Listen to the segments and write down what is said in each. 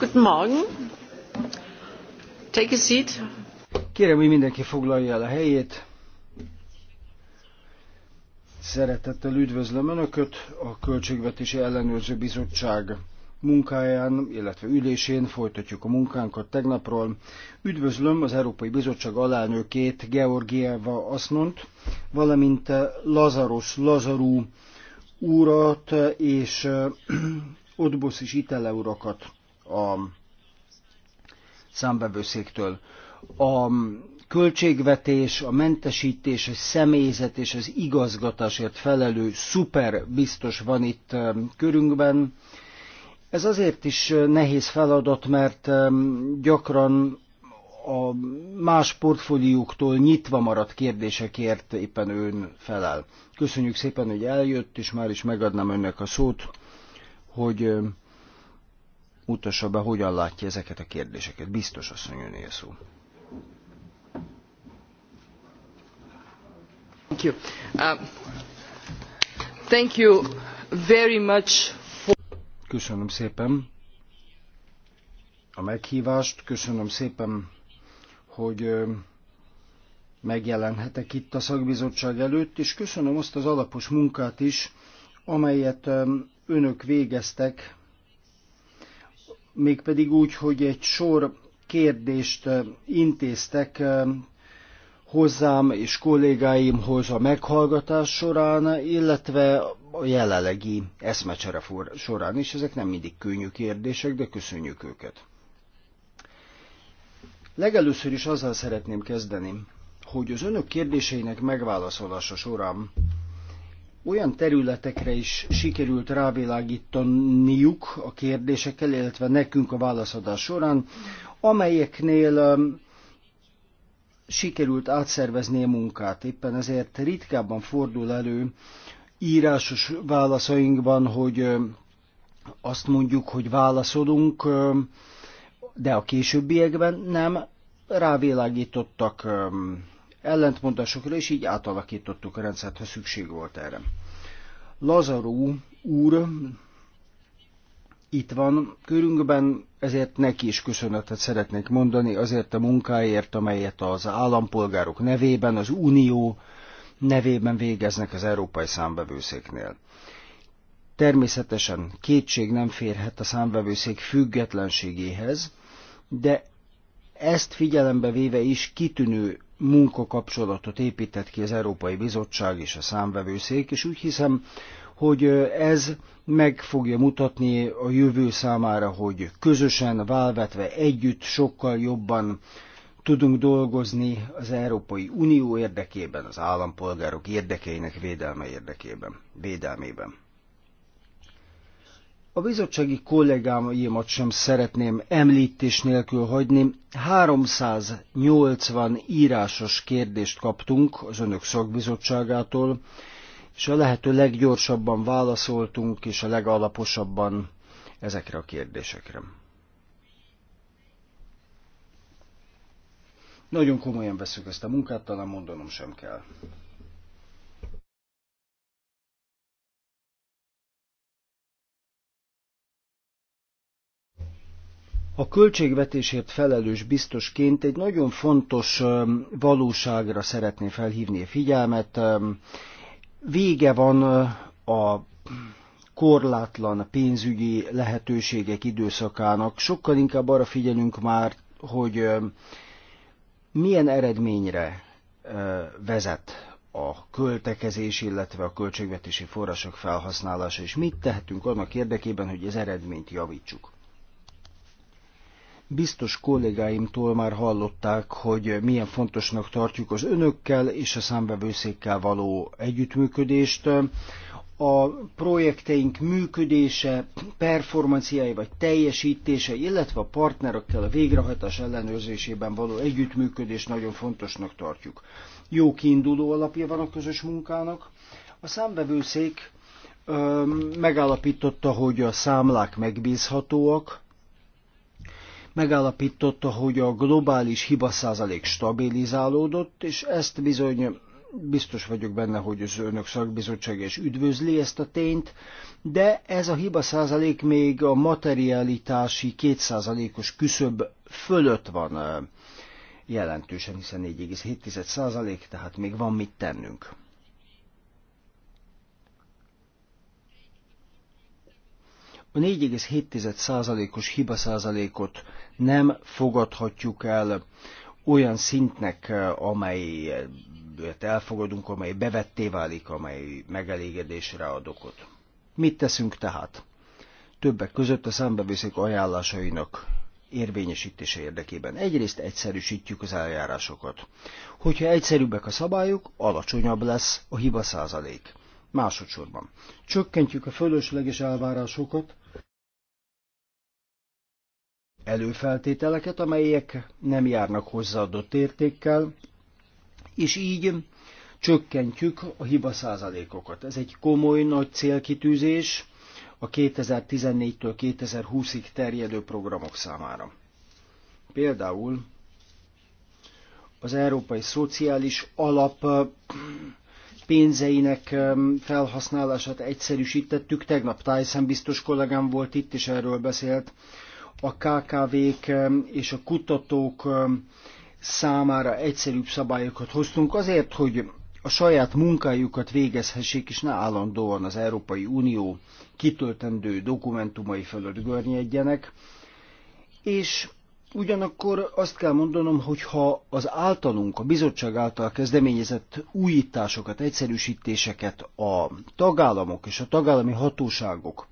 Guten Morgen. Take a seat. Kérem, hogy mindenki foglalja el a helyét. Szeretettel üdvözlöm Önöket a Költségvetési Ellenőrző Bizottság munkáján, illetve ülésén folytatjuk a munkánkat tegnapról. Üdvözlöm az Európai Bizottság alelnökét, Georgieva Asznont, valamint Lazaros Lazarú úrat és Odbosz és Itele urakat a számbevőszéktől. A költségvetés, a mentesítés, a személyzet és az igazgatásért felelő szuper biztos van itt um, körünkben. Ez azért is uh, nehéz feladat, mert um, gyakran a más portfólióktól nyitva maradt kérdésekért éppen ön felel. Köszönjük szépen, hogy eljött, és már is megadnám önnek a szót, hogy um, mutassa be, hogyan látja ezeket a kérdéseket. Biztos asszony önél szó. Thank you. Uh, thank you very much for... Köszönöm szépen a meghívást, köszönöm szépen, hogy megjelenhetek itt a szakbizottság előtt, és köszönöm azt az alapos munkát is, amelyet önök végeztek mégpedig úgy, hogy egy sor kérdést eh, intéztek eh, hozzám és kollégáimhoz a meghallgatás során, illetve a jelenlegi eszmecsere során is. Ezek nem mindig könnyű kérdések, de köszönjük őket. Legelőször is azzal szeretném kezdeni, hogy az önök kérdéseinek megválaszolása során olyan területekre is sikerült rávilágítaniuk a kérdésekkel, illetve nekünk a válaszadás során, amelyeknél um, sikerült átszervezni a munkát. Éppen ezért ritkábban fordul elő írásos válaszainkban, hogy um, azt mondjuk, hogy válaszolunk, um, de a későbbiekben nem rávilágítottak ellentmondásokra, és így átalakítottuk a rendszert, ha szükség volt erre. Lazaró úr itt van körünkben, ezért neki is köszönetet szeretnék mondani, azért a munkáért, amelyet az állampolgárok nevében, az Unió nevében végeznek az Európai Számbevőszéknél. Természetesen kétség nem férhet a számbevőszék függetlenségéhez, de ezt figyelembe véve is kitűnő munkakapcsolatot épített ki az Európai Bizottság és a számvevőszék, és úgy hiszem, hogy ez meg fogja mutatni a jövő számára, hogy közösen, válvetve, együtt sokkal jobban tudunk dolgozni az Európai Unió érdekében, az állampolgárok érdekeinek védelme érdekében, védelmében. A bizottsági kollégáimat sem szeretném említés nélkül hagyni. 380 írásos kérdést kaptunk az önök szakbizottságától, és a lehető leggyorsabban válaszoltunk, és a legalaposabban ezekre a kérdésekre. Nagyon komolyan veszük ezt a munkát, talán mondanom sem kell. a költségvetésért felelős biztosként egy nagyon fontos valóságra szeretné felhívni a figyelmet. Vége van a korlátlan pénzügyi lehetőségek időszakának. Sokkal inkább arra figyelünk már, hogy milyen eredményre vezet a költekezés, illetve a költségvetési források felhasználása, és mit tehetünk annak érdekében, hogy az eredményt javítsuk. Biztos kollégáimtól már hallották, hogy milyen fontosnak tartjuk az önökkel és a számbevőszékkel való együttműködést. A projekteink működése, performanciái vagy teljesítése, illetve a partnerekkel a végrehajtás ellenőrzésében való együttműködés nagyon fontosnak tartjuk. Jó kiinduló alapja van a közös munkának. A számbevőszék megállapította, hogy a számlák megbízhatóak, megállapította, hogy a globális hiba százalék stabilizálódott, és ezt bizony biztos vagyok benne, hogy az önök szakbizottság is üdvözli ezt a tényt, de ez a hiba százalék még a materialitási kétszázalékos küszöb fölött van eh, jelentősen, hiszen 4,7 százalék, tehát még van mit tennünk. a 4,7%-os hiba százalékot nem fogadhatjuk el olyan szintnek, amelyet elfogadunk, amely bevetté válik, amely megelégedésre ad okot. Mit teszünk tehát? Többek között a számbevőszék ajánlásainak érvényesítése érdekében. Egyrészt egyszerűsítjük az eljárásokat. Hogyha egyszerűbbek a szabályok, alacsonyabb lesz a hiba százalék. Másodszorban. Csökkentjük a fölösleges elvárásokat, előfeltételeket, amelyek nem járnak hozzáadott értékkel, és így csökkentjük a hiba százalékokat. Ez egy komoly nagy célkitűzés a 2014-től 2020-ig terjedő programok számára. Például az Európai Szociális Alap pénzeinek felhasználását egyszerűsítettük. Tegnap Tyson biztos kollégám volt itt, és erről beszélt a KKV-k és a kutatók számára egyszerűbb szabályokat hoztunk azért, hogy a saját munkájukat végezhessék, és ne állandóan az Európai Unió kitöltendő dokumentumai fölött görnyedjenek. És ugyanakkor azt kell mondanom, hogy ha az általunk, a bizottság által kezdeményezett újításokat, egyszerűsítéseket a tagállamok és a tagállami hatóságok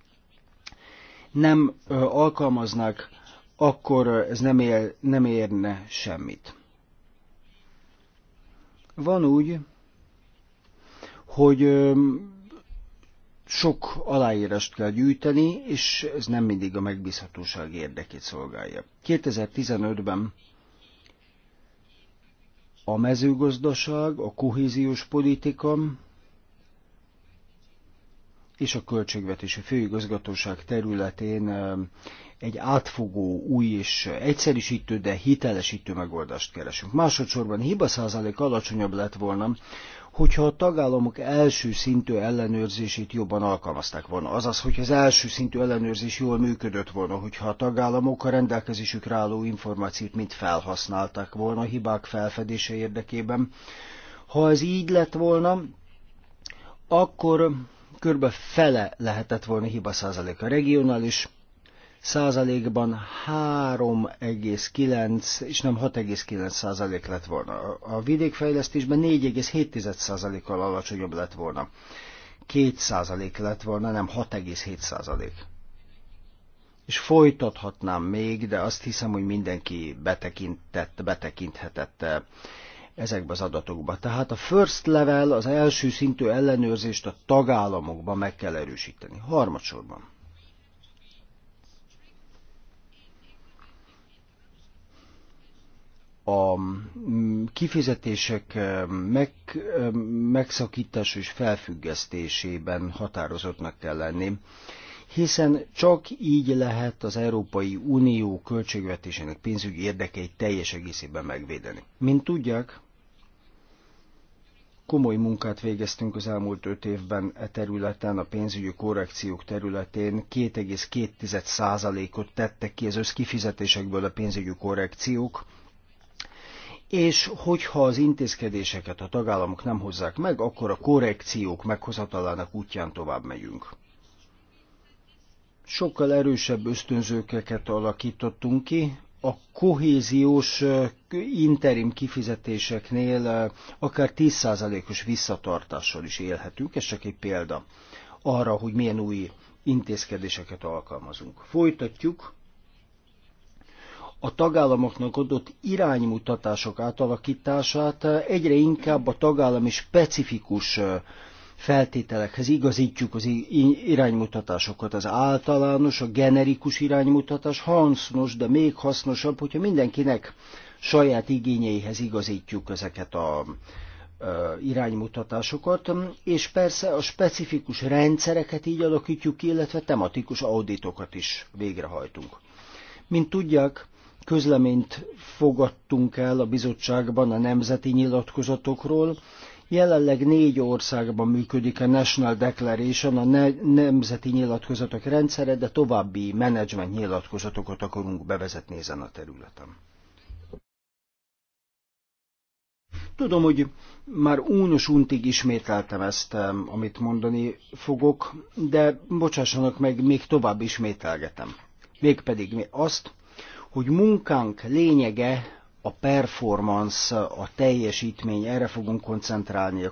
nem alkalmaznak, akkor ez nem, ér, nem érne semmit. Van úgy, hogy sok aláírást kell gyűjteni, és ez nem mindig a megbízhatóság érdekét szolgálja. 2015-ben a mezőgazdaság, a kohéziós politika és a Költségvetési Főigazgatóság területén egy átfogó, új és egyszerűsítő, de hitelesítő megoldást keresünk. Másodszorban hiba százalék alacsonyabb lett volna, hogyha a tagállamok első szintű ellenőrzését jobban alkalmazták volna. Azaz, hogy az első szintű ellenőrzés jól működött volna, hogyha a tagállamok a rendelkezésükre álló információt mind felhasználták volna a hibák felfedése érdekében. Ha ez így lett volna, akkor kb. fele lehetett volna hiba százalék. A regionális százalékban 3,9 és nem 6,9 százalék lett volna. A vidékfejlesztésben 4,7 százalékkal alacsonyabb lett volna. 2 százalék lett volna, nem 6,7 százalék. És folytathatnám még, de azt hiszem, hogy mindenki betekintett, betekinthetett ezekbe az adatokba. Tehát a first level, az első szintű ellenőrzést a tagállamokban meg kell erősíteni. Harmadsorban. a mm, kifizetések mm, meg, mm, megszakítása és felfüggesztésében határozottnak kell lenni, hiszen csak így lehet az Európai Unió költségvetésének pénzügyi érdekeit teljes egészében megvédeni. Mint tudják, Komoly munkát végeztünk az elmúlt öt évben e területen, a pénzügyi korrekciók területén 2,2%-ot tettek ki az összkifizetésekből a pénzügyi korrekciók, és hogyha az intézkedéseket a tagállamok nem hozzák meg, akkor a korrekciók meghozatalának útján tovább megyünk. Sokkal erősebb ösztönzőkeket alakítottunk ki, a kohéziós interim kifizetéseknél akár 10%-os visszatartással is élhetünk, ez csak egy példa arra, hogy milyen új intézkedéseket alkalmazunk. Folytatjuk a tagállamoknak adott iránymutatások átalakítását egyre inkább a tagállami specifikus feltételekhez igazítjuk az iránymutatásokat. Az általános, a generikus iránymutatás hasznos, de még hasznosabb, hogyha mindenkinek saját igényeihez igazítjuk ezeket a iránymutatásokat, és persze a specifikus rendszereket így alakítjuk ki, illetve tematikus auditokat is végrehajtunk. Mint tudják, közleményt fogadtunk el a bizottságban a nemzeti nyilatkozatokról, Jelenleg négy országban működik a National Declaration, a ne- nemzeti nyilatkozatok rendszere, de további menedzsment nyilatkozatokat akarunk bevezetni ezen a területen. Tudom, hogy már únos untig ismételtem ezt, amit mondani fogok, de bocsássanak meg, még tovább ismételgetem. Végpedig mi azt, hogy munkánk lényege a performance, a teljesítmény, erre fogunk koncentrálni.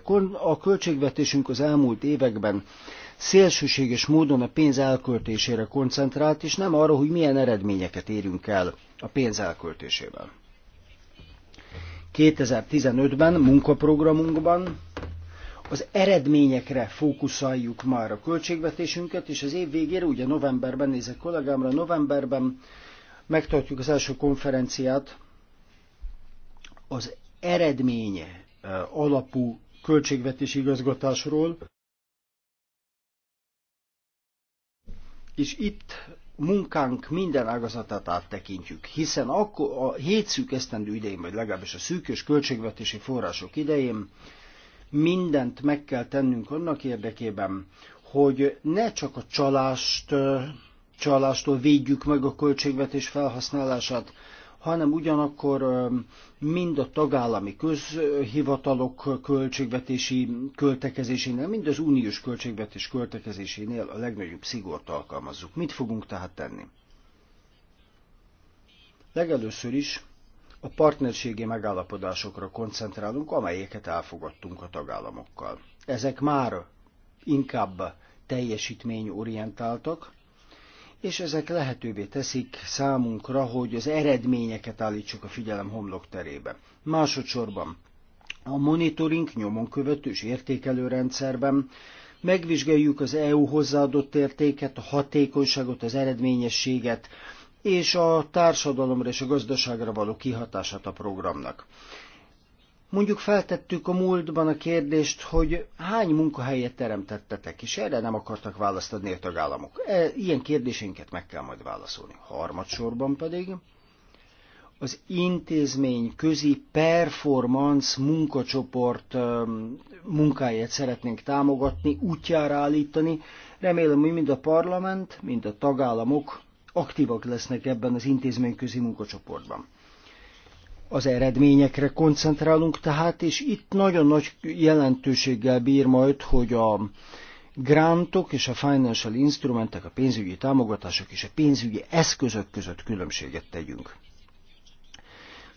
A költségvetésünk az elmúlt években szélsőséges módon a pénz elköltésére koncentrált, és nem arra, hogy milyen eredményeket érünk el a pénz elköltésével. 2015-ben munkaprogramunkban az eredményekre fókuszáljuk már a költségvetésünket, és az év végére, ugye novemberben nézek kollégámra, novemberben megtartjuk az első konferenciát az eredménye alapú költségvetési igazgatásról, és itt munkánk minden ágazatát áttekintjük, hiszen akkor a hét szűk esztendő idején, vagy legalábbis a szűkös költségvetési források idején mindent meg kell tennünk annak érdekében, hogy ne csak a csalást, csalástól védjük meg a költségvetés felhasználását, hanem ugyanakkor mind a tagállami közhivatalok költségvetési költekezésénél, mind az uniós költségvetés költekezésénél a legnagyobb szigort alkalmazzuk. Mit fogunk tehát tenni? Legelőször is a partnerségi megállapodásokra koncentrálunk, amelyeket elfogadtunk a tagállamokkal. Ezek már inkább teljesítményorientáltak, és ezek lehetővé teszik számunkra, hogy az eredményeket állítsuk a figyelem terébe. Másodszorban a monitoring nyomon követő és értékelő rendszerben megvizsgáljuk az EU hozzáadott értéket, a hatékonyságot, az eredményességet és a társadalomra és a gazdaságra való kihatását a programnak. Mondjuk feltettük a múltban a kérdést, hogy hány munkahelyet teremtettetek, és erre nem akartak választ adni a tagállamok. E, ilyen kérdésénket meg kell majd válaszolni. Harmadsorban pedig az intézmény közi performance munkacsoport munkáját szeretnénk támogatni, útjára állítani. Remélem, hogy mind a parlament, mind a tagállamok aktívak lesznek ebben az közi munkacsoportban az eredményekre koncentrálunk tehát, és itt nagyon nagy jelentőséggel bír majd, hogy a grantok és a financial instrumentek, a pénzügyi támogatások és a pénzügyi eszközök között különbséget tegyünk.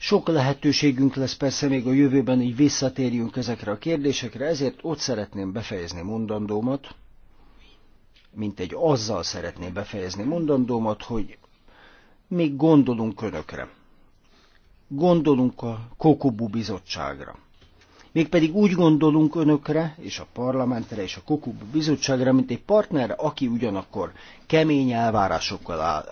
Sok lehetőségünk lesz persze még a jövőben, így visszatérjünk ezekre a kérdésekre, ezért ott szeretném befejezni mondandómat, mint egy azzal szeretném befejezni mondandómat, hogy még gondolunk önökre gondolunk a Kokobu bizottságra. Mégpedig úgy gondolunk önökre, és a parlamentre, és a Kokobu bizottságra, mint egy partnerre, aki ugyanakkor kemény elvárásokkal áll,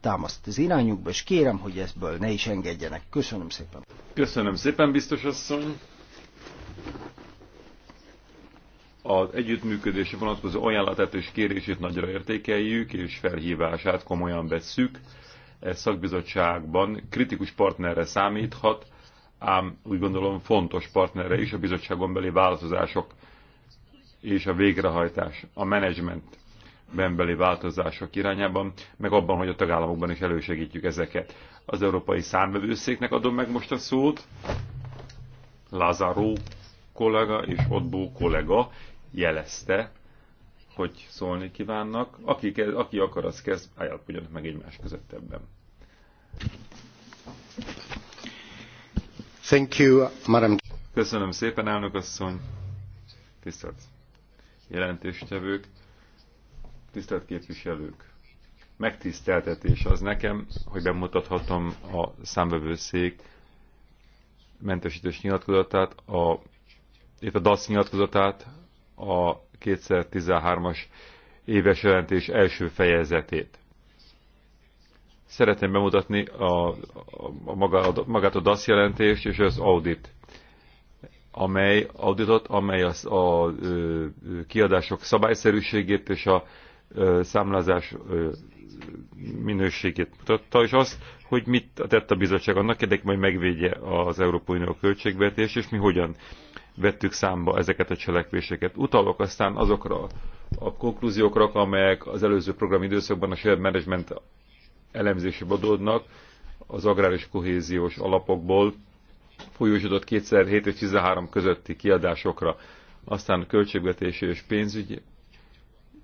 támaszt az irányukba, és kérem, hogy ebből ne is engedjenek. Köszönöm szépen. Köszönöm szépen, biztos asszony. Az együttműködésre vonatkozó ajánlatát és kérését nagyra értékeljük, és felhívását komolyan vesszük E szakbizottságban kritikus partnerre számíthat, ám úgy gondolom fontos partnere is a bizottságon beli változások és a végrehajtás, a menedzsment beli változások irányában, meg abban, hogy a tagállamokban is elősegítjük ezeket. Az Európai Számbevőszéknek adom meg most a szót. Lazaró kollega és Otbó kollega jelezte, hogy szólni kívánnak. Aki, aki akar, az kezd, állapodjanak meg egymás között ebben. Thank you, madam. Köszönöm szépen, elnök asszony. Tisztelt jelentéstevők, tisztelt képviselők. Megtiszteltetés az nekem, hogy bemutathatom a számvevőszék mentesítés nyilatkozatát, a, itt a DASZ nyilatkozatát, a 2013-as éves jelentés első fejezetét. Szeretném bemutatni a, a, a maga, magát a DASZ jelentést és az audit amely auditot, amely az, a, a kiadások szabályszerűségét és a, a számlázás minőségét mutatta, és azt, hogy mit tett a bizottság annak érdekében, hogy megvédje az Európai Unió költségvetést, és mi hogyan vettük számba ezeket a cselekvéseket. Utalok aztán azokra a konklúziókra, amelyek az előző program időszakban a shared management elemzéséből adódnak, az agrár és kohéziós alapokból folyósodott 2007 és 13 közötti kiadásokra. Aztán költségvetési és pénzügyi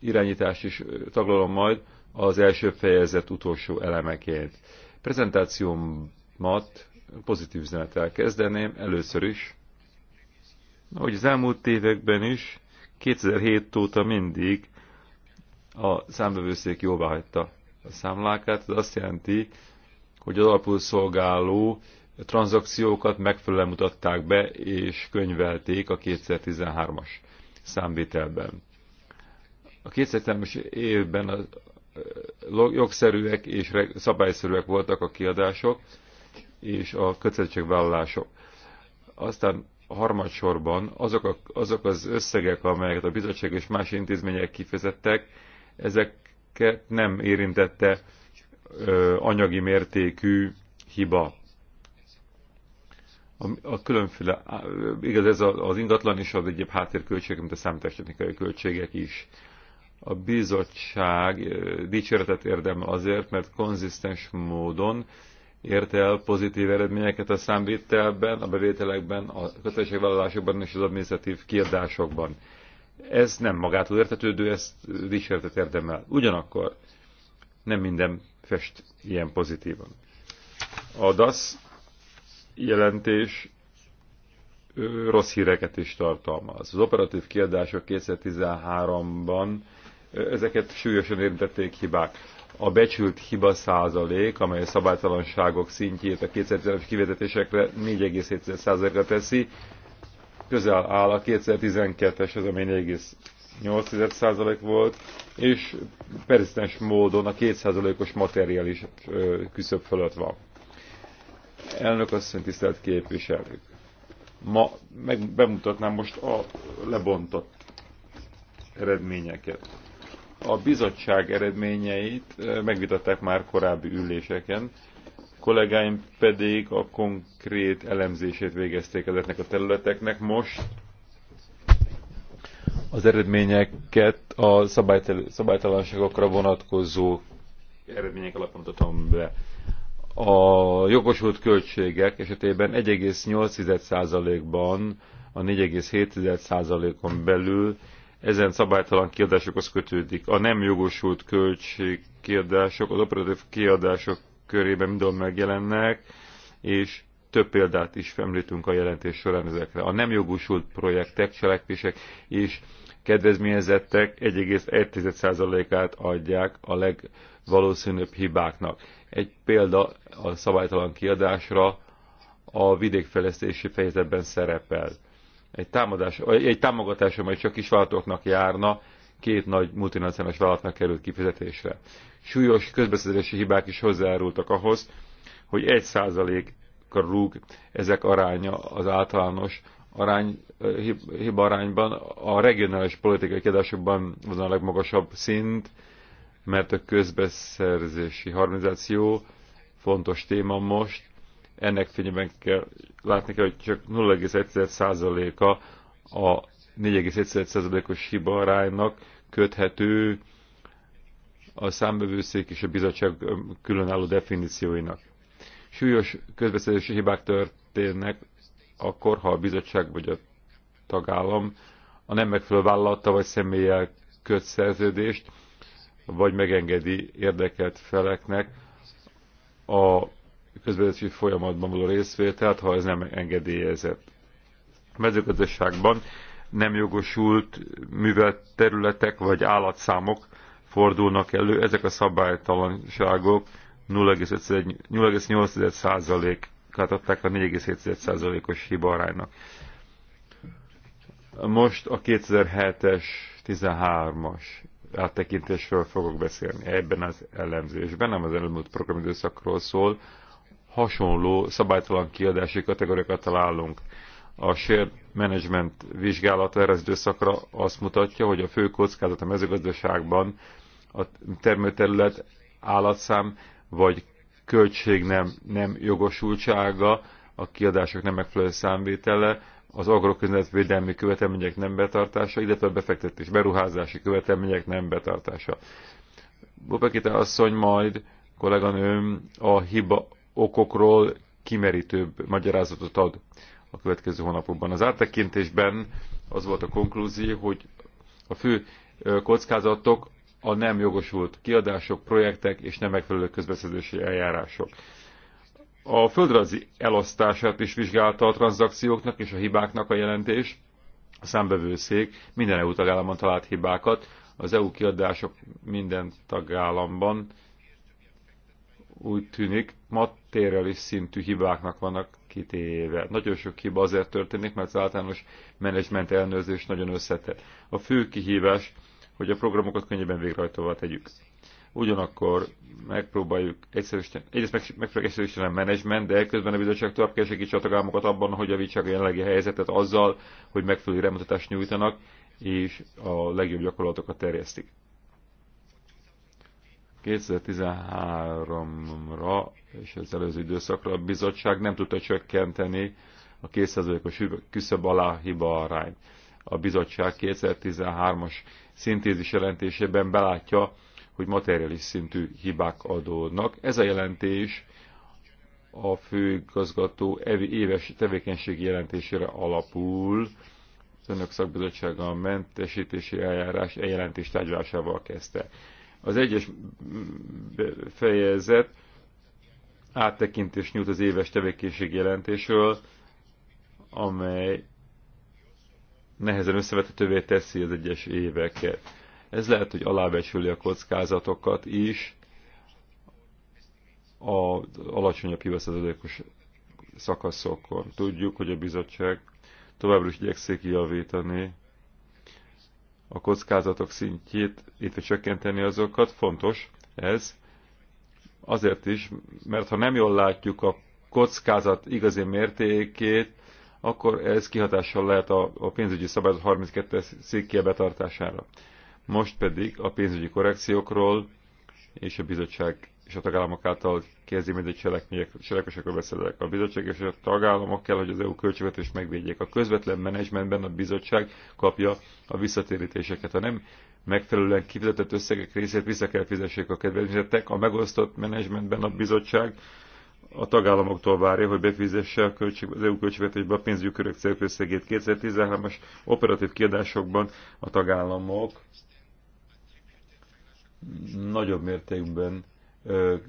irányítás is taglalom majd az első fejezet utolsó elemeként. Prezentációmat pozitív üzenettel kezdeném, először is ahogy az elmúlt években is, 2007 óta mindig a számbevőszék jóvá hagyta a számlákát. Ez azt jelenti, hogy az alapul szolgáló tranzakciókat megfelelően mutatták be és könyvelték a 2013-as számvételben. A 2013-as évben a jogszerűek és szabályszerűek voltak a kiadások és a kötelezettségvállalások. Aztán harmadsorban azok, a, azok az összegek, amelyeket a bizottság és más intézmények kifizettek, ezeket nem érintette ö, anyagi mértékű hiba. A, a különféle, igaz ez az ingatlan is, az egyéb háttérköltségek, mint a számítástechnikai költségek is. A bizottság dicséretet érdemel azért, mert konzisztens módon érte el pozitív eredményeket a számvételben, a bevételekben, a kötelezettségvállalásokban és az administratív kiadásokban. Ez nem magától értetődő, ezt dicséretet érdemel. Ugyanakkor nem minden fest ilyen pozitívan. A DASZ jelentés rossz híreket is tartalmaz. Az operatív kiadások 2013-ban ezeket súlyosan érintették hibák a becsült hiba százalék, amely a szabálytalanságok szintjét a 2010-es kivezetésekre 4,7%-ra teszi, közel áll a 2012-es, az ami 4,8% volt, és perzisztens módon a 2%-os materiális küszöb fölött van. Elnök asszony, tisztelt képviselők! Ma meg bemutatnám most a lebontott eredményeket. A bizottság eredményeit eh, megvitatták már korábbi üléseken, kollégáim pedig a konkrét elemzését végezték ezeknek a területeknek. Most az eredményeket a szabálytalanságokra vonatkozó eredmények alapján mutatom be. A jogosult költségek esetében 1,8%-ban a 4,7%-on belül ezen szabálytalan kiadásokhoz kötődik. A nem jogosult költségkiadások az operatív kiadások körében mindenhol megjelennek, és több példát is említünk a jelentés során ezekre. A nem jogosult projektek, cselekvések és kedvezményezettek 1,1%-át adják a legvalószínűbb hibáknak. Egy példa a szabálytalan kiadásra a vidékfejlesztési fejezetben szerepel egy, támadás, egy támogatás, amely csak kisvállalatoknak járna, két nagy multinacionális vállalatnak került kifizetésre. Súlyos közbeszerzési hibák is hozzájárultak ahhoz, hogy 1%-ra rúg ezek aránya az általános arány, hiba arányban. A regionális politikai kiadásokban az a legmagasabb szint, mert a közbeszerzési harmonizáció fontos téma most, ennek fényében kell látni kell, hogy csak 0,1%-a a 4,1%-os hiba aránynak köthető a számbevőszék és a bizottság különálló definícióinak. Súlyos közbeszerzési hibák történnek akkor, ha a bizottság vagy a tagállam a nem megfelelő vállalata vagy személlyel köt szerződést, vagy megengedi érdekelt feleknek a közvetési folyamatban való részvételt, ha ez nem engedélyezett. A mezőgazdaságban nem jogosult művelt területek vagy állatszámok fordulnak elő, ezek a szabálytalanságok 0,8%-át adták a 4,7%-os aránynak. Most a 2007-es, 13-as áttekintésről fogok beszélni ebben az elemzésben, nem az elmúlt programidőszakról szól, hasonló szabálytalan kiadási kategóriákat találunk. A share management vizsgálata erre az időszakra azt mutatja, hogy a fő kockázat a mezőgazdaságban a termőterület állatszám vagy költség nem, nem jogosultsága, a kiadások nem megfelelő számvétele, az védelmi követelmények nem betartása, illetve a befektetés beruházási követelmények nem betartása. Bopekita asszony majd kolléganőm a hiba okokról kimerítőbb magyarázatot ad a következő hónapokban. Az áttekintésben az volt a konklúzió, hogy a fő kockázatok a nem jogosult kiadások, projektek és nem megfelelő közbeszerzési eljárások. A földrajzi elosztását is vizsgálta a tranzakcióknak és a hibáknak a jelentés. A számbevőszék minden EU tagállamban talált hibákat, az EU kiadások minden tagállamban úgy tűnik, materialis szintű hibáknak vannak kitéve. Nagyon sok hiba azért történik, mert az általános menedzsment ellenőrzés nagyon összetett. A fő kihívás, hogy a programokat könnyebben végrehajtóvá tegyük. Ugyanakkor megpróbáljuk egyszerűsíteni, egyrészt meg, megpróbáljuk egyszerűsíteni a menedzsment, de közben a bizottság tovább kell segítse a tagállamokat abban, hogy javítsák a jelenlegi helyzetet azzal, hogy megfelelő remutatást nyújtanak, és a legjobb gyakorlatokat terjesztik. 2013-ra és az előző időszakra a bizottság nem tudta csökkenteni a 2%-os küszöb alá hiba arányt. A bizottság 2013-as szintézis jelentésében belátja, hogy materiális szintű hibák adódnak. Ez a jelentés a főigazgató éves tevékenységi jelentésére alapul. Az önök szakbizottsága a mentesítési eljárás eljelentés tárgyalásával kezdte. Az egyes fejezet áttekintést nyújt az éves tevékenység jelentésről, amely nehezen összevetetővé teszi az egyes éveket. Ez lehet, hogy alábecsüli a kockázatokat is az alacsonyabb hibaszerzadékos szakaszokon. Tudjuk, hogy a bizottság továbbra is igyekszik javítani a kockázatok szintjét, illetve csökkenteni azokat, fontos ez. Azért is, mert ha nem jól látjuk a kockázat igazi mértékét, akkor ez kihatással lehet a, a pénzügyi szabályzat 32 székje betartására. Most pedig a pénzügyi korrekciókról és a bizottság és a tagállamok által egy cselekvésekről beszélek. A bizottság és a tagállamok kell, hogy az EU költségvetést megvédjék. A közvetlen menedzsmentben a bizottság kapja a visszatérítéseket. Ha nem megfelelően kifizetett összegek részét vissza kell fizessék a kedvezményezettek, a megosztott menedzsmentben a bizottság a tagállamoktól várja, hogy befizesse a költség, az EU költségvetésbe a pénzügyi célkösszegét. 2013-as operatív kiadásokban a tagállamok nagyobb mértékben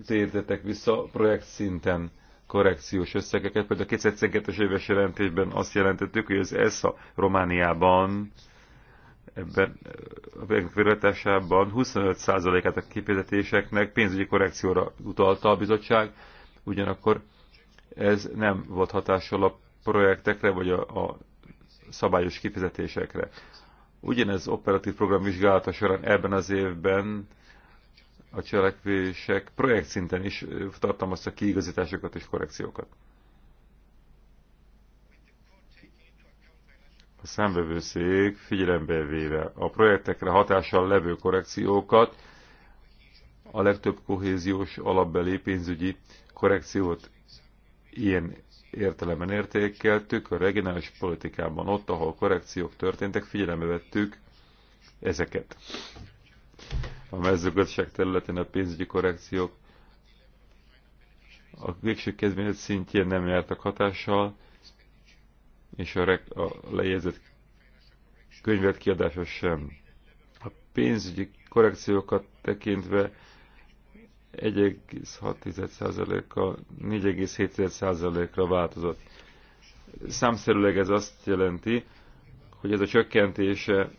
tértetek vissza projekt szinten korrekciós összegeket. Például a 2012-es éves jelentésben azt jelentettük, hogy az ESZA Romániában ebben a végrehajtásában 25%-át a kifizetéseknek pénzügyi korrekcióra utalta a bizottság, ugyanakkor ez nem volt hatással a projektekre vagy a, a szabályos kifizetésekre. Ugyanez operatív program vizsgálata során ebben az évben a cselekvések projekt szinten is tartalmazta kiigazításokat és korrekciókat. A szembevőszék figyelembe véve a projektekre hatással levő korrekciókat, a legtöbb kohéziós alapbeli pénzügyi korrekciót ilyen értelemben értékeltük, a regionális politikában ott, ahol korrekciók történtek, figyelembe vettük ezeket a mezőgazdaság területén a pénzügyi korrekciók a végső kezdeményezet szintjén nem jártak hatással, és a, a lejegyzett könyvet kiadása sem. A pénzügyi korrekciókat tekintve 1,6%-kal 4,7%-ra változott. Számszerűleg ez azt jelenti, hogy ez a csökkentése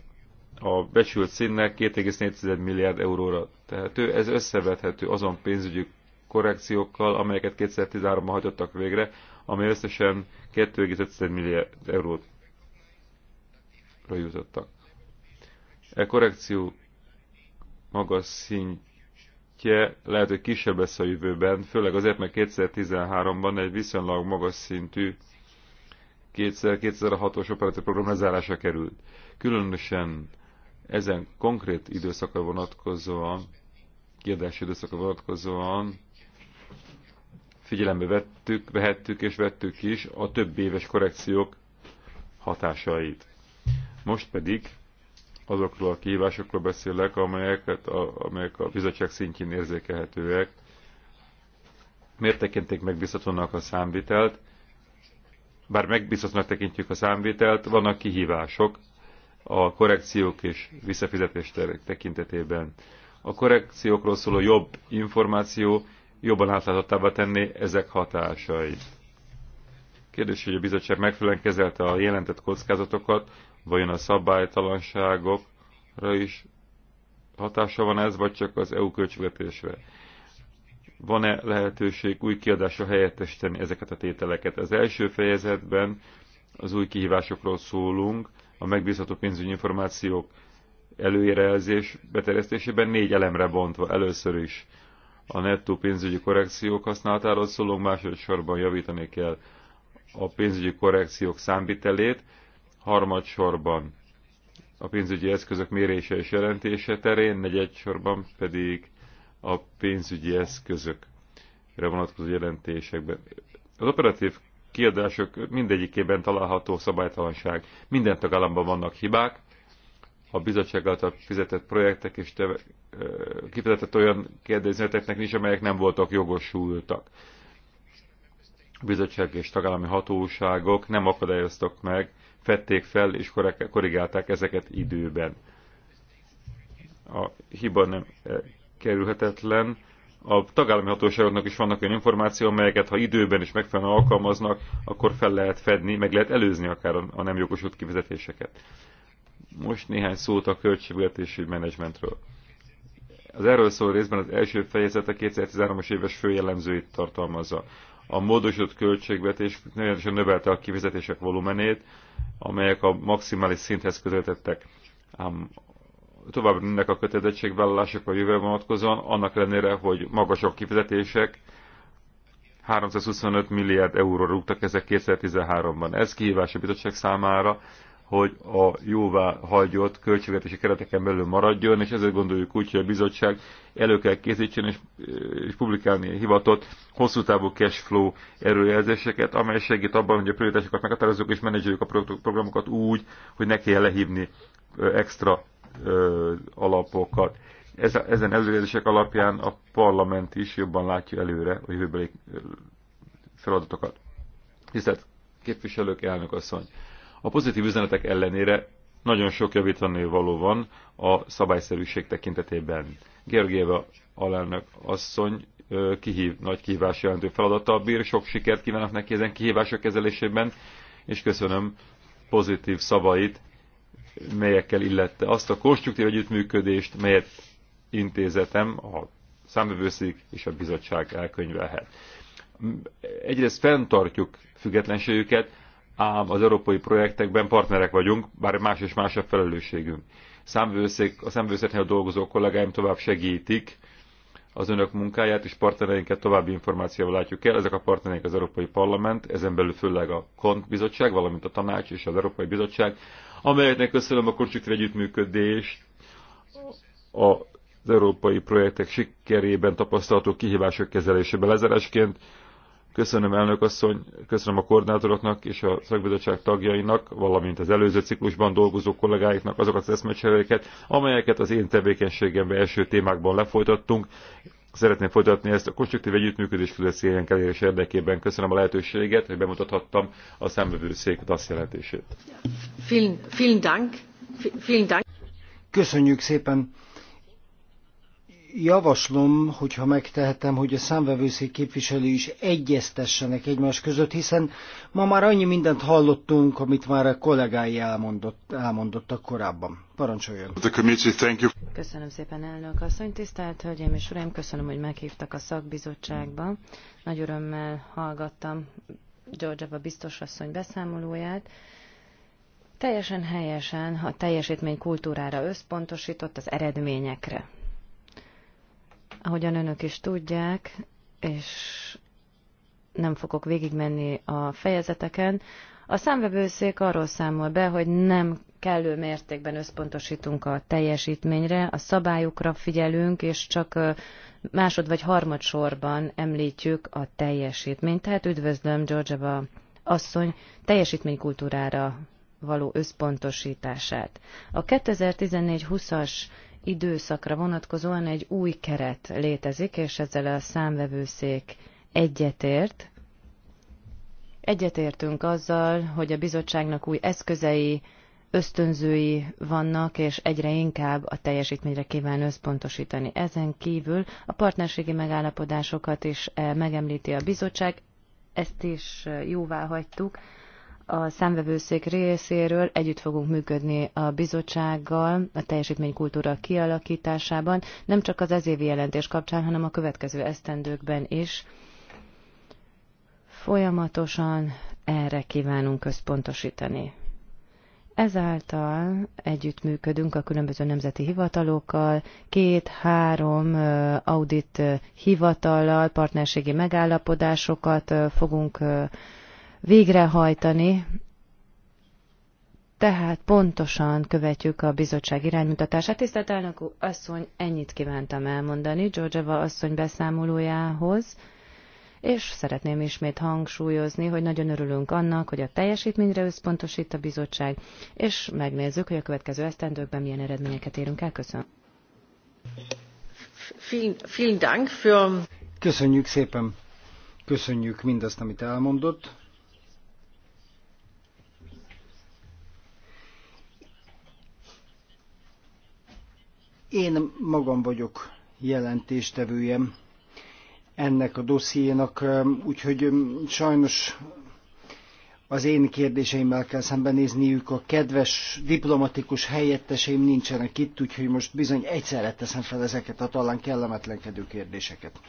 a becsült színnek 2,4 milliárd euróra tehető. Ez összevethető azon pénzügyi korrekciókkal, amelyeket 2013-ban hajtottak végre, amely összesen 2,5 milliárd eurót jutottak. E korrekció magas szintje lehet, hogy kisebb lesz a jövőben, főleg azért, mert 2013-ban egy viszonylag magas szintű 2006-os operatív program lezárása került. Különösen ezen konkrét időszakra vonatkozóan, kiadási időszakra vonatkozóan figyelembe vettük, vehettük és vettük is a több éves korrekciók hatásait. Most pedig azokról a kihívásokról beszélek, amelyeket a, amelyek a bizottság szintjén érzékelhetőek. Miért tekintik megbízhatónak a számvitelt? Bár megbízhatónak tekintjük a számvitelt, vannak kihívások, a korrekciók és visszafizetés tekintetében. A korrekciókról szóló jobb információ jobban átláthatóbbá tenni ezek hatásait. Kérdés, hogy a bizottság megfelelően kezelte a jelentett kockázatokat, vajon a szabálytalanságokra is hatása van ez, vagy csak az EU költségvetésre? Van-e lehetőség új kiadásra helyettesíteni ezeket a tételeket? Az első fejezetben az új kihívásokról szólunk, a megbízható pénzügyi információk előjelzés beterjesztésében négy elemre bontva először is a nettó pénzügyi korrekciók használatáról szólunk, másodszorban javítani kell a pénzügyi korrekciók számvitelét, harmadsorban a pénzügyi eszközök mérése és jelentése terén, negyedsorban pedig a pénzügyi eszközökre vonatkozó jelentésekben. Az operatív kiadások mindegyikében található szabálytalanság. Minden tagállamban vannak hibák, a bizottság által fizetett projektek és teve, kifizetett olyan kérdezőteknek is, amelyek nem voltak jogosultak. A bizottság és tagállami hatóságok nem akadályoztak meg, fették fel és korrigálták ezeket időben. A hiba nem kerülhetetlen, a tagállami hatóságoknak is vannak olyan információ, amelyeket ha időben is megfelelően alkalmaznak, akkor fel lehet fedni, meg lehet előzni akár a nem jogosult kifizetéseket. Most néhány szót a költségvetési menedzsmentről. Az erről szóló részben az első fejezet a 2013-as éves főjellemzőit tartalmazza. A módosított költségvetés nagyon növelte a kifizetések volumenét, amelyek a maximális szinthez közöltettek. Ám tovább mennek a kötelezettségvállalások a jövőre vonatkozóan, annak ellenére, hogy magasak kifizetések, 325 milliárd euró rúgtak ezek 2013-ban. Ez kihívás a bizottság számára, hogy a jóvá hagyott költségvetési kereteken belül maradjon, és ezért gondoljuk úgy, hogy a bizottság elő kell készítsen és, és publikálni hivatott hosszú távú cash flow erőjelzéseket, amely segít abban, hogy a prioritásokat meghatározzuk és menedzseljük a programokat úgy, hogy ne kell lehívni extra ö, alapokat. Ez, ezen előrejelzések alapján a parlament is jobban látja előre a jövőbeli feladatokat. Tisztelt képviselők, elnök asszony! A pozitív üzenetek ellenére nagyon sok javítani való van a szabályszerűség tekintetében. Gergéva alelnök asszony kihív, nagy kihívás jelentő feladattal bír, sok sikert kívánok neki ezen kihívások kezelésében, és köszönöm pozitív szavait melyekkel illette azt a konstruktív együttműködést, melyet intézetem, a számövőszék és a bizottság elkönyvelhet. Egyrészt fenntartjuk függetlenségüket, ám az európai projektekben partnerek vagyunk, bár más és más a felelősségünk. Számvőszék, a számvőszéknél dolgozó kollégáim tovább segítik az önök munkáját és partnereinket további információval látjuk el. Ezek a partnereink az Európai Parlament, ezen belül főleg a KONT bizottság, valamint a Tanács és az Európai Bizottság, amelyeknek köszönöm a konstruktív együttműködést az európai projektek sikerében tapasztalható kihívások kezelésében lezárásként. Köszönöm elnök asszony, köszönöm a koordinátoroknak és a szakbizottság tagjainak, valamint az előző ciklusban dolgozó kollégáiknak azokat az eszmecseréket, amelyeket az én tevékenységemben első témákban lefolytattunk. Szeretném folytatni ezt a konstruktív együttműködés közösségének elérés érdekében. Köszönöm a lehetőséget, hogy bemutathattam a számvevőszék DASZ jelentését. vielen Dank. Vielen Dank. Köszönjük szépen javaslom, hogyha megtehetem, hogy a számvevőszék képviselő is egyeztessenek egymás között, hiszen ma már annyi mindent hallottunk, amit már a kollégái elmondott, elmondottak korábban. Parancsoljon! Köszönöm szépen, elnök asszony, tisztelt hölgyeim és uraim, köszönöm, hogy meghívtak a szakbizottságba. Nagy örömmel hallgattam Georgieva biztos asszony beszámolóját. Teljesen helyesen a teljesítmény kultúrára összpontosított az eredményekre. Ahogyan önök is tudják, és nem fogok végigmenni a fejezeteken, a számvevőszék arról számol be, hogy nem kellő mértékben összpontosítunk a teljesítményre, a szabályokra figyelünk, és csak másod vagy harmad sorban említjük a teljesítményt. Tehát üdvözlöm Georgeva asszony teljesítménykultúrára való összpontosítását. A 2014-20-as időszakra vonatkozóan egy új keret létezik, és ezzel a számvevőszék egyetért. Egyetértünk azzal, hogy a bizottságnak új eszközei, ösztönzői vannak, és egyre inkább a teljesítményre kíván összpontosítani. Ezen kívül a partnerségi megállapodásokat is eh, megemlíti a bizottság, ezt is eh, jóvá hagytuk a számvevőszék részéről együtt fogunk működni a bizottsággal a teljesítménykultúra kialakításában, nem csak az ezévi jelentés kapcsán, hanem a következő esztendőkben is. Folyamatosan erre kívánunk központosítani. Ezáltal együttműködünk a különböző nemzeti hivatalokkal, két-három audit hivatallal, partnerségi megállapodásokat fogunk végrehajtani, tehát pontosan követjük a bizottság iránymutatását. Tisztelt elnök asszony, ennyit kívántam elmondani Georgeva asszony beszámolójához, és szeretném ismét hangsúlyozni, hogy nagyon örülünk annak, hogy a teljesítményre összpontosít a bizottság, és megnézzük, hogy a következő esztendőkben milyen eredményeket érünk el. Köszönöm. Köszönjük szépen. Köszönjük mindazt, amit elmondott. Én magam vagyok jelentéstevőjem ennek a dossziénak, um, úgyhogy um, sajnos az én kérdéseimmel kell szembenézniük, a kedves diplomatikus helyetteseim nincsenek itt, úgyhogy most bizony egyszerre teszem fel ezeket a talán kellemetlenkedő kérdéseket.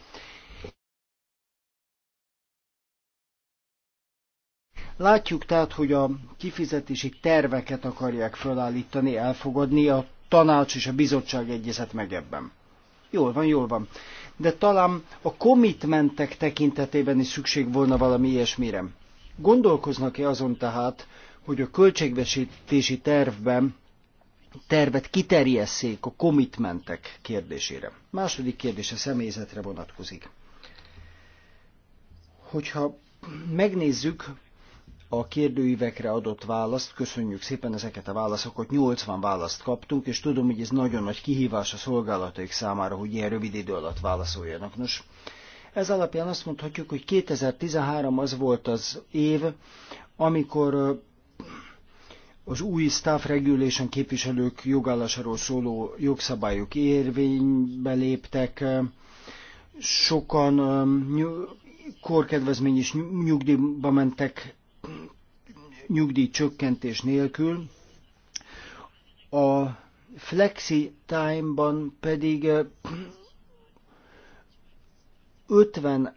Látjuk tehát, hogy a kifizetési terveket akarják felállítani, elfogadni a tanács és a bizottság egyezett meg ebben. Jól van, jól van. De talán a komitmentek tekintetében is szükség volna valami ilyesmire. Gondolkoznak-e azon tehát, hogy a költségvetési tervben tervet kiterjesszék a komitmentek kérdésére? Második kérdés a személyzetre vonatkozik. Hogyha megnézzük a kérdőívekre adott választ. Köszönjük szépen ezeket a válaszokat. 80 választ kaptunk, és tudom, hogy ez nagyon nagy kihívás a szolgálataik számára, hogy ilyen rövid idő alatt válaszoljanak. Nos, ez alapján azt mondhatjuk, hogy 2013 az volt az év, amikor az új staff regulation képviselők jogállásáról szóló jogszabályok érvénybe léptek. Sokan korkedvezmény és nyugdíjba mentek nyugdíjcsökkentés nélkül. A flexi time-ban pedig 50 eh,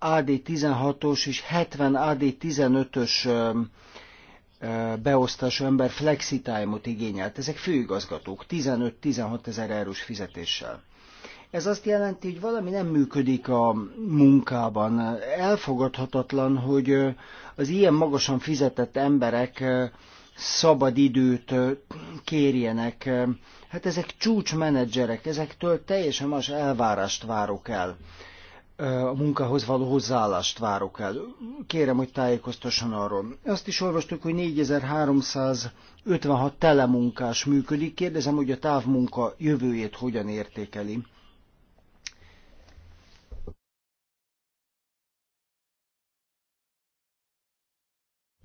AD16-os és 70 AD15-ös eh, eh, beosztású ember flexi time-ot igényelt. Ezek főigazgatók, 15-16 ezer eurós fizetéssel. Ez azt jelenti, hogy valami nem működik a munkában. Elfogadhatatlan, hogy az ilyen magasan fizetett emberek szabad időt kérjenek. Hát ezek csúcsmenedzserek, ezektől teljesen más elvárást várok el. A munkához való hozzáállást várok el. Kérem, hogy tájékoztasson arról. Azt is olvastuk, hogy 4356 telemunkás működik. Kérdezem, hogy a távmunka jövőjét hogyan értékeli.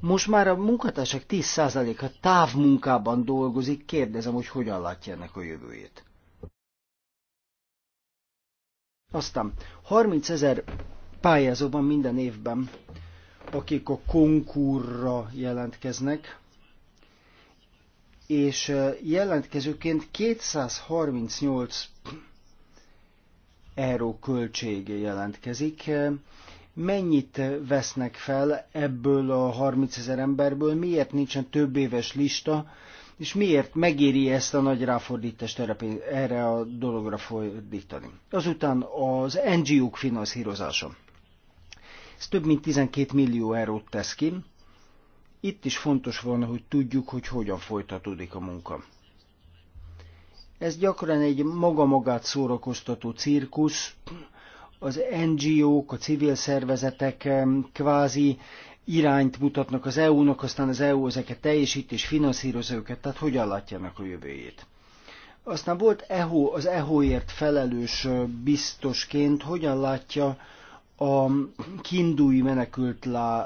Most már a munkatársak 10%-a távmunkában dolgozik, kérdezem, hogy hogyan látja ennek a jövőjét. Aztán 30 ezer pályázóban minden évben, akik a konkurra jelentkeznek, és jelentkezőként 238 euró költsége jelentkezik, mennyit vesznek fel ebből a 30 ezer emberből, miért nincsen több éves lista, és miért megéri ezt a nagy ráfordítást erre a dologra fordítani. Azután az NGO-k finanszírozása. Ez több mint 12 millió eurót tesz ki. Itt is fontos volna, hogy tudjuk, hogy hogyan folytatódik a munka. Ez gyakran egy maga-magát szórakoztató cirkusz, az NGO-k, a civil szervezetek kvázi irányt mutatnak az EU-nak, aztán az EU ezeket teljesít és finanszírozza őket, tehát hogyan meg a jövőjét. Aztán volt EHO, az EHO-ért felelős biztosként, hogyan látja a kindúi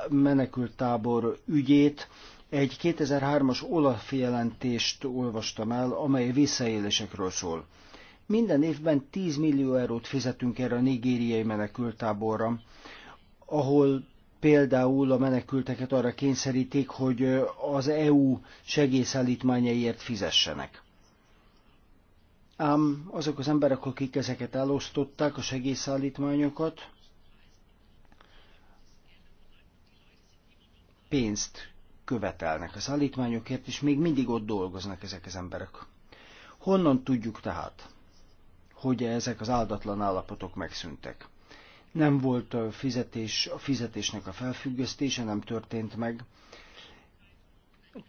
menekült, lá, ügyét. Egy 2003-as Olaf jelentést olvastam el, amely visszaélésekről szól. Minden évben 10 millió eurót fizetünk erre a nigériai menekültáborra, ahol például a menekülteket arra kényszerítik, hogy az EU segélyszállítmányaiért fizessenek. Ám azok az emberek, akik ezeket elosztották, a segélyszállítmányokat, pénzt követelnek a szállítmányokért, és még mindig ott dolgoznak ezek az emberek. Honnan tudjuk tehát, hogy ezek az áldatlan állapotok megszűntek. Nem volt fizetés, a fizetésnek a felfüggesztése, nem történt meg.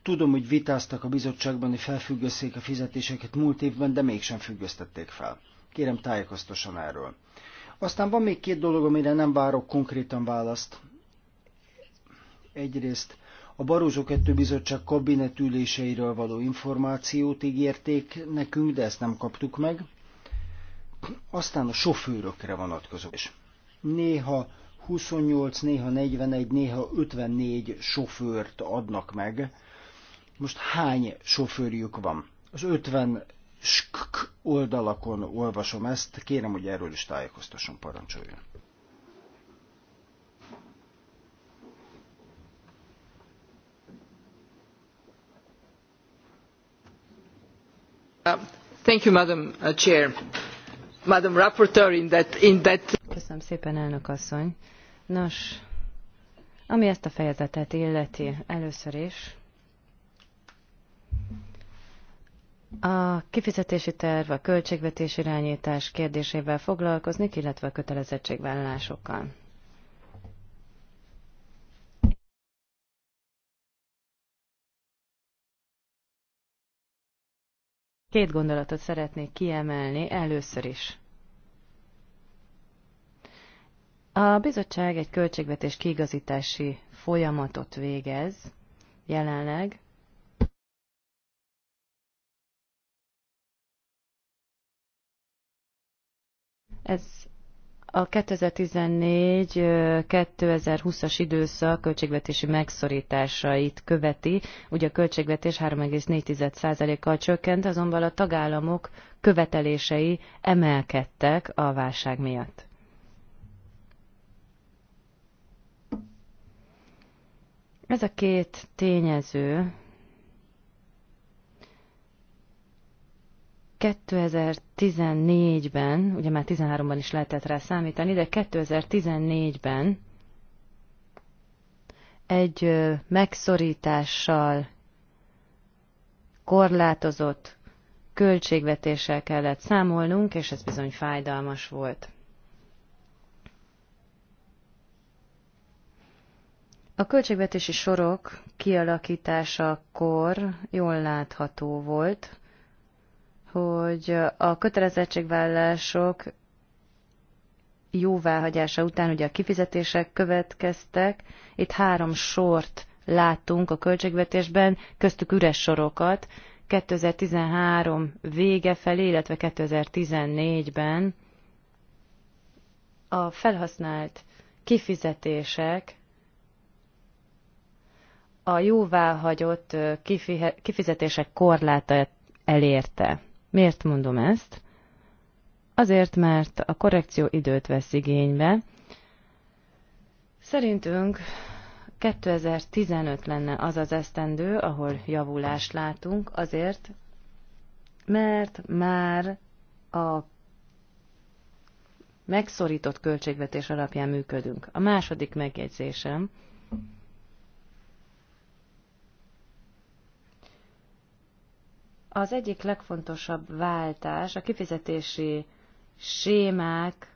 Tudom, hogy vitáztak a bizottságban, hogy felfüggesszék a fizetéseket múlt évben, de mégsem függesztették fel. Kérem tájékoztasson erről. Aztán van még két dolog, amire nem várok konkrétan választ. Egyrészt a Barózsó 2 bizottság kabinetüléseiről való információt ígérték nekünk, de ezt nem kaptuk meg. Aztán a sofőrökre vonatkozó is. Néha 28, néha 41, néha 54 sofőrt adnak meg. Most hány sofőrjük van? Az 50 skk oldalakon olvasom ezt, kérem, hogy erről is tájékoztasson, parancsoljon. Thank you, Madam uh, Chair. Madam Rapporteur in that, in that... Köszönöm szépen, elnök asszony. Nos, ami ezt a fejezetet illeti először is, A kifizetési terv, a költségvetés irányítás kérdésével foglalkozni, illetve a kötelezettségvállalásokkal. Két gondolatot szeretnék kiemelni először is. A bizottság egy költségvetés kiigazítási folyamatot végez jelenleg. Ez a 2014-2020-as időszak költségvetési megszorításait követi. Ugye a költségvetés 3,4%-kal csökkent, azonban a tagállamok követelései emelkedtek a válság miatt. Ez a két tényező 2014-ben, ugye már 13-ban is lehetett rá számítani, de 2014-ben egy megszorítással korlátozott költségvetéssel kellett számolnunk, és ez bizony fájdalmas volt. A költségvetési sorok kialakításakor jól látható volt, hogy a kötelezettségvállások jóváhagyása után ugye a kifizetések következtek. Itt három sort láttunk a költségvetésben, köztük üres sorokat. 2013 vége felé, illetve 2014-ben a felhasznált kifizetések a jóváhagyott kifizetések korlátát elérte. Miért mondom ezt? Azért, mert a korrekció időt vesz igénybe. Szerintünk 2015 lenne az az esztendő, ahol javulást látunk, azért, mert már a megszorított költségvetés alapján működünk. A második megjegyzésem, Az egyik legfontosabb váltás a kifizetési sémák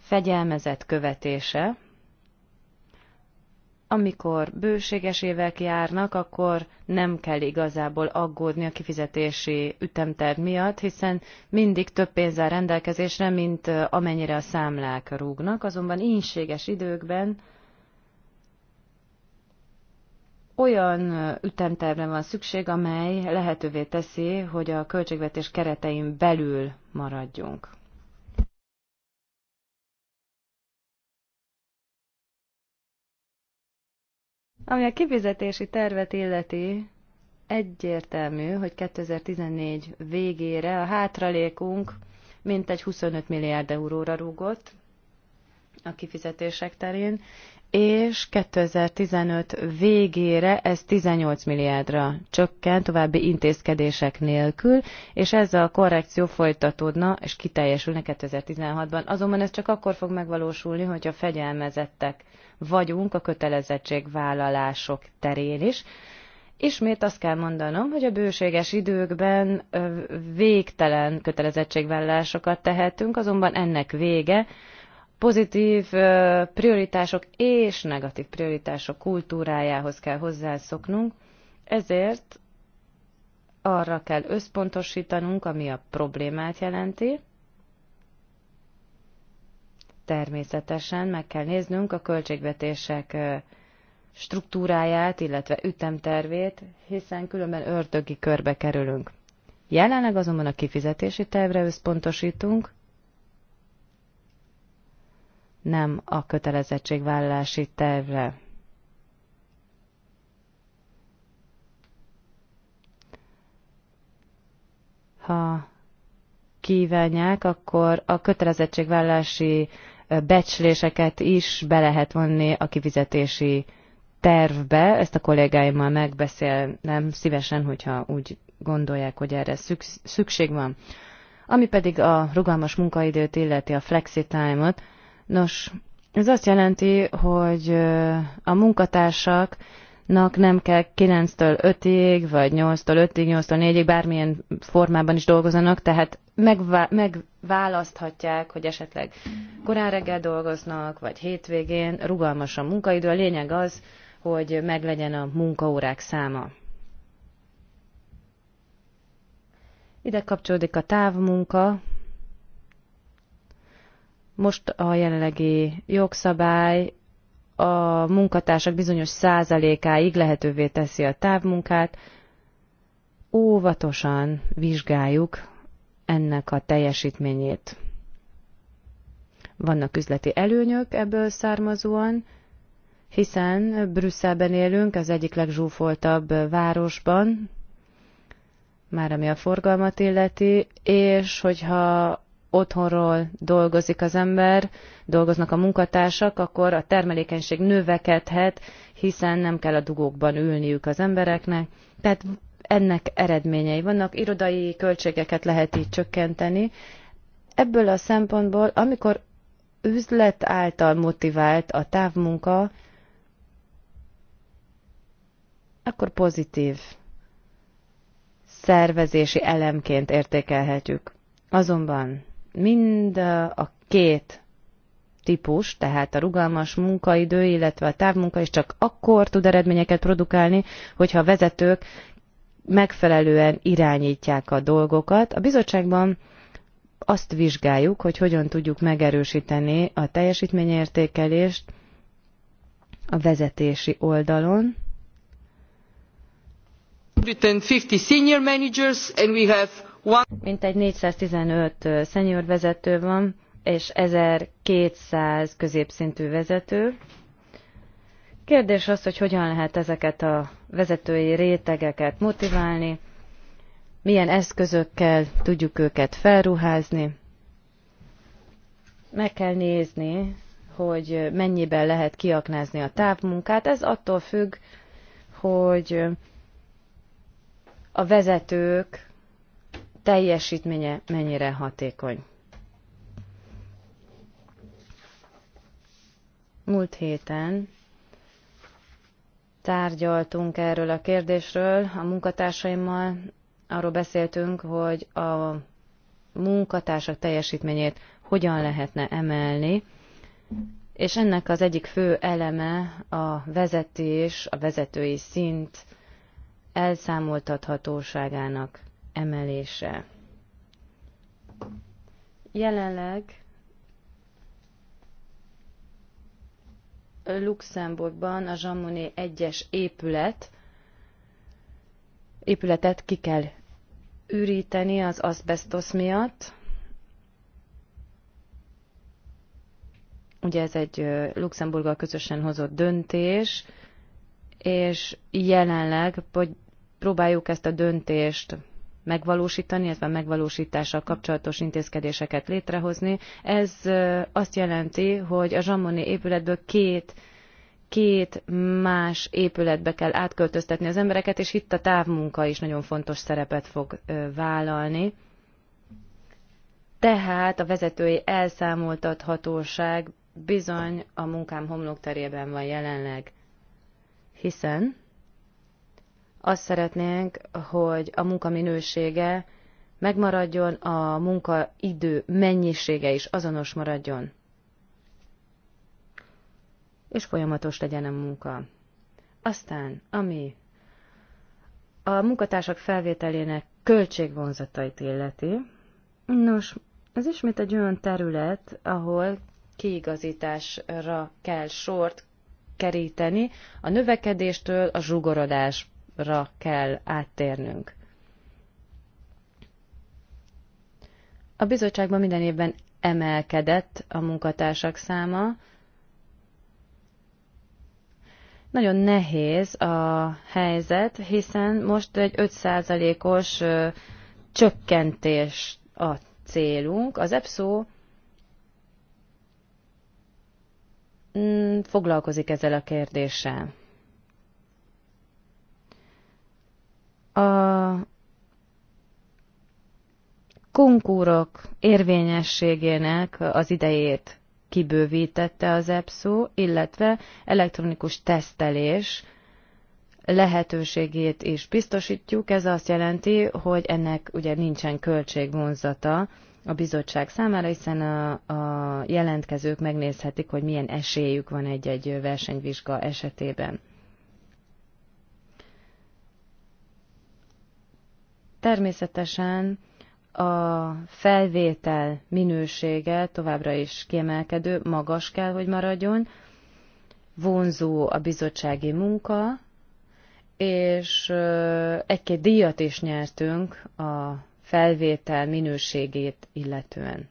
fegyelmezett követése. Amikor bőséges évek járnak, akkor nem kell igazából aggódni a kifizetési ütemterv miatt, hiszen mindig több pénz áll rendelkezésre, mint amennyire a számlák rúgnak, azonban ínséges időkben olyan ütemtervre van szükség, amely lehetővé teszi, hogy a költségvetés keretein belül maradjunk. Ami a kifizetési tervet illeti, egyértelmű, hogy 2014 végére a hátralékunk mintegy 25 milliárd euróra rúgott a kifizetések terén, és 2015 végére ez 18 milliárdra csökken további intézkedések nélkül, és ez a korrekció folytatódna és kiteljesülne 2016-ban. Azonban ez csak akkor fog megvalósulni, hogyha fegyelmezettek vagyunk a kötelezettségvállalások terén is. Ismét azt kell mondanom, hogy a bőséges időkben végtelen kötelezettségvállalásokat tehetünk, azonban ennek vége, pozitív prioritások és negatív prioritások kultúrájához kell hozzászoknunk, ezért arra kell összpontosítanunk, ami a problémát jelenti. Természetesen meg kell néznünk a költségvetések struktúráját, illetve ütemtervét, hiszen különben ördögi körbe kerülünk. Jelenleg azonban a kifizetési tervre összpontosítunk, nem a kötelezettségvállalási tervre. Ha kívánják, akkor a kötelezettségvállalási becsléseket is be lehet vonni a kifizetési tervbe. Ezt a kollégáimmal megbeszélnem szívesen, hogyha úgy gondolják, hogy erre szükség van. Ami pedig a rugalmas munkaidőt illeti a flexi time-ot, Nos, ez azt jelenti, hogy a munkatársaknak nem kell 9-től 5-ig, vagy 8-től 5-ig, 8-től 4-ig, bármilyen formában is dolgozanak, tehát megvá- megválaszthatják, hogy esetleg korán reggel dolgoznak, vagy hétvégén, rugalmas a munkaidő. A lényeg az, hogy meglegyen a munkaórák száma. Ide kapcsolódik a távmunka, most a jelenlegi jogszabály a munkatársak bizonyos százalékáig lehetővé teszi a távmunkát. Óvatosan vizsgáljuk ennek a teljesítményét. Vannak üzleti előnyök ebből származóan, hiszen Brüsszelben élünk, az egyik legzsúfoltabb városban, már ami a forgalmat illeti, és hogyha otthonról dolgozik az ember, dolgoznak a munkatársak, akkor a termelékenység növekedhet, hiszen nem kell a dugókban ülniük az embereknek. Tehát ennek eredményei vannak, irodai költségeket lehet így csökkenteni. Ebből a szempontból, amikor üzlet által motivált a távmunka, akkor pozitív szervezési elemként értékelhetjük. Azonban mind a két típus, tehát a rugalmas munkaidő, illetve a távmunka is csak akkor tud eredményeket produkálni, hogyha a vezetők megfelelően irányítják a dolgokat. A bizottságban azt vizsgáljuk, hogy hogyan tudjuk megerősíteni a teljesítményértékelést a vezetési oldalon. 150 senior managers and we have Mintegy 415 senior vezető van, és 1200 középszintű vezető. Kérdés az, hogy hogyan lehet ezeket a vezetői rétegeket motiválni, milyen eszközökkel tudjuk őket felruházni. Meg kell nézni, hogy mennyiben lehet kiaknázni a távmunkát. Ez attól függ, hogy a vezetők teljesítménye mennyire hatékony. Múlt héten tárgyaltunk erről a kérdésről a munkatársaimmal, arról beszéltünk, hogy a munkatársak teljesítményét hogyan lehetne emelni, és ennek az egyik fő eleme a vezetés, a vezetői szint elszámoltathatóságának emelése. Jelenleg Luxemburgban a Zsamoné egyes épület, épületet ki kell üríteni az azbestos miatt. Ugye ez egy Luxemburggal közösen hozott döntés, és jelenleg próbáljuk ezt a döntést megvalósítani, illetve megvalósítással kapcsolatos intézkedéseket létrehozni. Ez azt jelenti, hogy a Zsamoni épületből két két más épületbe kell átköltöztetni az embereket, és itt a távmunka is nagyon fontos szerepet fog vállalni. Tehát a vezetői elszámoltathatóság bizony a munkám homlokterében van jelenleg, hiszen azt szeretnénk, hogy a munka minősége megmaradjon, a munkaidő mennyisége is azonos maradjon, és folyamatos legyen a munka. Aztán, ami a munkatársak felvételének költségvonzatait illeti, nos, ez ismét egy olyan terület, ahol kiigazításra kell sort keríteni a növekedéstől a zsugorodás ra kell áttérnünk. A bizottságban minden évben emelkedett a munkatársak száma. Nagyon nehéz a helyzet, hiszen most egy 5%-os csökkentés a célunk. Az EPSZO mm, foglalkozik ezzel a kérdéssel. a konkúrok érvényességének az idejét kibővítette az EPSZO, illetve elektronikus tesztelés lehetőségét is biztosítjuk. Ez azt jelenti, hogy ennek ugye nincsen költségvonzata a bizottság számára, hiszen a, a jelentkezők megnézhetik, hogy milyen esélyük van egy-egy versenyvizsga esetében. Természetesen a felvétel minősége továbbra is kiemelkedő, magas kell, hogy maradjon, vonzó a bizottsági munka, és egy-két díjat is nyertünk a felvétel minőségét illetően.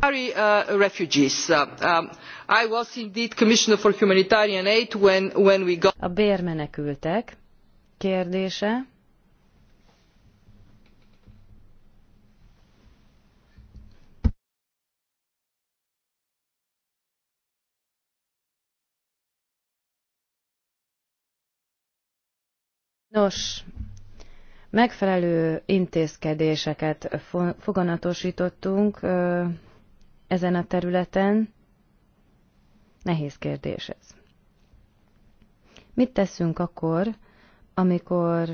Sorry, uh, refugees. Uh, um, I was indeed commissioner for humanitarian aid when, when we got... A bérmenekültek kérdése. Nos, megfelelő intézkedéseket foganatosítottunk ezen a területen. Nehéz kérdés ez. Mit teszünk akkor, amikor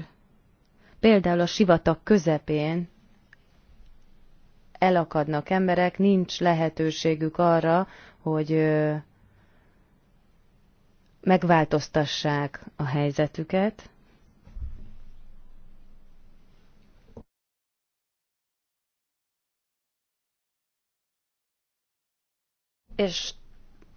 például a sivatag közepén elakadnak emberek, nincs lehetőségük arra, hogy megváltoztassák a helyzetüket. És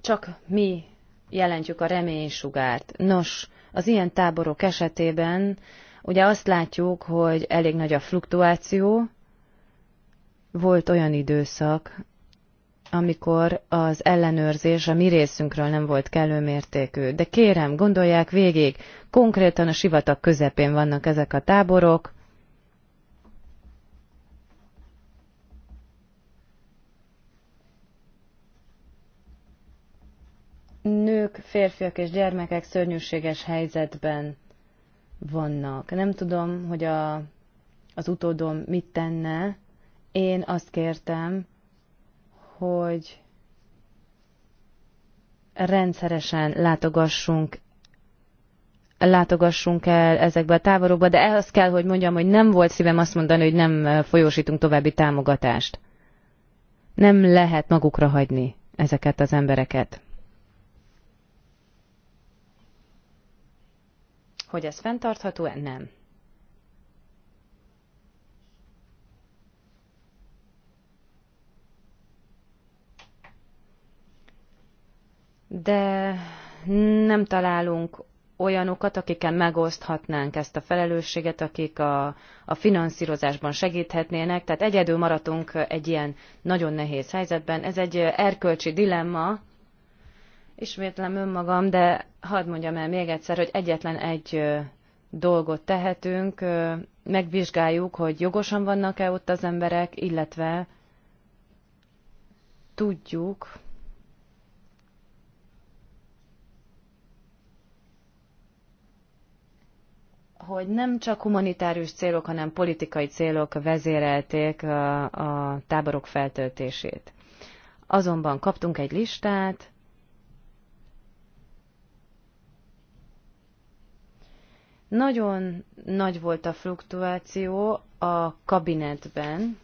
csak mi jelentjük a reménysugárt. Nos, az ilyen táborok esetében ugye azt látjuk, hogy elég nagy a fluktuáció. Volt olyan időszak, amikor az ellenőrzés a mi részünkről nem volt kellő mértékű. De kérem, gondolják végig, konkrétan a sivatag közepén vannak ezek a táborok, nők, férfiak és gyermekek szörnyűséges helyzetben vannak. Nem tudom, hogy a, az utódom mit tenne. Én azt kértem, hogy rendszeresen látogassunk látogassunk el ezekbe a táborokba, de ehhez kell, hogy mondjam, hogy nem volt szívem azt mondani, hogy nem eh, folyósítunk további támogatást. Nem lehet magukra hagyni ezeket az embereket. Hogy ez fenntartható-e? Nem. De nem találunk olyanokat, akikkel megoszthatnánk ezt a felelősséget, akik a, a finanszírozásban segíthetnének. Tehát egyedül maradtunk egy ilyen nagyon nehéz helyzetben. Ez egy erkölcsi dilemma, Ismétlem önmagam, de hadd mondjam el még egyszer, hogy egyetlen egy dolgot tehetünk, megvizsgáljuk, hogy jogosan vannak-e ott az emberek, illetve tudjuk, hogy nem csak humanitárius célok, hanem politikai célok vezérelték a, a táborok feltöltését. Azonban kaptunk egy listát, Nagyon nagy volt a fluktuáció a kabinetben,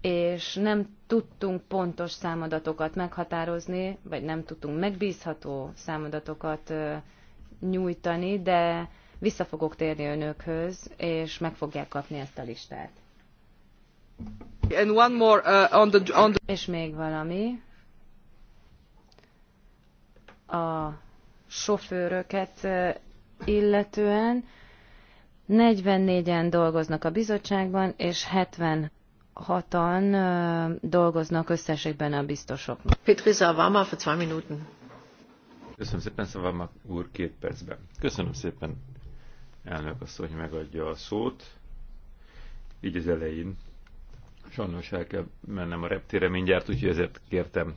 és nem tudtunk pontos számadatokat meghatározni, vagy nem tudtunk megbízható számadatokat nyújtani, de vissza fogok térni önökhöz, és meg fogják kapni ezt a listát. And one more, uh, on the, on the... És még valami. A sofőröket illetően 44-en dolgoznak a bizottságban, és 70 hatan dolgoznak összességben a biztosok. Petri Zavama, for 2 minuten. Köszönöm szépen, Szavama úr, két percben. Köszönöm szépen, elnök azt, hogy megadja a szót. Így az elején. Sajnos el kell mennem a reptére mindjárt, úgyhogy ezért kértem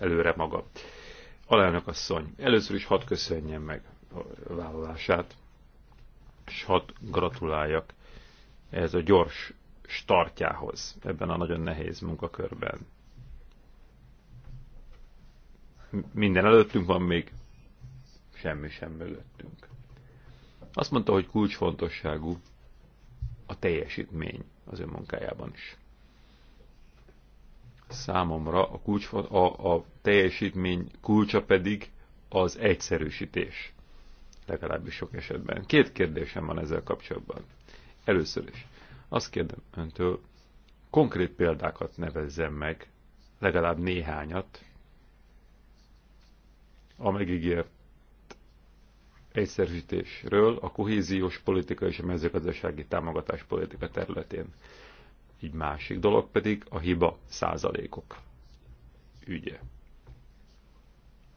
előre maga. Alelnök asszony, először is hadd köszönjem meg vállalását, és hadd gratuláljak ez a gyors startjához ebben a nagyon nehéz munkakörben. Minden előttünk van még, semmi sem mögöttünk. Azt mondta, hogy kulcsfontosságú a teljesítmény az ő munkájában is. Számomra a, kulcs, a, a teljesítmény kulcsa pedig az egyszerűsítés legalábbis sok esetben. Két kérdésem van ezzel kapcsolatban. Először is. Azt kérdem öntől, konkrét példákat nevezzem meg, legalább néhányat, a megígért egyszerűsítésről a kohéziós politika és a mezőgazdasági támogatás politika területén. Így másik dolog pedig a hiba százalékok ügye.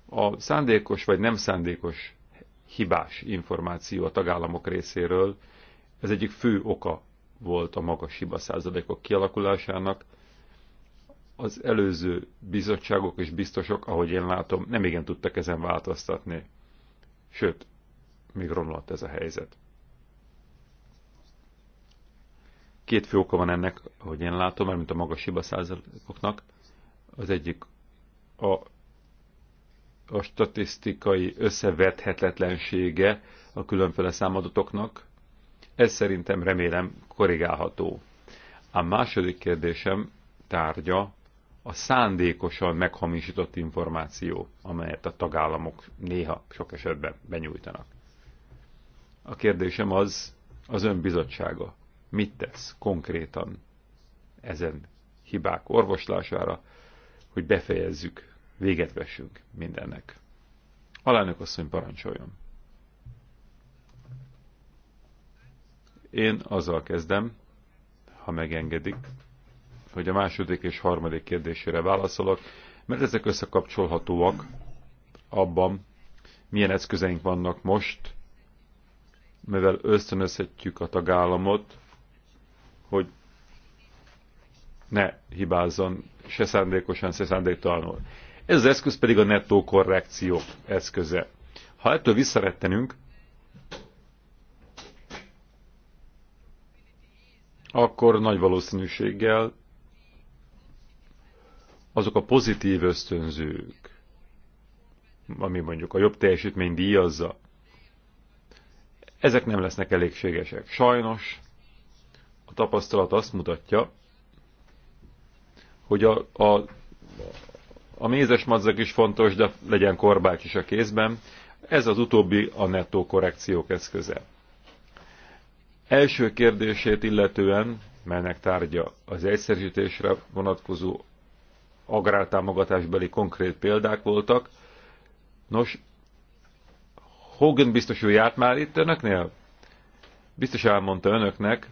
A szándékos vagy nem szándékos hibás információ a tagállamok részéről. Ez egyik fő oka volt a magas hiba százalékok kialakulásának. Az előző bizottságok és biztosok, ahogy én látom, nem igen tudtak ezen változtatni. Sőt, még romlott ez a helyzet. Két fő oka van ennek, ahogy én látom, mert mint a magas hiba százalékoknak. Az egyik a a statisztikai összevethetetlensége a különféle számadatoknak. Ez szerintem remélem korrigálható. A második kérdésem tárgya a szándékosan meghamisított információ, amelyet a tagállamok néha sok esetben benyújtanak. A kérdésem az, az önbizottsága. Mit tesz konkrétan ezen hibák orvoslására, hogy befejezzük véget vessünk mindennek. Alelnök asszony parancsoljon. Én azzal kezdem, ha megengedik, hogy a második és harmadik kérdésére válaszolok, mert ezek összekapcsolhatóak abban, milyen eszközeink vannak most, mivel ösztönözhetjük a tagállamot, hogy ne hibázzon se szándékosan, se szándéktalanul. Ez az eszköz pedig a nettó korrekció eszköze. Ha ettől visszarettenünk, akkor nagy valószínűséggel azok a pozitív ösztönzők, ami mondjuk a jobb teljesítmény díjazza, ezek nem lesznek elégségesek. Sajnos a tapasztalat azt mutatja, hogy a, a, a mézes madzak is fontos, de legyen korbács is a kézben. Ez az utóbbi a nettó korrekciók eszköze. Első kérdését illetően, melynek tárgya az egyszerűsítésre vonatkozó agrártámogatásbeli konkrét példák voltak. Nos, Hogan biztos hogy járt már itt önöknél? Biztos elmondta önöknek,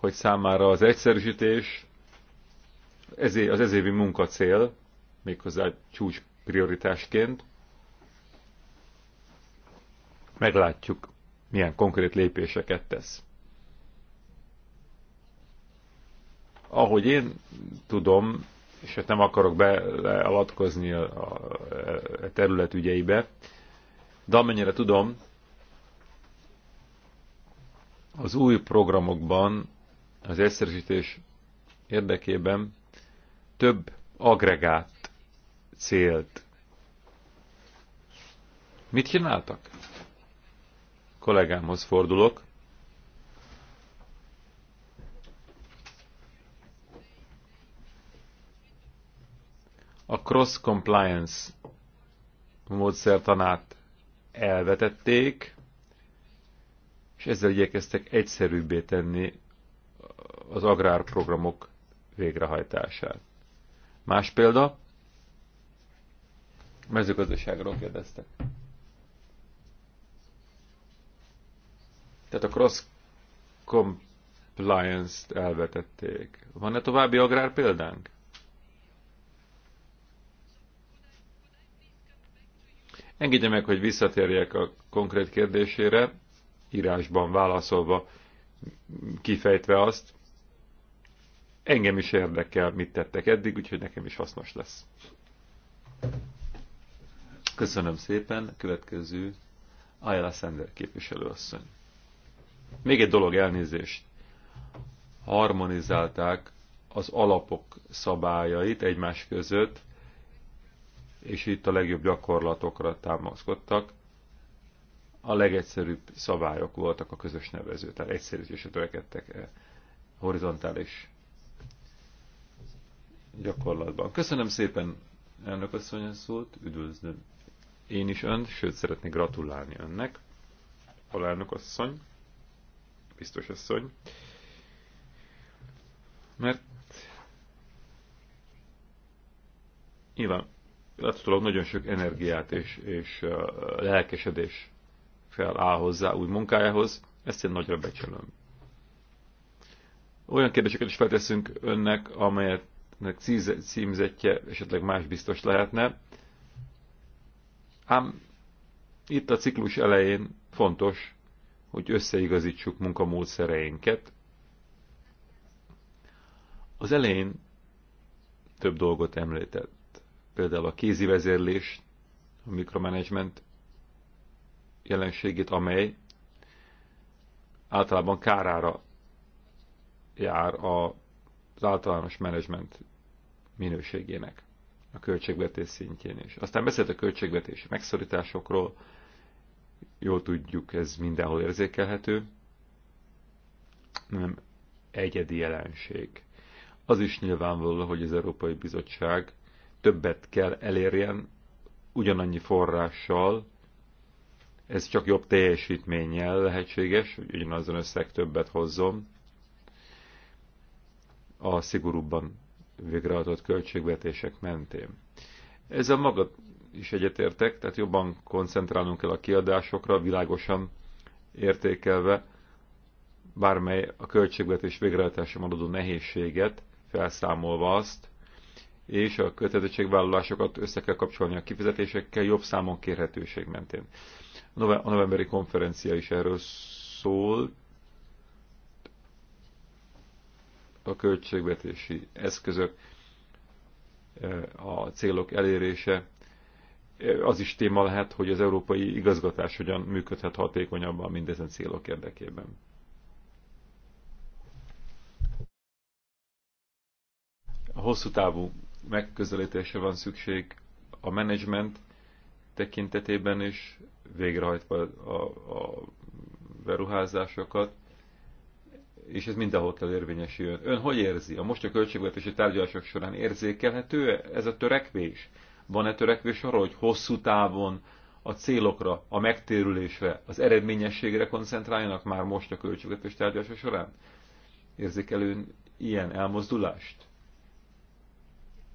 hogy számára az egyszerűsítés ezé, az ezévi munka cél, méghozzá csúcs prioritásként. Meglátjuk, milyen konkrét lépéseket tesz. Ahogy én tudom, és hát nem akarok beleavatkozni a, a, a e terület ügyeibe, de amennyire tudom, az új programokban az egyszerűsítés érdekében több agregát célt. Mit csináltak? Kollégámhoz fordulok. A cross-compliance módszertanát elvetették, és ezzel igyekeztek egyszerűbbé tenni az agrárprogramok végrehajtását. Más példa? Mezőgazdaságról kérdeztek. Tehát a cross compliance-t elvetették. Van-e további agrár példánk? Engedje meg, hogy visszatérjek a konkrét kérdésére, írásban válaszolva, kifejtve azt, engem is érdekel, mit tettek eddig, úgyhogy nekem is hasznos lesz. Köszönöm szépen. Következő Ayala Sender képviselőasszony. Még egy dolog elnézést. Harmonizálták az alapok szabályait egymás között, és itt a legjobb gyakorlatokra támaszkodtak. A legegyszerűbb szabályok voltak a közös nevező, tehát egyszerűsítésre törekedtek eh, horizontális gyakorlatban. Köszönöm szépen, elnök asszony szót, üdvözlöm én is önt, sőt szeretnék gratulálni önnek, alelnök asszony, biztos asszony, mert nyilván láthatólag nagyon sok energiát és, és lelkesedés feláll hozzá új munkájához, ezt én nagyra becsülöm. Olyan kérdéseket is felteszünk önnek, amelyet biztosnak címzetje esetleg más biztos lehetne. Ám itt a ciklus elején fontos, hogy összeigazítsuk munkamódszereinket. Az elején több dolgot említett, például a kézi vezérlés, a mikromanagement jelenségét, amely általában kárára jár az általános menedzsment minőségének a költségvetés szintjén is. Aztán beszélt a költségvetési megszorításokról, jól tudjuk, ez mindenhol érzékelhető, nem egyedi jelenség. Az is nyilvánvaló, hogy az Európai Bizottság többet kell elérjen ugyanannyi forrással, ez csak jobb teljesítménnyel lehetséges, hogy ugyanazon összeg többet hozzon, a szigorúbban végrehajtott költségvetések mentén. Ezzel maga is egyetértek, tehát jobban koncentrálnunk kell a kiadásokra, világosan értékelve bármely a költségvetés végrehajtása adódó nehézséget, felszámolva azt, és a kötelezettségvállalásokat össze kell kapcsolni a kifizetésekkel jobb számon kérhetőség mentén. A novemberi konferencia is erről szólt, a költségvetési eszközök, a célok elérése, az is téma lehet, hogy az európai igazgatás hogyan működhet hatékonyabban mindezen célok érdekében. A hosszú távú megközelítésre van szükség a menedzsment tekintetében is, végrehajtva a, a beruházásokat, és ez mindenhol kell érvényesüljön. Ön hogy érzi? A most a költségvetési tárgyalások során érzékelhető -e ez a törekvés? Van-e törekvés arra, hogy hosszú távon a célokra, a megtérülésre, az eredményességre koncentráljanak már most a költségvetési tárgyalások során? Érzékelőn ilyen elmozdulást?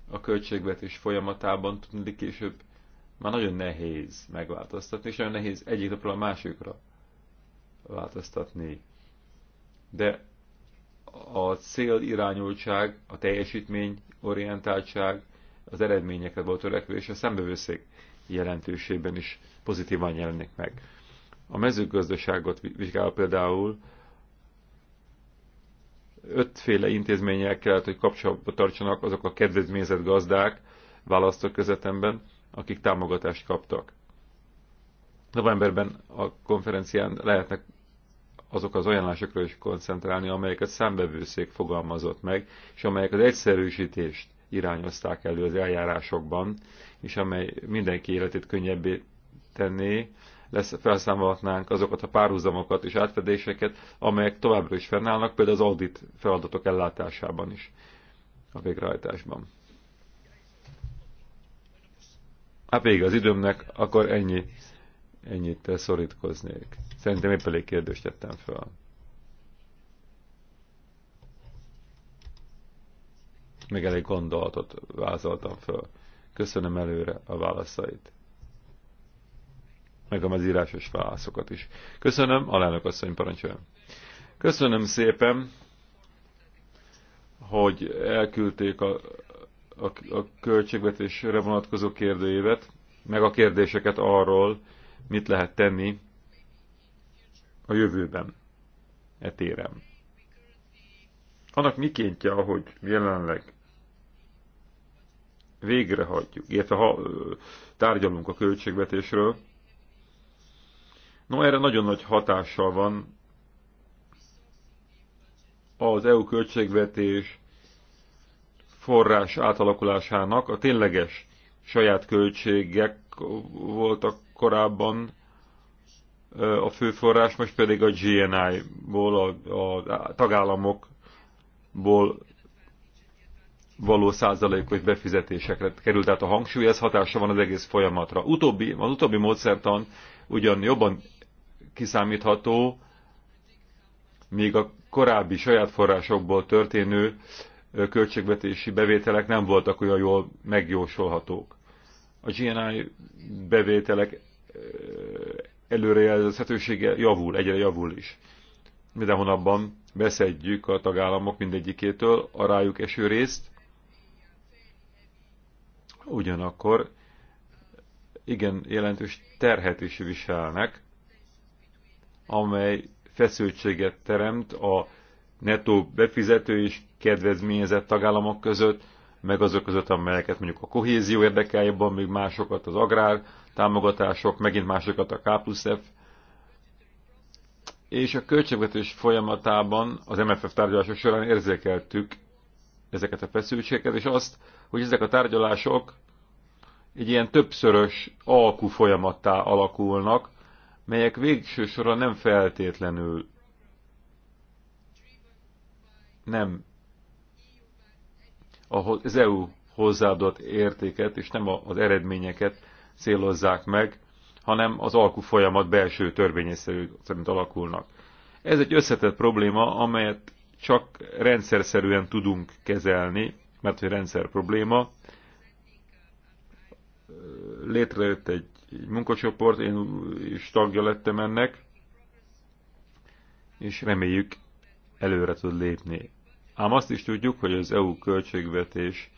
A költségvetés folyamatában tudni később már nagyon nehéz megváltoztatni, és nagyon nehéz egyik napról a másikra változtatni de a cél irányultság, a teljesítmény orientáltság, az eredményekre volt törekvés a szembevőszék jelentőségben is pozitívan jelenik meg. A mezőgazdaságot vizsgál például ötféle intézmények kellett, hogy kapcsolatba tartsanak azok a kedvezményezett gazdák választók közetemben, akik támogatást kaptak. Novemberben a konferencián lehetnek azok az ajánlásokra is koncentrálni, amelyeket szembevőszék fogalmazott meg, és amelyek az egyszerűsítést irányozták elő az eljárásokban, és amely mindenki életét könnyebbé tenné, lesz, felszámolhatnánk azokat a párhuzamokat és átfedéseket, amelyek továbbra is fennállnak, például az audit feladatok ellátásában is, a végrehajtásban. Hát vége az időmnek, akkor ennyi ennyit eh, szorítkoznék. Szerintem épp elég kérdést tettem fel. Meg elég gondolatot vázoltam föl. Köszönöm előre a válaszait. Meg az írásos válaszokat is. Köszönöm, alelnök asszony parancsoljon. Köszönöm szépen, hogy elküldték a, a, a költségvetésre vonatkozó kérdőjévet, meg a kérdéseket arról, mit lehet tenni a jövőben e téren. Annak mikéntje, ahogy jelenleg végrehajtjuk, illetve ha tárgyalunk a költségvetésről, no erre nagyon nagy hatással van az EU költségvetés forrás átalakulásának a tényleges saját költségek voltak korábban a főforrás, most pedig a GNI-ból, a, a tagállamokból való százalékos befizetésekre került. Tehát a hangsúly, ez hatása van az egész folyamatra. Utóbbi, az utóbbi módszertan ugyan jobban kiszámítható, még a korábbi saját forrásokból történő költségvetési bevételek nem voltak olyan jól megjósolhatók. A GNI bevételek előrejelzhetősége javul, egyre javul is. Minden hónapban beszedjük a tagállamok mindegyikétől a rájuk eső részt, ugyanakkor igen jelentős terhet is viselnek, amely feszültséget teremt a nettó befizető és kedvezményezett tagállamok között, meg azok között, amelyeket mondjuk a kohézió érdekeljében, még másokat az agrár támogatások, megint másokat a K plusz F. És a költségvetés folyamatában az MFF tárgyalások során érzékeltük ezeket a feszültségeket, és azt, hogy ezek a tárgyalások egy ilyen többszörös alkú folyamattá alakulnak, melyek végső soron nem feltétlenül nem az EU hozzáadott értéket, és nem az eredményeket célozzák meg, hanem az alkú folyamat belső törvényeszerű szerint alakulnak. Ez egy összetett probléma, amelyet csak rendszerszerűen tudunk kezelni, mert hogy rendszer probléma. Létrejött egy munkacsoport, én is tagja lettem ennek, és reméljük előre tud lépni Ám azt is tudjuk, hogy az EU költségvetés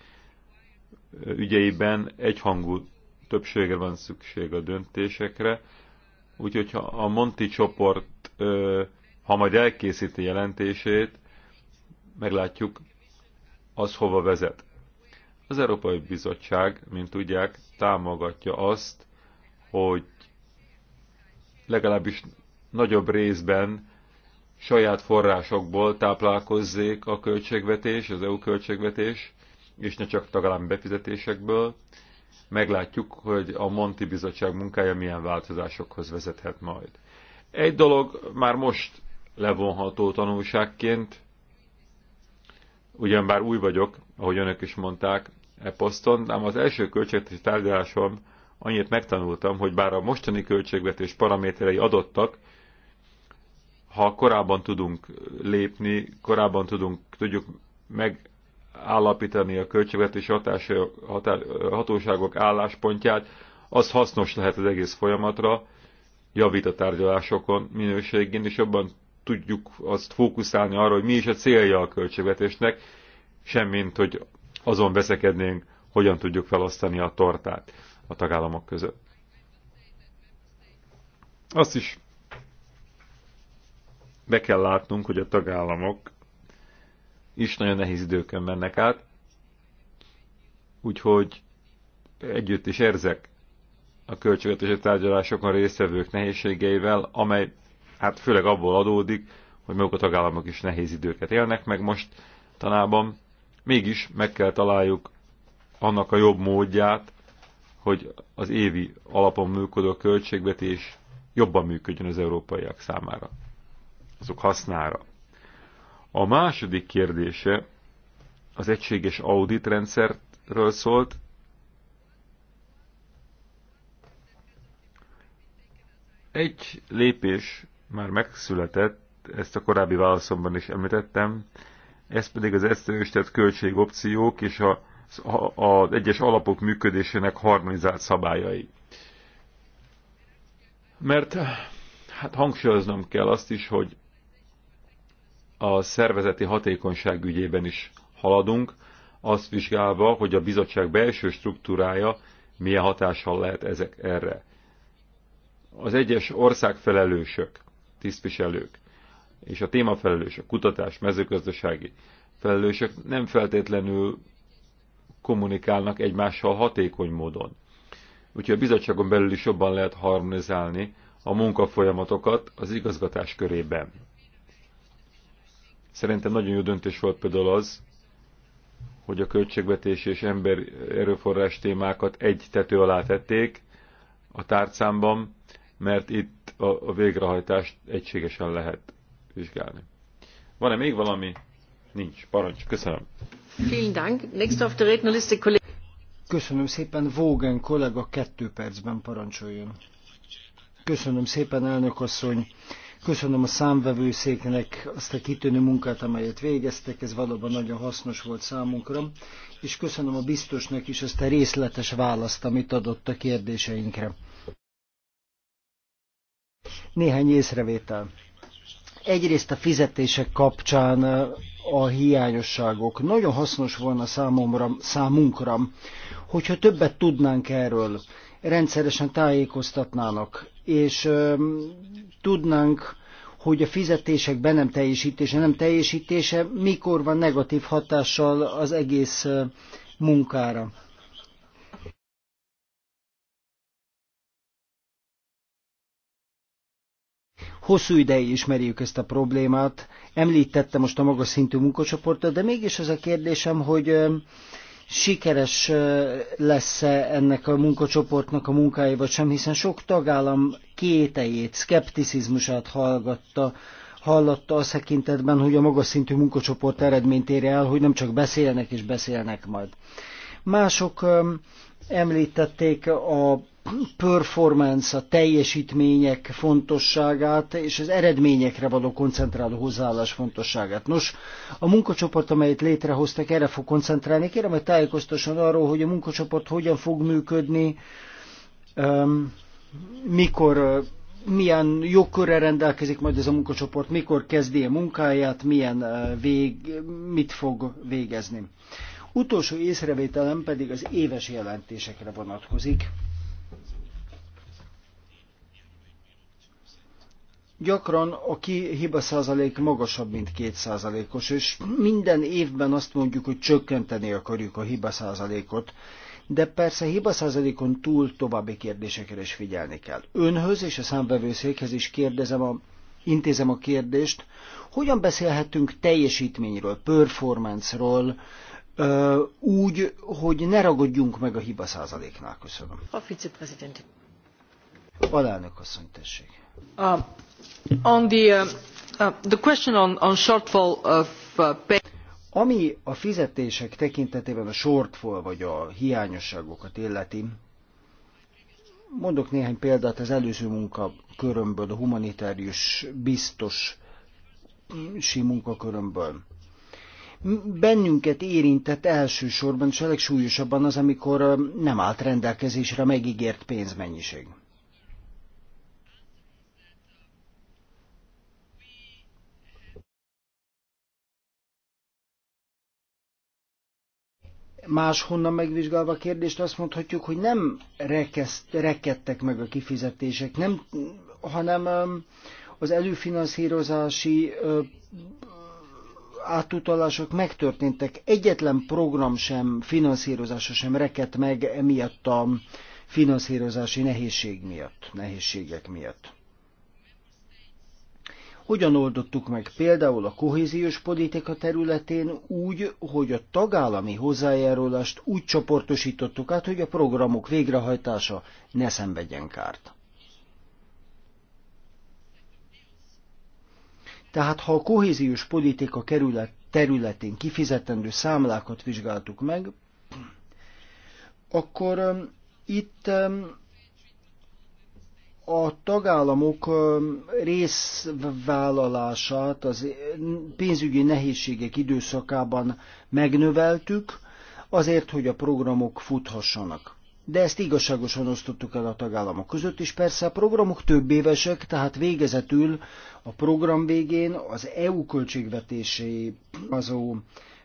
ügyeiben egyhangú többségre van szükség a döntésekre, úgyhogy ha a Monti csoport ha majd elkészíti jelentését, meglátjuk, az hova vezet. Az Európai Bizottság, mint tudják, támogatja azt, hogy legalábbis nagyobb részben saját forrásokból táplálkozzék a költségvetés, az EU költségvetés, és ne csak tagállami befizetésekből. Meglátjuk, hogy a Monti Bizottság munkája milyen változásokhoz vezethet majd. Egy dolog már most levonható tanulságként, ugyanbár új vagyok, ahogy önök is mondták, e poszton, ám az első költségvetési tárgyalásom annyit megtanultam, hogy bár a mostani költségvetés paraméterei adottak, ha korábban tudunk lépni, korábban tudunk, tudjuk megállapítani a költségvetési hatás, hatóságok álláspontját, az hasznos lehet az egész folyamatra, javít a tárgyalásokon minőségén, és jobban tudjuk azt fókuszálni arra, hogy mi is a célja a költségvetésnek, semmint, hogy azon veszekednénk, hogyan tudjuk felosztani a tortát a tagállamok között. Azt is be kell látnunk, hogy a tagállamok is nagyon nehéz időkön mennek át, úgyhogy együtt is érzek a költségvetési tárgyalásokon résztvevők nehézségeivel, amely hát főleg abból adódik, hogy maguk a tagállamok is nehéz időket élnek meg most tanában. Mégis meg kell találjuk annak a jobb módját, hogy az évi alapon működő költségvetés jobban működjön az európaiak számára azok hasznára. A második kérdése az egységes auditrendszerről szólt, Egy lépés már megszületett, ezt a korábbi válaszomban is említettem, ez pedig az egyszerűsített költségopciók és a, a, az egyes alapok működésének harmonizált szabályai. Mert hát hangsúlyoznom kell azt is, hogy a szervezeti hatékonyság ügyében is haladunk, azt vizsgálva, hogy a bizottság belső struktúrája milyen hatással lehet ezek erre. Az egyes országfelelősök, tisztviselők és a témafelelősök, kutatás, mezőgazdasági felelősök nem feltétlenül kommunikálnak egymással hatékony módon. Úgyhogy a bizottságon belül is jobban lehet harmonizálni a munkafolyamatokat az igazgatás körében. Szerintem nagyon jó döntés volt például az, hogy a költségvetés és ember erőforrás témákat egy tető alá tették a tárcámban, mert itt a, a végrehajtást egységesen lehet vizsgálni. Van-e még valami? Nincs. Parancs. Köszönöm. Vielen Dank. auf der Köszönöm szépen. Vógen kollega kettő percben parancsoljon. Köszönöm szépen, elnök asszony. Köszönöm a számvevőszéknek azt a kitűnő munkát, amelyet végeztek, ez valóban nagyon hasznos volt számunkra, és köszönöm a biztosnak is azt a részletes választ, amit adott a kérdéseinkre. Néhány észrevétel. Egyrészt a fizetések kapcsán eh, a hiányosságok. Nagyon hasznos volna számomra, számunkra, hogyha többet tudnánk erről, rendszeresen tájékoztatnának, és eh, tudnánk, hogy a fizetések be nem teljesítése, nem teljesítése mikor van negatív hatással az egész munkára. Hosszú ideig ismerjük ezt a problémát, említette most a magas szintű munkacsoportot, de mégis az a kérdésem, hogy sikeres lesz -e ennek a munkacsoportnak a munkája, vagy sem, hiszen sok tagállam kétejét, szkepticizmusát hallgatta, hallotta a szekintetben, hogy a magas szintű munkacsoport eredményt ér el, hogy nem csak beszélnek és beszélnek majd. Mások említették a performance, a teljesítmények fontosságát és az eredményekre való koncentráló hozzáállás fontosságát. Nos, a munkacsoport, amelyet létrehoztak, erre fog koncentrálni. Kérem, hogy tájékoztasson arról, hogy a munkacsoport hogyan fog működni, um, mikor milyen jogkörrel rendelkezik majd ez a munkacsoport, mikor kezdi a munkáját, milyen vég, mit fog végezni. Utolsó észrevételem pedig az éves jelentésekre vonatkozik. Gyakran a hiba százalék magasabb, mint 2 százalékos, és minden évben azt mondjuk, hogy csökkenteni akarjuk a hiba százalékot de persze hiba százalékon túl további kérdésekre is figyelni kell. Önhöz és a számvevőszékhez is kérdezem a, intézem a kérdést, hogyan beszélhetünk teljesítményről, performance-ról, úgy, hogy ne ragadjunk meg a hiba százaléknál. Köszönöm. A viceprezident. Alelnök asszony, tessék. Uh, on the, uh, uh, the question on, on shortfall of uh, pay... Ami a fizetések tekintetében a sortfol vagy a hiányosságokat illeti, mondok néhány példát az előző munkakörömből, a humanitárius biztos si munkakörömből. Bennünket érintett elsősorban, és a legsúlyosabban az, amikor nem állt rendelkezésre megígért pénzmennyiség. Máshonnan megvizsgálva a kérdést azt mondhatjuk, hogy nem rekeszt, rekedtek meg a kifizetések, nem, hanem az előfinanszírozási átutalások megtörténtek. Egyetlen program sem, finanszírozása sem rekedt meg emiatt a finanszírozási nehézség miatt, nehézségek miatt. Hogyan oldottuk meg például a kohéziós politika területén úgy, hogy a tagállami hozzájárulást úgy csoportosítottuk át, hogy a programok végrehajtása ne szenvedjen kárt. Tehát ha a kohéziós politika kerület területén kifizetendő számlákat vizsgáltuk meg, akkor um, itt um, a tagállamok részvállalását az pénzügyi nehézségek időszakában megnöveltük, azért, hogy a programok futhassanak. De ezt igazságosan osztottuk el a tagállamok között, és persze a programok több évesek, tehát végezetül a program végén az EU költségvetésé azó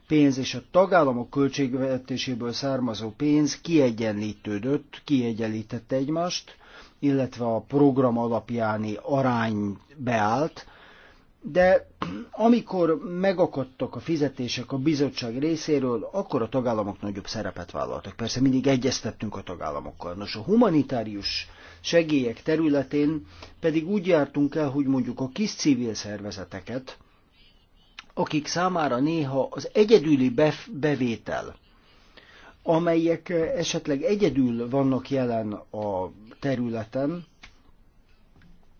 pénz és a tagállamok költségvetéséből származó pénz kiegyenlítődött, kiegyenlítette egymást, illetve a program alapjáni arány beállt, de amikor megakadtak a fizetések a bizottság részéről, akkor a tagállamok nagyobb szerepet vállaltak. Persze mindig egyeztettünk a tagállamokkal. Nos, a humanitárius segélyek területén pedig úgy jártunk el, hogy mondjuk a kis civil szervezeteket, akik számára néha az egyedüli bevétel, amelyek esetleg egyedül vannak jelen a területen.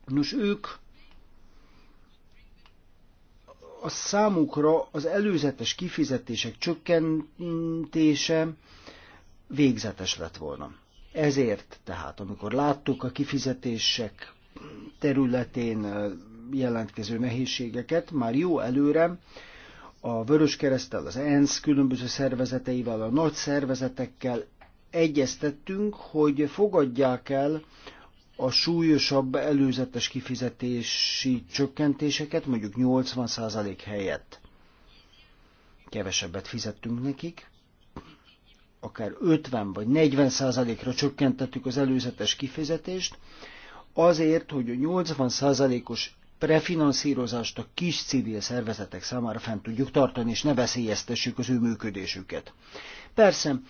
Nos, ők a számukra az előzetes kifizetések csökkentése végzetes lett volna. Ezért tehát, amikor láttuk a kifizetések területén jelentkező nehézségeket, már jó előre a Vörös az ENSZ különböző szervezeteivel, a nagy szervezetekkel egyeztettünk, hogy fogadják el a súlyosabb előzetes kifizetési csökkentéseket, mondjuk 80% helyett kevesebbet fizettünk nekik, akár 50 vagy 40%-ra csökkentettük az előzetes kifizetést, azért, hogy a 80%-os prefinanszírozást a kis civil szervezetek számára fent tudjuk tartani, és ne veszélyeztessük az ő működésüket. Persze,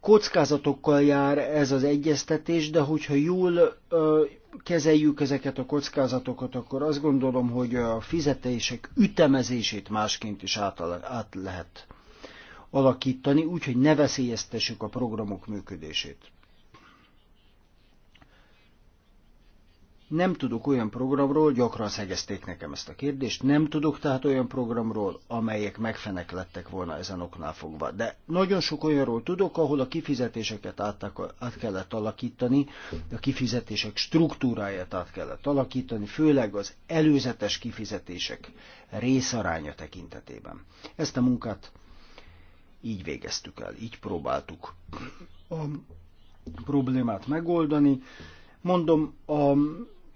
kockázatokkal jár ez az egyeztetés, de hogyha jól ö, kezeljük ezeket a kockázatokat, akkor azt gondolom, hogy a fizetések ütemezését másként is át, át lehet alakítani, úgyhogy ne veszélyeztessük a programok működését. Nem tudok olyan programról, gyakran szegezték nekem ezt a kérdést, nem tudok tehát olyan programról, amelyek lettek volna ezen oknál fogva. De nagyon sok olyanról tudok, ahol a kifizetéseket át, át kellett alakítani, a kifizetések struktúráját át kellett alakítani, főleg az előzetes kifizetések részaránya tekintetében. Ezt a munkát így végeztük el, így próbáltuk a problémát megoldani. Mondom, a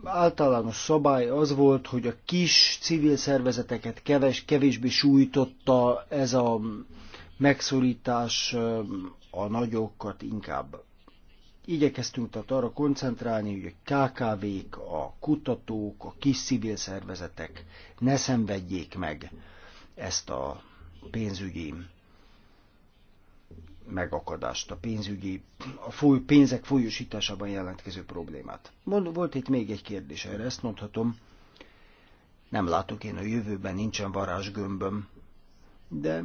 általános szabály az volt, hogy a kis civil szervezeteket keves, kevésbé sújtotta ez a megszorítás, a nagyokat inkább. Igyekeztünk tehát arra koncentrálni, hogy a KKV-k, a kutatók, a kis civil szervezetek ne szenvedjék meg ezt a pénzügyi megakadást, a pénzügyi, a foly, pénzek folyosításában jelentkező problémát. Mond, volt itt még egy kérdés erre, ezt mondhatom. Nem látok én a jövőben, nincsen varázsgömböm, de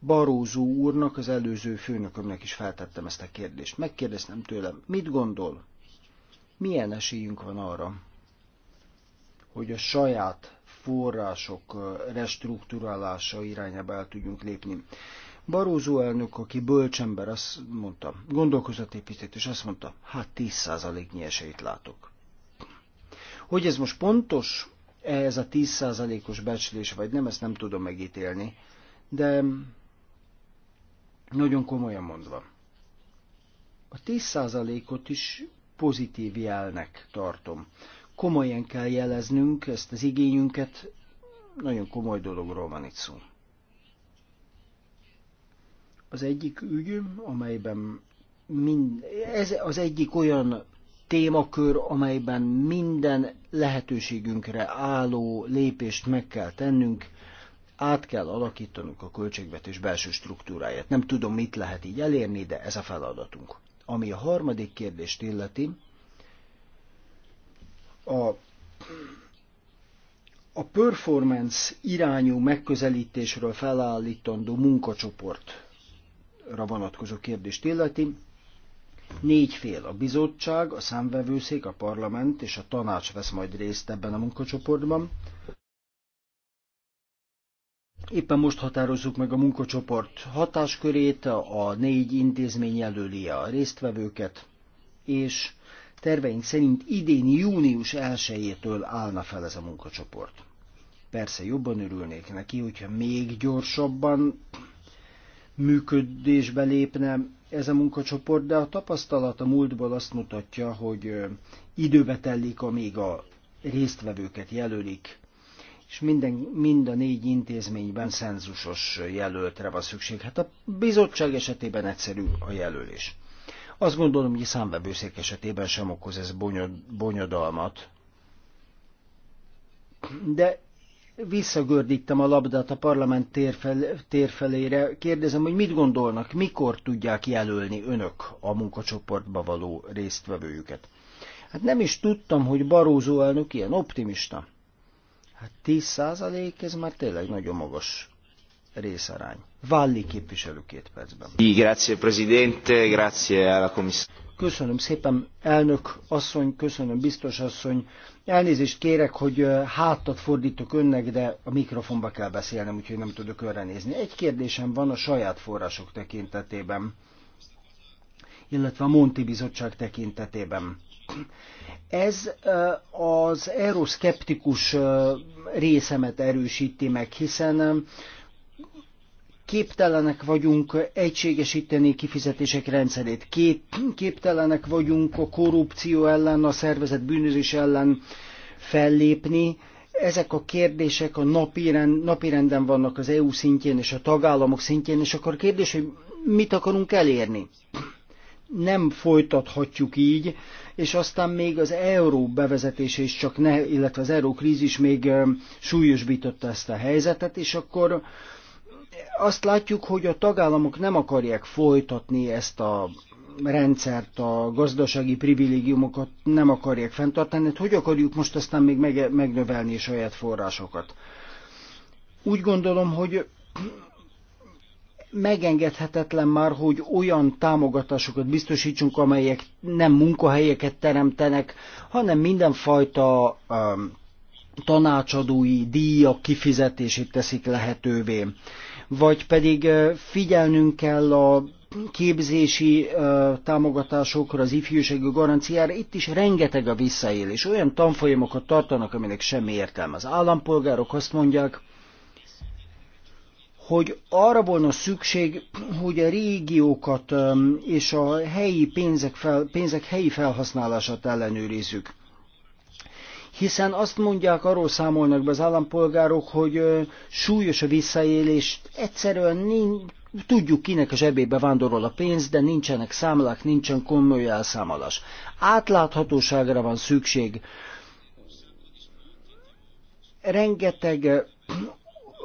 Barózó úrnak, az előző főnökömnek is feltettem ezt a kérdést. Megkérdeztem tőlem, mit gondol? Milyen esélyünk van arra, hogy a saját források eh, restruktúrálása irányába el tudjunk lépni? Barózó elnök, aki bölcsember, azt mondta, gondolkozott épített, és azt mondta, hát 10%-nyi esélyt látok. Hogy ez most pontos, ez a 10%-os becslés, vagy nem, ezt nem tudom megítélni, de nagyon komolyan mondva. A 10%-ot is pozitív jelnek tartom. Komolyan kell jeleznünk ezt az igényünket, nagyon komoly dologról van itt szó az egyik ügy, amelyben mind, ez az egyik olyan témakör, amelyben minden lehetőségünkre álló lépést meg kell tennünk, át kell alakítanunk a költségvetés belső struktúráját. Nem tudom, mit lehet így elérni, de ez a feladatunk. Ami a harmadik kérdést illeti, a, a performance irányú megközelítésről felállítandó munkacsoport vonatkozó kérdést illeti, négy fél, a bizottság, a számvevőszék, a parlament és a tanács vesz majd részt ebben a munkacsoportban. Éppen most határozzuk meg a munkacsoport hatáskörét, a négy intézmény jelöli a résztvevőket, és terveink szerint idén június 1-től állna fel ez a munkacsoport. Persze jobban örülnék neki, hogyha még gyorsabban működésbe lépne ez a munkacsoport, de a tapasztalat a múltból azt mutatja, hogy időbe tellik, amíg a résztvevőket jelölik, és minden, mind a négy intézményben szenzusos jelöltre van szükség. Hát a bizottság esetében egyszerű a jelölés. Azt gondolom, hogy a számbevőszék esetében sem okoz ez bonyodalmat, de visszagördítem a labdát a parlament térfel, térfelére. Kérdezem, hogy mit gondolnak, mikor tudják jelölni önök a munkacsoportba való résztvevőjüket? Hát nem is tudtam, hogy Barózó elnök ilyen optimista. Hát 10 százalék, ez már tényleg nagyon magas részarány. Válli képviselő két percben. Grazie Presidente, grazie alla Commissione. Köszönöm szépen, elnök asszony, köszönöm biztos asszony. Elnézést kérek, hogy hátat fordítok önnek, de a mikrofonba kell beszélnem, úgyhogy nem tudok önre nézni. Egy kérdésem van a saját források tekintetében, illetve a Monti Bizottság tekintetében. Ez az euroszkeptikus részemet erősíti meg, hiszen képtelenek vagyunk egységesíteni kifizetések rendszerét, Kép, képtelenek vagyunk a korrupció ellen, a szervezet bűnözés ellen fellépni. Ezek a kérdések a napirend, napirenden vannak az EU szintjén és a tagállamok szintjén, és akkor kérdés, hogy mit akarunk elérni? Nem folytathatjuk így, és aztán még az euró bevezetése is csak ne, illetve az euró krízis még súlyosbította ezt a helyzetet, és akkor azt látjuk, hogy a tagállamok nem akarják folytatni ezt a rendszert, a gazdasági privilégiumokat nem akarják fenntartani, hát hogy akarjuk most aztán még megnövelni megnövelni saját forrásokat? Úgy gondolom, hogy megengedhetetlen már, hogy olyan támogatásokat biztosítsunk, amelyek nem munkahelyeket teremtenek, hanem mindenfajta um, tanácsadói díjak kifizetését teszik lehetővé vagy pedig figyelnünk kell a képzési támogatásokra, az ifjúsági garanciára, itt is rengeteg a visszaélés. Olyan tanfolyamokat tartanak, aminek semmi értelme. Az állampolgárok azt mondják, hogy arra volna szükség, hogy a régiókat és a helyi pénzek, fel, pénzek helyi felhasználását ellenőrizzük hiszen azt mondják, arról számolnak be az állampolgárok, hogy súlyos a visszaélés, egyszerűen nincs, tudjuk kinek a zsebébe vándorol a pénz, de nincsenek számlák, nincsen komoly elszámolás. Átláthatóságra van szükség. Rengeteg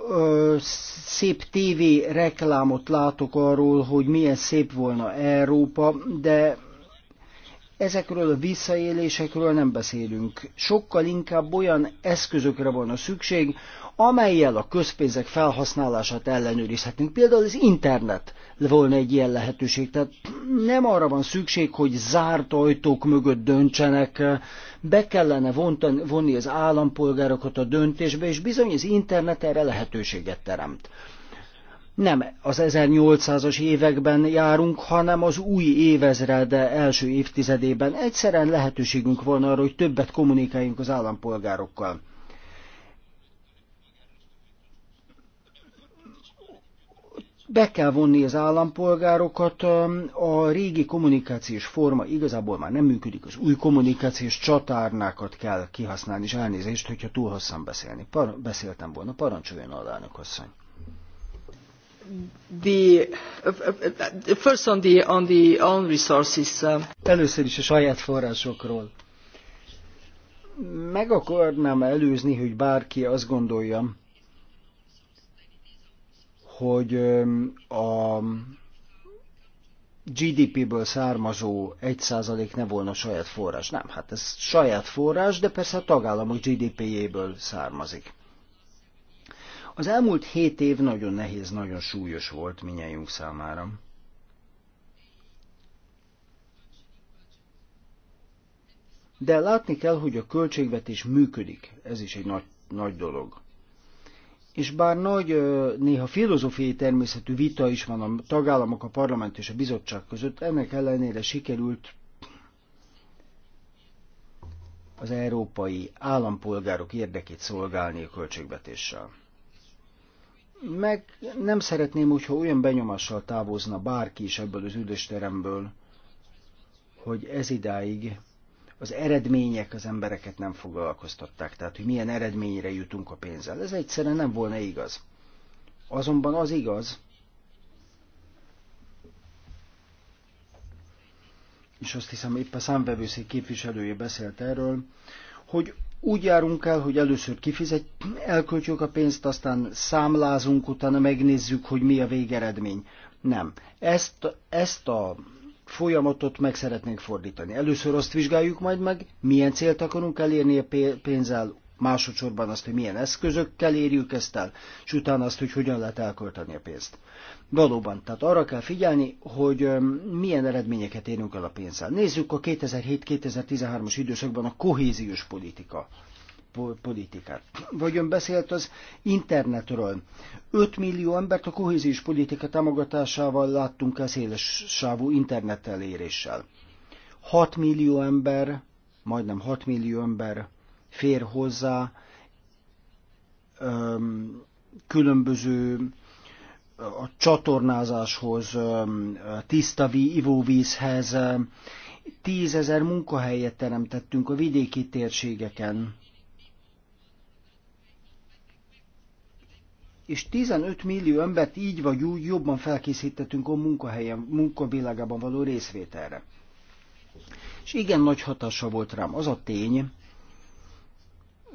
ö, szép tévé reklámot látok arról, hogy milyen szép volna Európa, de ezekről a visszaélésekről nem beszélünk. Sokkal inkább olyan eszközökre van a szükség, amelyel a közpénzek felhasználását ellenőrizhetünk. Például az internet volna egy ilyen lehetőség. Tehát nem arra van szükség, hogy zárt ajtók mögött döntsenek, be kellene vonni az állampolgárokat a döntésbe, és bizony az internet erre lehetőséget teremt nem az 1800-as években járunk, hanem az új évezred első évtizedében. Egyszerűen lehetőségünk volna arra, hogy többet kommunikáljunk az állampolgárokkal. Be kell vonni az állampolgárokat, a régi kommunikációs forma igazából már nem működik, az új kommunikációs csatárnákat kell kihasználni, és elnézést, hogyha túl hosszan beszélni. Par- beszéltem volna, parancsoljon alelnök asszony. Um, Először is a saját forrásokról. Meg akarnám előzni, hogy bárki azt gondolja, hogy um, a GDP-ből származó 1% ne volna saját forrás. Nem, hát ez saját forrás, de persze a tagállamok GDP-jéből származik. Az elmúlt hét év nagyon nehéz, nagyon súlyos volt minnyájunk számára. De látni kell, hogy a költségvetés működik. Ez is egy nagy, nagy dolog. És bár nagy, néha filozófiai természetű vita is van a tagállamok, a parlament és a bizottság között, ennek ellenére sikerült az európai állampolgárok érdekét szolgálni a költségvetéssel meg nem szeretném, hogyha olyan benyomással távozna bárki is ebből az teremből, hogy ez idáig az eredmények az embereket nem foglalkoztatták, tehát hogy milyen eredményre jutunk a pénzzel. Ez egyszerűen nem volna igaz. Azonban az igaz, és azt hiszem épp a számvevőszék képviselője beszélt erről, hogy úgy járunk el, hogy először kifizet, elköltjük a pénzt, aztán számlázunk, utána megnézzük, hogy mi a végeredmény. Nem. Ezt, ezt a folyamatot meg szeretnénk fordítani. Először azt vizsgáljuk majd meg, milyen célt akarunk elérni a pénzzel, másodszorban azt, hogy milyen eszközökkel érjük ezt el, és utána azt, hogy hogyan lehet elkölteni a pénzt. Valóban, tehát arra kell figyelni, hogy milyen eredményeket érünk el a pénzzel. Nézzük a 2007-2013-as időszakban a kohéziós politika politikát. Vagy ön beszélt az internetről. 5 millió embert a kohéziós politika támogatásával láttunk el széles sávú internet eléréssel. 6 millió ember, majdnem 6 millió ember fér hozzá különböző a csatornázáshoz, tiszta ví, ivóvízhez. Tízezer munkahelyet teremtettünk a vidéki térségeken. És 15 millió embert így vagy úgy jobban felkészítettünk a munkahelyen, munkavilágában való részvételre. És igen nagy hatása volt rám az a tény,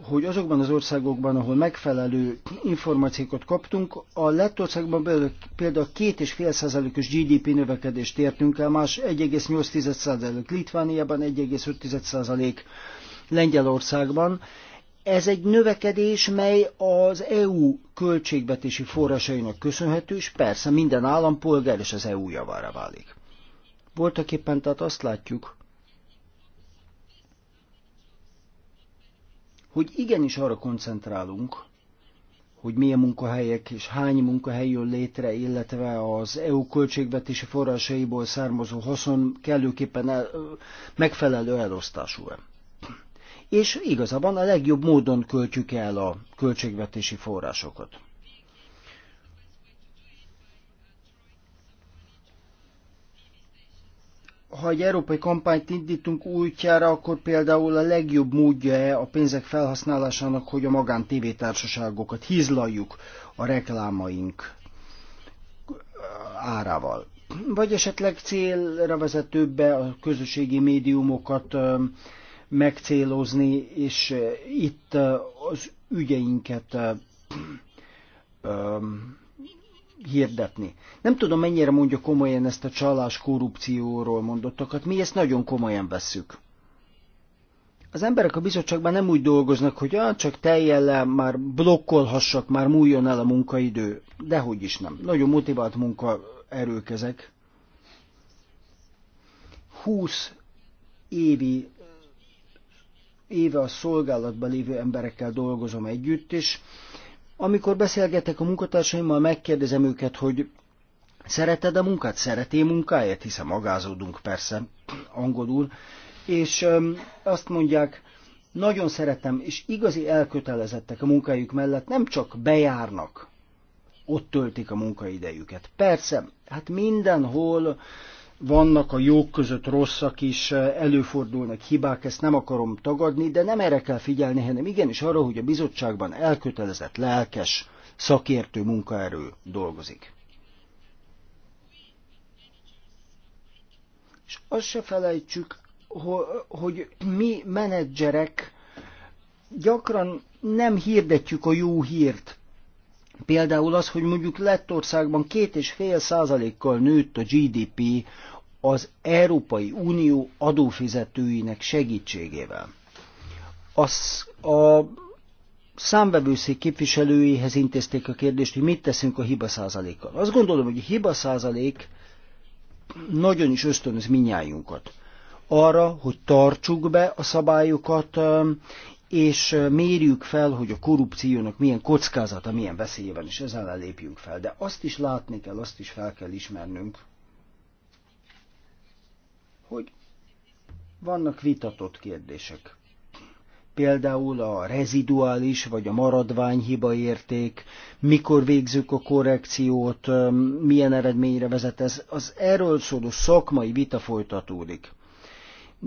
hogy azokban az országokban, ahol megfelelő információkat kaptunk, a országban például és fél os GDP növekedést értünk el, más 1,8%, Litvániában 1,5%, Lengyelországban. Ez egy növekedés, mely az EU költségvetési forrásainak köszönhető, és persze minden állampolgár és az EU javára válik. Voltak éppen tehát azt látjuk, hogy igenis arra koncentrálunk, hogy milyen munkahelyek és hány munkahely jön létre, illetve az EU költségvetési forrásaiból származó haszon kellőképpen el, megfelelő elosztású-e. És igazabban a legjobb módon költjük el a költségvetési forrásokat. ha egy európai kampányt indítunk útjára, akkor például a legjobb módja -e a pénzek felhasználásának, hogy a magán tévétársaságokat hízlaljuk a reklámaink árával. Vagy esetleg célra vezetőbbe a közösségi médiumokat megcélozni, és itt az ügyeinket hirdetni. Nem tudom, mennyire mondja komolyan ezt a csalás korrupcióról mondottakat, mi ezt nagyon komolyan vesszük. Az emberek a bizottságban nem úgy dolgoznak, hogy ah, csak le, már blokkolhassak, már múljon el a munkaidő. Dehogy is nem. Nagyon motivált munkaerők ezek. 20 évi éve a szolgálatban lévő emberekkel dolgozom együtt, és amikor beszélgetek a munkatársaimmal, megkérdezem őket, hogy szereted a munkát, szereti munkáját, hiszen magázódunk persze angolul, és azt mondják, nagyon szeretem, és igazi elkötelezettek a munkájuk mellett, nem csak bejárnak, ott töltik a munkaidejüket. Persze, hát mindenhol vannak a jók között rosszak is, eh, előfordulnak hibák, ezt nem akarom tagadni, de nem erre kell figyelni, hanem igenis arra, hogy a bizottságban elkötelezett, lelkes, szakértő munkaerő dolgozik. És azt se felejtsük, hogy mi menedzserek gyakran nem hirdetjük a jó hírt, Például az, hogy mondjuk Lettországban két és fél százalékkal nőtt a GDP az Európai Unió adófizetőinek segítségével. Az, a számbevőszék képviselőihez intézték a kérdést, hogy mit teszünk a hiba százalékkal. Azt gondolom, hogy a hiba százalék nagyon is ösztönöz minnyájunkat arra, hogy tartsuk be a szabályokat, és mérjük fel, hogy a korrupciónak milyen kockázata, milyen veszélye van, és ezzel lépjünk fel. De azt is látni kell, azt is fel kell ismernünk, hogy vannak vitatott kérdések. Például a reziduális vagy a maradvány érték, mikor végzük a korrekciót, milyen eredményre vezet ez. Az erről szóló szakmai vita folytatódik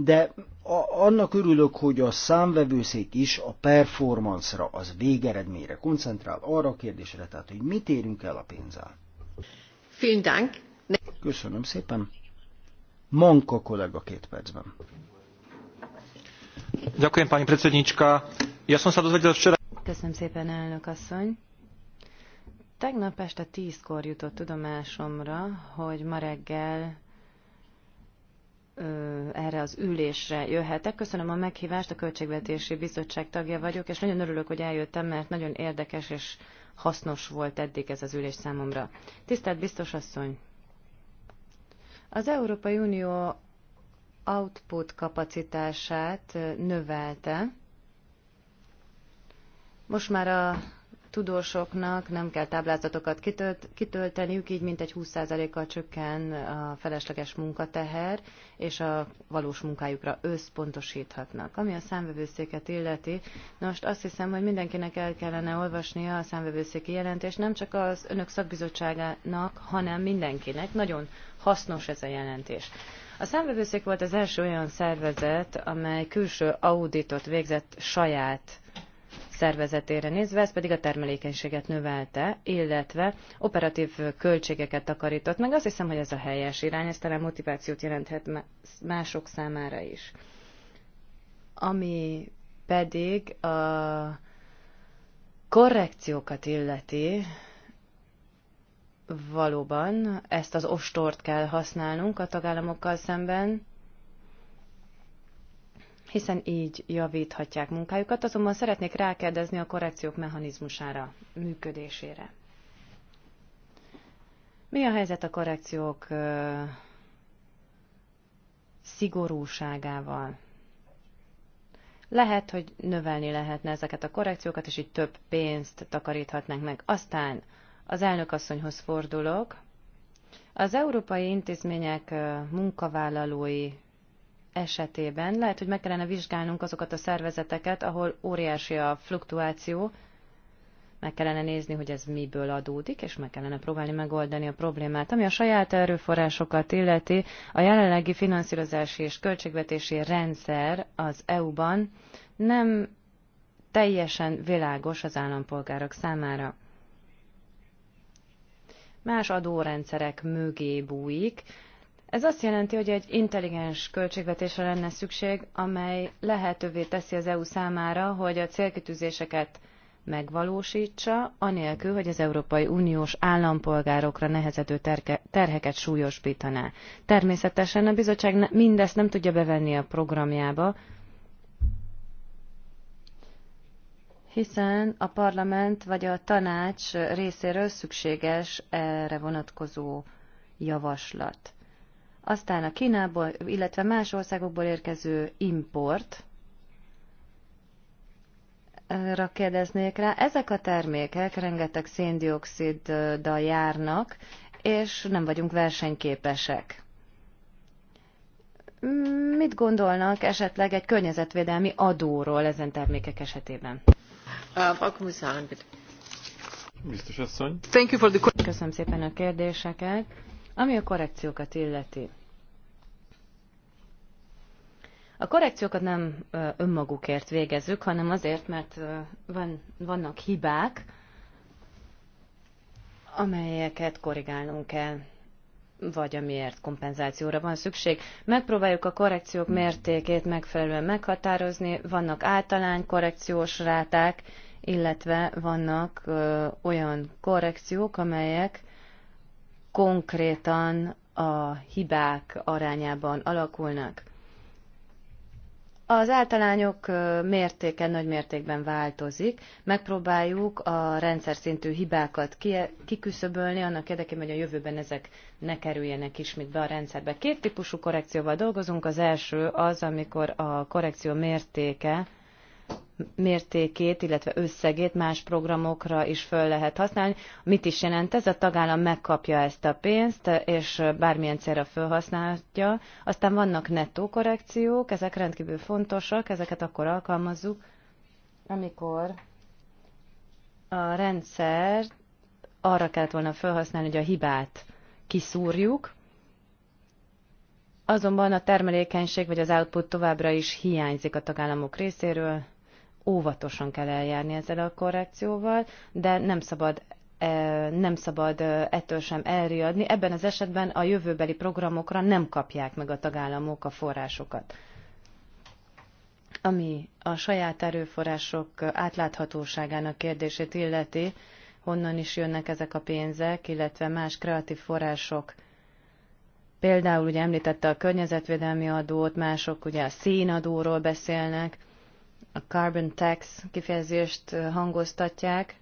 de a, annak örülök, hogy a számvevőszék is a performance-ra, az végeredményre koncentrál, arra a kérdésre, tehát, hogy mit érünk el a pénzzel. Vielen Köszönöm szépen. Manka kollega két percben. Ďakujem, pani predsednička. Ja som sa dozvedel včera... Köszönöm szépen, elnök asszony. Tegnap este tízkor jutott tudomásomra, hogy ma reggel erre az ülésre jöhetek. Köszönöm a meghívást, a Költségvetési Bizottság tagja vagyok, és nagyon örülök, hogy eljöttem, mert nagyon érdekes és hasznos volt eddig ez az ülés számomra. Tisztelt biztos asszony! Az Európai Unió output kapacitását növelte. Most már a tudósoknak nem kell táblázatokat kitölt, kitölteniük, így mintegy 20%-kal csökken a felesleges munkateher, és a valós munkájukra összpontosíthatnak. Ami a számvevőszéket illeti, most azt hiszem, hogy mindenkinek el kellene olvasnia a számvevőszéki jelentést, nem csak az önök szakbizottságának, hanem mindenkinek. Nagyon hasznos ez a jelentés. A számvevőszék volt az első olyan szervezet, amely külső auditot végzett saját szervezetére nézve, ez pedig a termelékenységet növelte, illetve operatív költségeket takarított meg. Azt hiszem, hogy ez a helyes irány, ez talán motivációt jelenthet mások számára is. Ami pedig a korrekciókat illeti, valóban ezt az ostort kell használnunk a tagállamokkal szemben, hiszen így javíthatják munkájukat, azonban szeretnék rákérdezni a korrekciók mechanizmusára, működésére. Mi a helyzet a korrekciók szigorúságával? Lehet, hogy növelni lehetne ezeket a korrekciókat, és így több pénzt takaríthatnánk meg. Aztán az elnökasszonyhoz fordulok. Az európai intézmények munkavállalói esetében. Lehet, hogy meg kellene vizsgálnunk azokat a szervezeteket, ahol óriási a fluktuáció, meg kellene nézni, hogy ez miből adódik, és meg kellene próbálni megoldani a problémát. Ami a saját erőforrásokat illeti, a jelenlegi finanszírozási és költségvetési rendszer az EU-ban nem teljesen világos az állampolgárok számára. Más adórendszerek mögé bújik, ez azt jelenti, hogy egy intelligens költségvetésre lenne szükség, amely lehetővé teszi az EU számára, hogy a célkitűzéseket megvalósítsa, anélkül, hogy az Európai Uniós állampolgárokra nehezedő terke, terheket súlyosbítaná. Természetesen a bizottság mindezt nem tudja bevenni a programjába, hiszen a parlament vagy a tanács részéről szükséges erre vonatkozó javaslat. Aztán a Kínából, illetve más országokból érkező import, ra kérdeznék rá, ezek a termékek rengeteg széndioksziddal járnak, és nem vagyunk versenyképesek. Mit gondolnak esetleg egy környezetvédelmi adóról ezen termékek esetében? Biztos asszony. Köszönöm szépen a kérdéseket. Ami a korrekciókat illeti. A korrekciókat nem önmagukért végezzük, hanem azért, mert van, vannak hibák, amelyeket korrigálnunk kell, vagy amiért kompenzációra van szükség. Megpróbáljuk a korrekciók mértékét megfelelően meghatározni. Vannak általány korrekciós ráták, illetve vannak ö, olyan korrekciók, amelyek konkrétan a hibák arányában alakulnak. Az általányok mértéke nagy mértékben változik. Megpróbáljuk a rendszer szintű hibákat kiküszöbölni, annak érdekében, hogy a jövőben ezek ne kerüljenek ismét be a rendszerbe. Két típusú korrekcióval dolgozunk. Az első az, amikor a korrekció mértéke mértékét, illetve összegét más programokra is föl lehet használni. Mit is jelent ez? A tagállam megkapja ezt a pénzt, és bármilyen célra felhasználja. Aztán vannak nettó korrekciók, ezek rendkívül fontosak, ezeket akkor alkalmazzuk, amikor a rendszer arra kellett volna felhasználni, hogy a hibát kiszúrjuk, azonban a termelékenység vagy az output továbbra is hiányzik a tagállamok részéről, óvatosan kell eljárni ezzel a korrekcióval, de nem szabad e, nem szabad e, ettől sem elriadni. Ebben az esetben a jövőbeli programokra nem kapják meg a tagállamok a forrásokat. Ami a saját erőforrások átláthatóságának kérdését illeti, honnan is jönnek ezek a pénzek, illetve más kreatív források. Például ugye említette a környezetvédelmi adót, mások ugye a színadóról beszélnek a carbon tax kifejezést hangoztatják.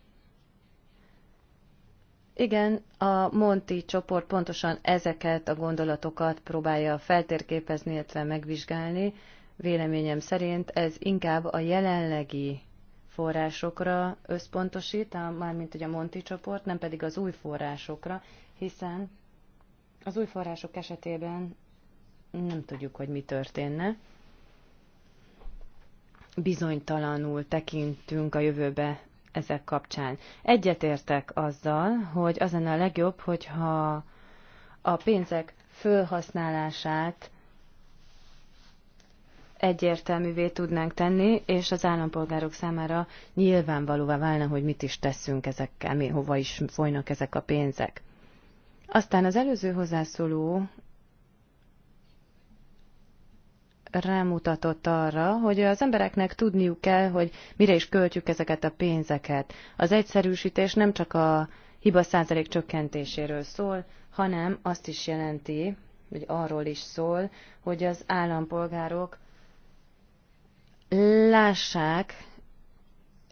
Igen, a Monti csoport pontosan ezeket a gondolatokat próbálja feltérképezni, illetve megvizsgálni. Véleményem szerint ez inkább a jelenlegi forrásokra összpontosít, mármint hogy a Monti csoport, nem pedig az új forrásokra, hiszen az új források esetében nem tudjuk, hogy mi történne bizonytalanul tekintünk a jövőbe ezek kapcsán. Egyetértek azzal, hogy az lenne a legjobb, hogyha a pénzek fölhasználását egyértelművé tudnánk tenni, és az állampolgárok számára nyilvánvalóvá válna, hogy mit is teszünk ezekkel, mi hova is folynak ezek a pénzek. Aztán az előző hozzászóló rámutatott arra, hogy az embereknek tudniuk kell, hogy mire is költjük ezeket a pénzeket. Az egyszerűsítés nem csak a hiba százalék csökkentéséről szól, hanem azt is jelenti, hogy arról is szól, hogy az állampolgárok lássák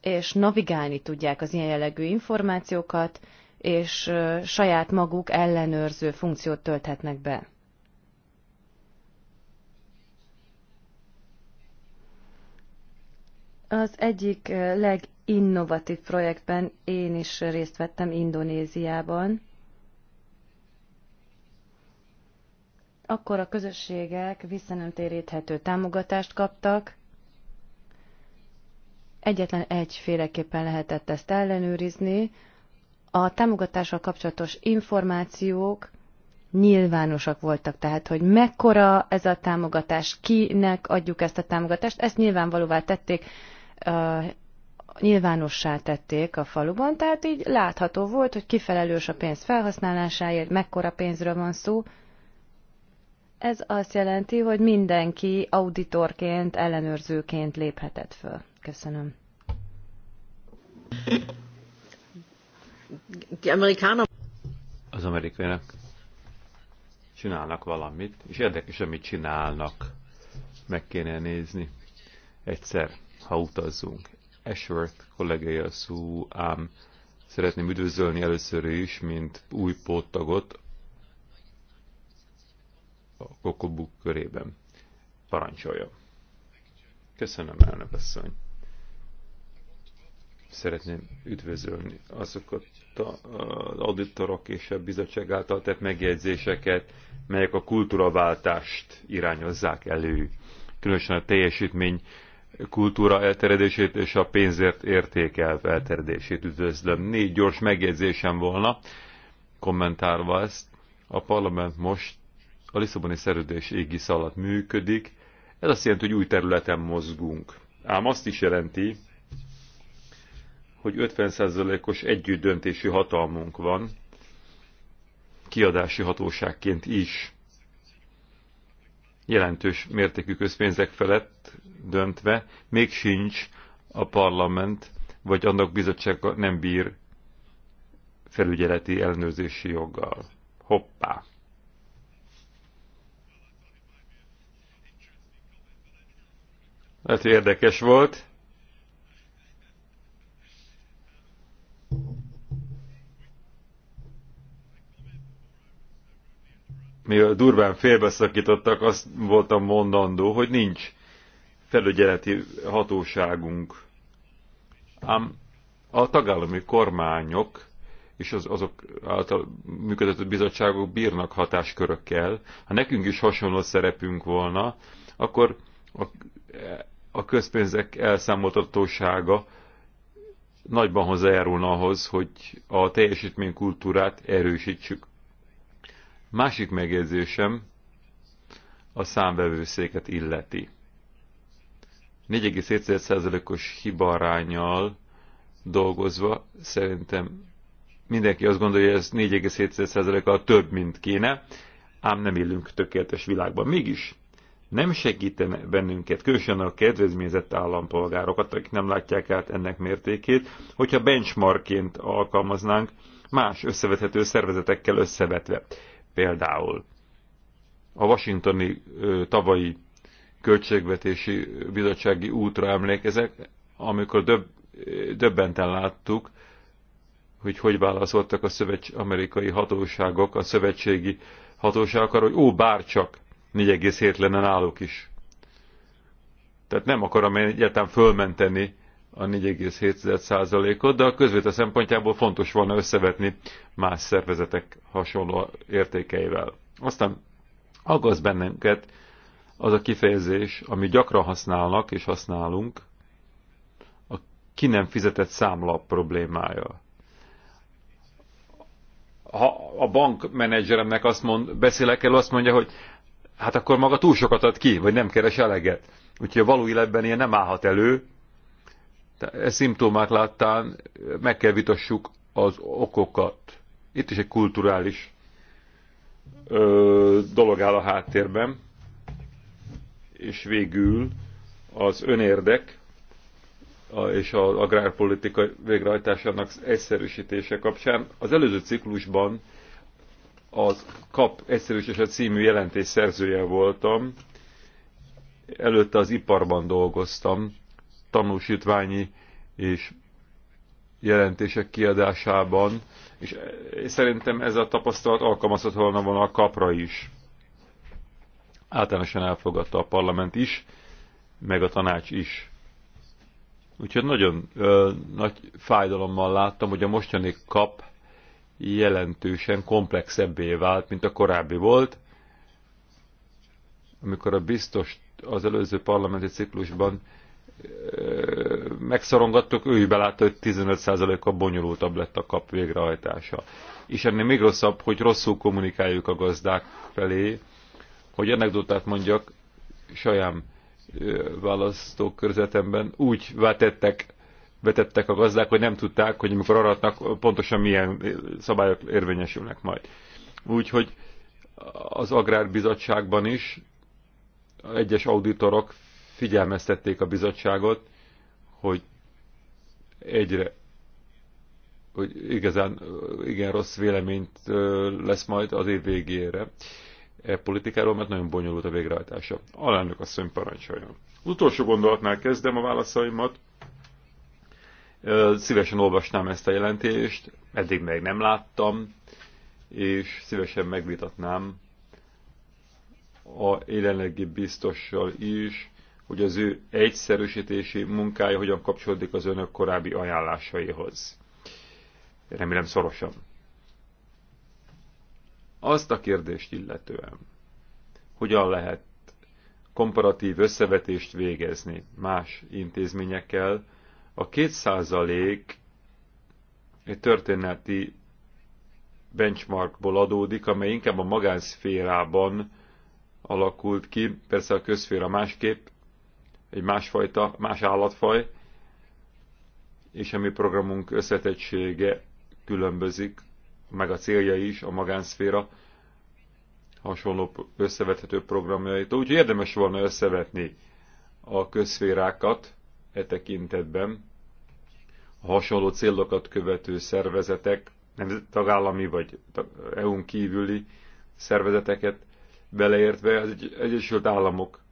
és navigálni tudják az ilyen jellegű információkat, és saját maguk ellenőrző funkciót tölthetnek be. Az egyik eh, leginnovatív projektben én is részt vettem Indonéziában. Akkor a közösségek visszanemtéríthető támogatást kaptak. Egyetlen egyféleképpen lehetett ezt ellenőrizni. A támogatással kapcsolatos információk nyilvánosak voltak, tehát hogy mekkora ez a támogatás, kinek adjuk ezt a támogatást, ezt nyilvánvalóvá tették nyilvánossá tették a faluban, tehát így látható volt, hogy kifelelős a pénz felhasználásáért, mekkora pénzről van szó. Ez azt jelenti, hogy mindenki auditorként, ellenőrzőként léphetett föl. Köszönöm. Az amerikaiak csinálnak valamit, és érdekes, amit csinálnak. Meg kéne nézni. Egyszer ha utazzunk. Ashworth kollégai a szó, ám szeretném üdvözölni először is, mint új póttagot a Kokobuk körében. Parancsolja. Köszönöm, elnök asszony. Szeretném üdvözölni azokat az auditorok és a bizottság által tett megjegyzéseket, melyek a kultúraváltást irányozzák elő. Különösen a teljesítmény kultúra elterjedését és a pénzért értékelv elterjedését üdvözlöm. Négy gyors megjegyzésem volna, kommentálva ezt. A parlament most a Lisszaboni szerződés égisz alatt működik. Ez azt jelenti, hogy új területen mozgunk. Ám azt is jelenti, hogy 50%-os döntési hatalmunk van, kiadási hatóságként is jelentős mértékű közpénzek felett döntve még sincs a parlament, vagy annak bizottsága nem bír felügyeleti ellenőrzési joggal. Hoppá! Lehet, hogy érdekes volt. mivel durván félbeszakítottak, azt voltam mondandó, hogy nincs felügyeleti hatóságunk. Ám a tagállami kormányok és az, azok által működött bizottságok bírnak hatáskörökkel. Ha nekünk is hasonló szerepünk volna, akkor a, a közpénzek elszámoltatósága nagyban hozzájárulna ahhoz, hogy a teljesítménykultúrát erősítsük Másik megjegyzésem a számvevőszéket illeti. 4,7%-os hibarányjal dolgozva szerintem mindenki azt gondolja, hogy ez 4,7%-kal több, mint kéne, ám nem élünk tökéletes világban. Mégis nem segítene bennünket, különösen a kedvezményezett állampolgárokat, akik nem látják át ennek mértékét, hogyha benchmarkként alkalmaznánk más összevethető szervezetekkel összevetve. Például a washingtoni tavalyi költségvetési bizottsági útra emlékezek, amikor döbb, döbbenten láttuk, hogy hogy válaszoltak a szövets, amerikai hatóságok, a szövetségi hatóságok arra, hogy ó, bárcsak 4,7 lenne náluk is. Tehát nem akarom én egyáltalán fölmenteni a 4,7%-ot, de a közvéte szempontjából fontos volna összevetni más szervezetek hasonló értékeivel. Aztán aggaszt bennünket az a kifejezés, amit gyakran használnak és használunk, a ki nem fizetett számla problémája. Ha a bankmenedzseremnek azt mond, beszélek el, azt mondja, hogy hát akkor maga túl sokat ad ki, vagy nem keres eleget. Úgyhogy a való életben ilyen nem állhat elő, e szimptomák láttán meg kell vitassuk az okokat. Itt is egy kulturális ö, dolog áll a háttérben, és végül az önérdek a, és az agrárpolitika végrehajtásának egyszerűsítése kapcsán. Az előző ciklusban az KAP egyszerűsítése című jelentés szerzője voltam, előtte az iparban dolgoztam, tanúsítványi és jelentések kiadásában, és szerintem ez a tapasztalat alkalmazható volna volna a kapra is. Általánosan elfogadta a parlament is, meg a tanács is. Úgyhogy nagyon ö, nagy fájdalommal láttam, hogy a mostani kap jelentősen komplexebbé vált, mint a korábbi volt, amikor a biztos az előző parlamenti ciklusban megszorongattuk, ő is belátta, hogy 15%-a bonyolultabb lett a kap végrehajtása. És ennél még rosszabb, hogy rosszul kommunikáljuk a gazdák felé, hogy anekdotát mondjak, saját választókörzetemben úgy vetettek, vetettek a gazdák, hogy nem tudták, hogy amikor aratnak, pontosan milyen szabályok érvényesülnek majd. Úgyhogy az Agrárbizottságban is egyes auditorok figyelmeztették a bizottságot, hogy egyre hogy igazán igen rossz véleményt lesz majd az év végére e politikáról, mert nagyon bonyolult a végrehajtása. Alelnök a parancsoljon. Az utolsó gondolatnál kezdem a válaszaimat. Szívesen olvasnám ezt a jelentést, eddig még nem láttam, és szívesen megvitatnám a jelenlegi biztossal is, hogy az ő egyszerűsítési munkája hogyan kapcsolódik az önök korábbi ajánlásaihoz. Remélem szorosan. Azt a kérdést illetően, hogyan lehet komparatív összevetést végezni más intézményekkel, a két százalék egy történeti benchmarkból adódik, amely inkább a magánszférában alakult ki, persze a közszféra másképp, egy másfajta, más állatfaj, és a mi programunk összetettsége különbözik, meg a célja is, a magánszféra hasonló összevethető programjaitól. Úgyhogy érdemes volna összevetni a közszférákat e tekintetben, a hasonló célokat követő szervezetek, nem tagállami vagy EU-n kívüli szervezeteket beleértve, az Egyesült Államok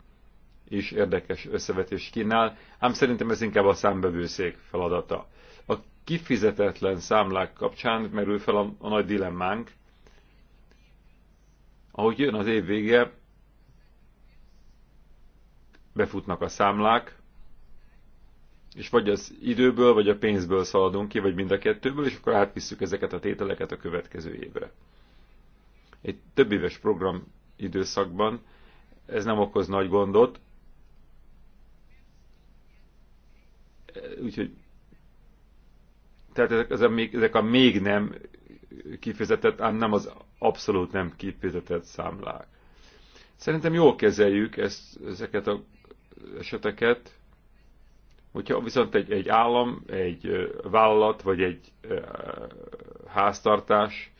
is érdekes összevetés kínál, ám szerintem ez inkább a számbevőszék feladata. A kifizetetlen számlák kapcsán merül fel a, a nagy dilemmánk, ahogy jön az év vége, befutnak a számlák, és vagy az időből, vagy a pénzből szaladunk ki, vagy mind a kettőből, és akkor átvisszük ezeket a tételeket a következő évre. Egy több éves program időszakban ez nem okoz nagy gondot, Úgyhogy tehát ezek, ezek, a még, ezek a még nem kifizetett, ám nem az abszolút nem kifizetett számlák. Szerintem jól kezeljük ezt, ezeket az eseteket, hogyha viszont egy, egy állam, egy vállalat vagy egy e, háztartás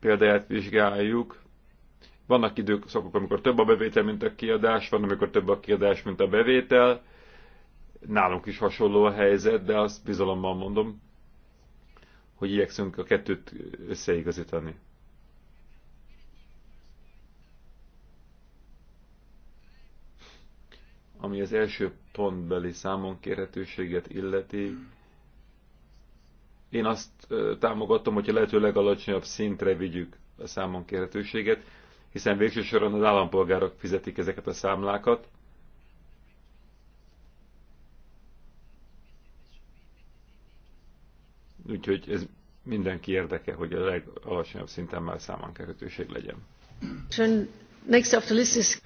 példáját vizsgáljuk, vannak szokok, amikor több a bevétel, mint a kiadás, van, amikor több a kiadás, mint a bevétel, Nálunk is hasonló a helyzet, de azt bizalommal mondom, hogy igyekszünk a kettőt összeigazítani. Ami az első pontbeli számon kérhetőséget illeti, én azt támogatom, hogyha lehető legalacsonyabb szintre vigyük a számon kérhetőséget, hiszen végső soron az állampolgárok fizetik ezeket a számlákat, Úgyhogy ez mindenki érdeke, hogy a legalacsonyabb szinten már számon kerülhetőség legyen. Next up the list is...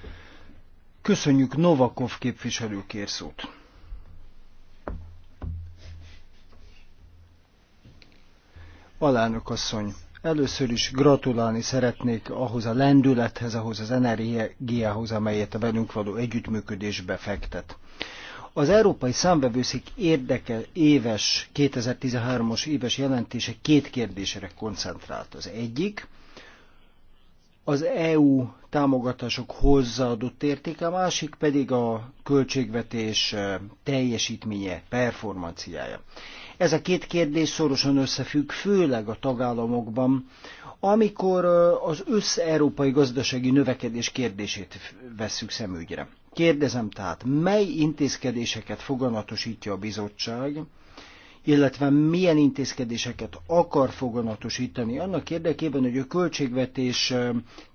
Köszönjük Novakov képviselő kérszót. Alánök asszony, először is gratulálni szeretnék ahhoz a lendülethez, ahhoz az energiához, amelyet a velünk való együttműködésbe fektet. Az Európai Számvevőszék érdeke éves 2013-os éves jelentése két kérdésre koncentrált. Az egyik, az EU támogatások hozzáadott értéke, a másik pedig a költségvetés eh, teljesítménye, performanciája. Ez a két kérdés szorosan összefügg, főleg a tagállamokban, amikor eh, az össze európai gazdasági növekedés kérdését vesszük szemügyre. Kérdezem tehát, mely intézkedéseket foganatosítja a bizottság, illetve milyen intézkedéseket akar foganatosítani annak érdekében, hogy a költségvetés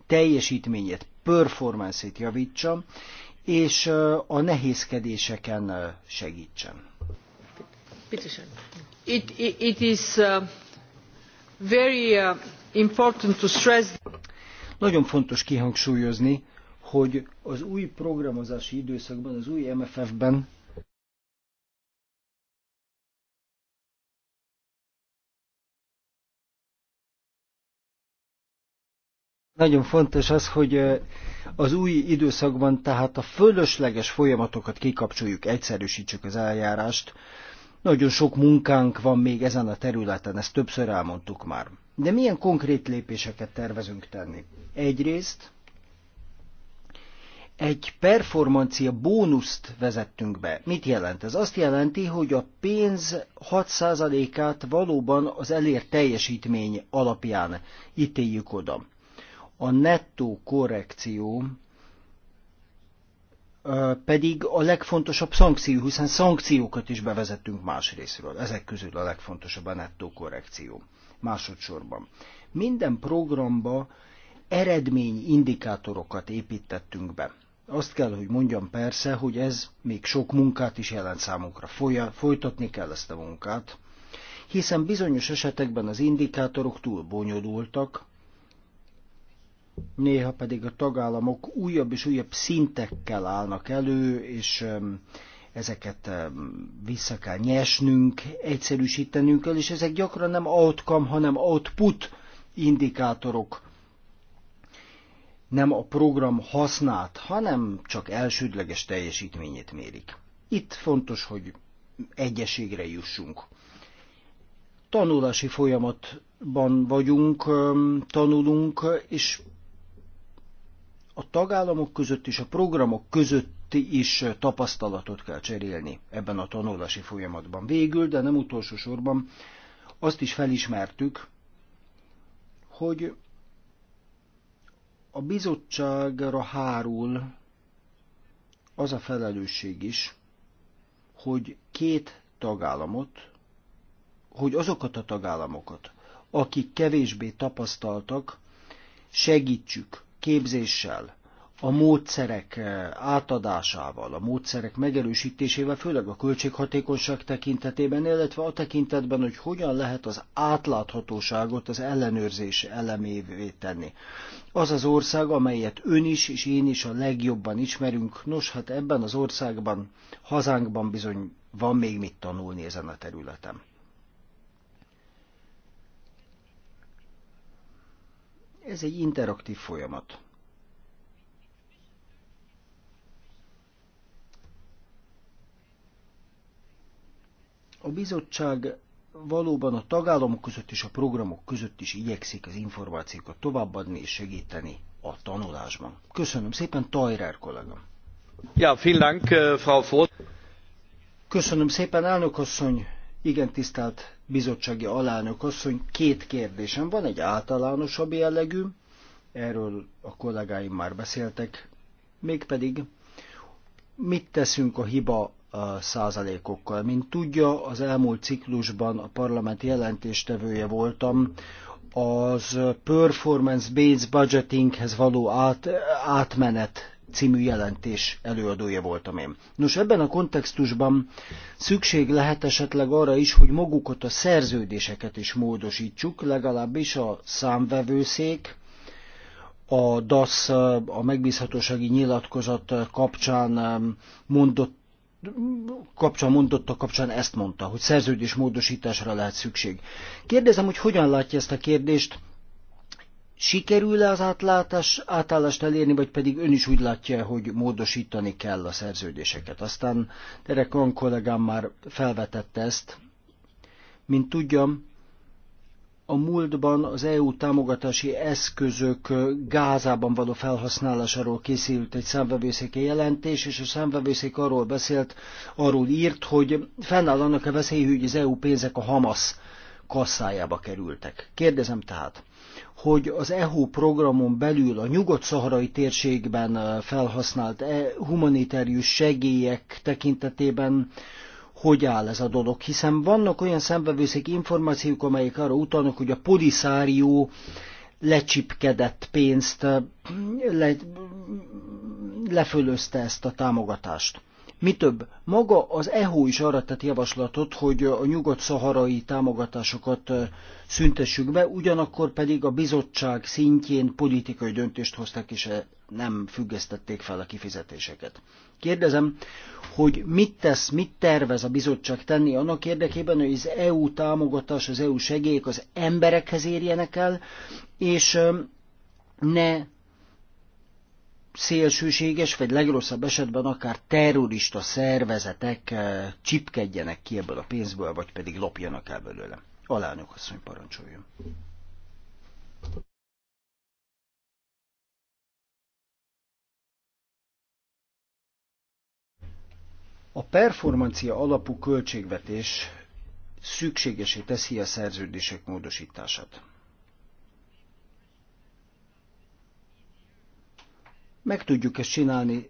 teljesítményét, performance-ét javítsa, és a nehézkedéseken segítsen. It, it, it is uh, very uh, important to stress... Nagyon fontos kihangsúlyozni, hogy az új programozási időszakban, az új MFF-ben Nagyon fontos az, hogy az új időszakban tehát a fölösleges folyamatokat kikapcsoljuk, egyszerűsítsük az eljárást. Nagyon sok munkánk van még ezen a területen, ezt többször elmondtuk már. De milyen konkrét lépéseket tervezünk tenni? Egyrészt egy performancia bónuszt vezettünk be. Mit jelent ez? Azt jelenti, hogy a pénz 6%-át valóban az elért teljesítmény alapján ítéljük oda. A nettó korrekció pedig a legfontosabb szankció, hiszen szankciókat is bevezettünk más részről. Ezek közül a legfontosabb a nettó korrekció. Másodszorban. Minden programba eredményindikátorokat építettünk be. Azt kell, hogy mondjam persze, hogy ez még sok munkát is jelent számunkra. Folytatni kell ezt a munkát, hiszen bizonyos esetekben az indikátorok túl bonyolultak, néha pedig a tagállamok újabb és újabb szintekkel állnak elő, és ezeket vissza kell nyesnünk, egyszerűsítenünk kell, és ezek gyakran nem outcome, hanem output indikátorok, nem a program hasznát, hanem csak elsődleges teljesítményét mérik. Itt fontos, hogy egyeségre jussunk. Tanulási folyamatban vagyunk, tanulunk, és a tagállamok között és a programok között is tapasztalatot kell cserélni ebben a tanulási folyamatban. Végül, de nem utolsó sorban, azt is felismertük, hogy a bizottságra hárul az a felelősség is, hogy két tagállamot, hogy azokat a tagállamokat, akik kevésbé tapasztaltak, segítsük képzéssel, a módszerek eh, átadásával, a módszerek megerősítésével, főleg a költséghatékonyság tekintetében, illetve a tekintetben, hogy hogyan lehet az átláthatóságot az ellenőrzés elemévé tenni. Az az ország, amelyet ön is és én is a legjobban ismerünk, nos hát ebben az országban, hazánkban bizony van még mit tanulni ezen a területen. Ez egy interaktív folyamat A bizottság valóban a tagállamok között és a programok között is igyekszik az információkat továbbadni és segíteni a tanulásban. Köszönöm szépen, Tajrár kollega. Ja, vielen Dank, äh, Frau Ford. Köszönöm szépen, elnök asszony. Igen, tisztelt bizottsági alelnök asszony, két kérdésem van, egy általánosabb jellegű, erről a kollégáim már beszéltek, mégpedig mit teszünk a hiba százalékokkal. Mint tudja, az elmúlt ciklusban a parlament jelentéstevője voltam, az Performance-Based Budgetinghez való át, átmenet című jelentés előadója voltam én. Nos, ebben a kontextusban szükség lehet esetleg arra is, hogy magukat a szerződéseket is módosítsuk, legalábbis a számvevőszék, a DASZ, a megbízhatósági nyilatkozat kapcsán um, mondott kapcsán mondotta, kapcsán ezt mondta, hogy szerződés módosításra lehet szükség. Kérdezem, hogy hogyan látja ezt a kérdést, sikerül-e az átlátás, átállást elérni, vagy pedig ön is úgy látja, hogy módosítani kell a szerződéseket. Aztán Derek An kollégám már felvetette ezt. Mint tudjam, a múltban az EU támogatási eszközök Gázában való felhasználásáról készült egy számvevőszéki jelentés, és a számvevőszék arról beszélt, arról írt, hogy fennáll annak a veszély, hogy az EU pénzek a Hamas kasszájába kerültek. Kérdezem tehát, hogy az EU programon belül a nyugat-szaharai térségben felhasznált humanitárius segélyek tekintetében hogy áll ez a dolog, hiszen vannak olyan szembevőszék információk, amelyek arra utalnak, hogy a poliszárió lecsipkedett pénzt, le, lefölözte ezt a támogatást. Mi több, maga az EHO is arra tett javaslatot, hogy a nyugat-szaharai támogatásokat szüntessük be, ugyanakkor pedig a bizottság szintjén politikai döntést hoztak, és nem függesztették fel a kifizetéseket. Kérdezem, hogy mit tesz, mit tervez a bizottság tenni annak érdekében, hogy az EU támogatás, az EU segélyek az emberekhez érjenek el, és ne szélsőséges, vagy legrosszabb esetben akár terrorista szervezetek eh, csipkedjenek ki ebből a pénzből, vagy pedig lopjanak el belőle. Alelnök asszony parancsoljon. A performancia alapú költségvetés szükségesé teszi a szerződések módosítását. Meg tudjuk ezt csinálni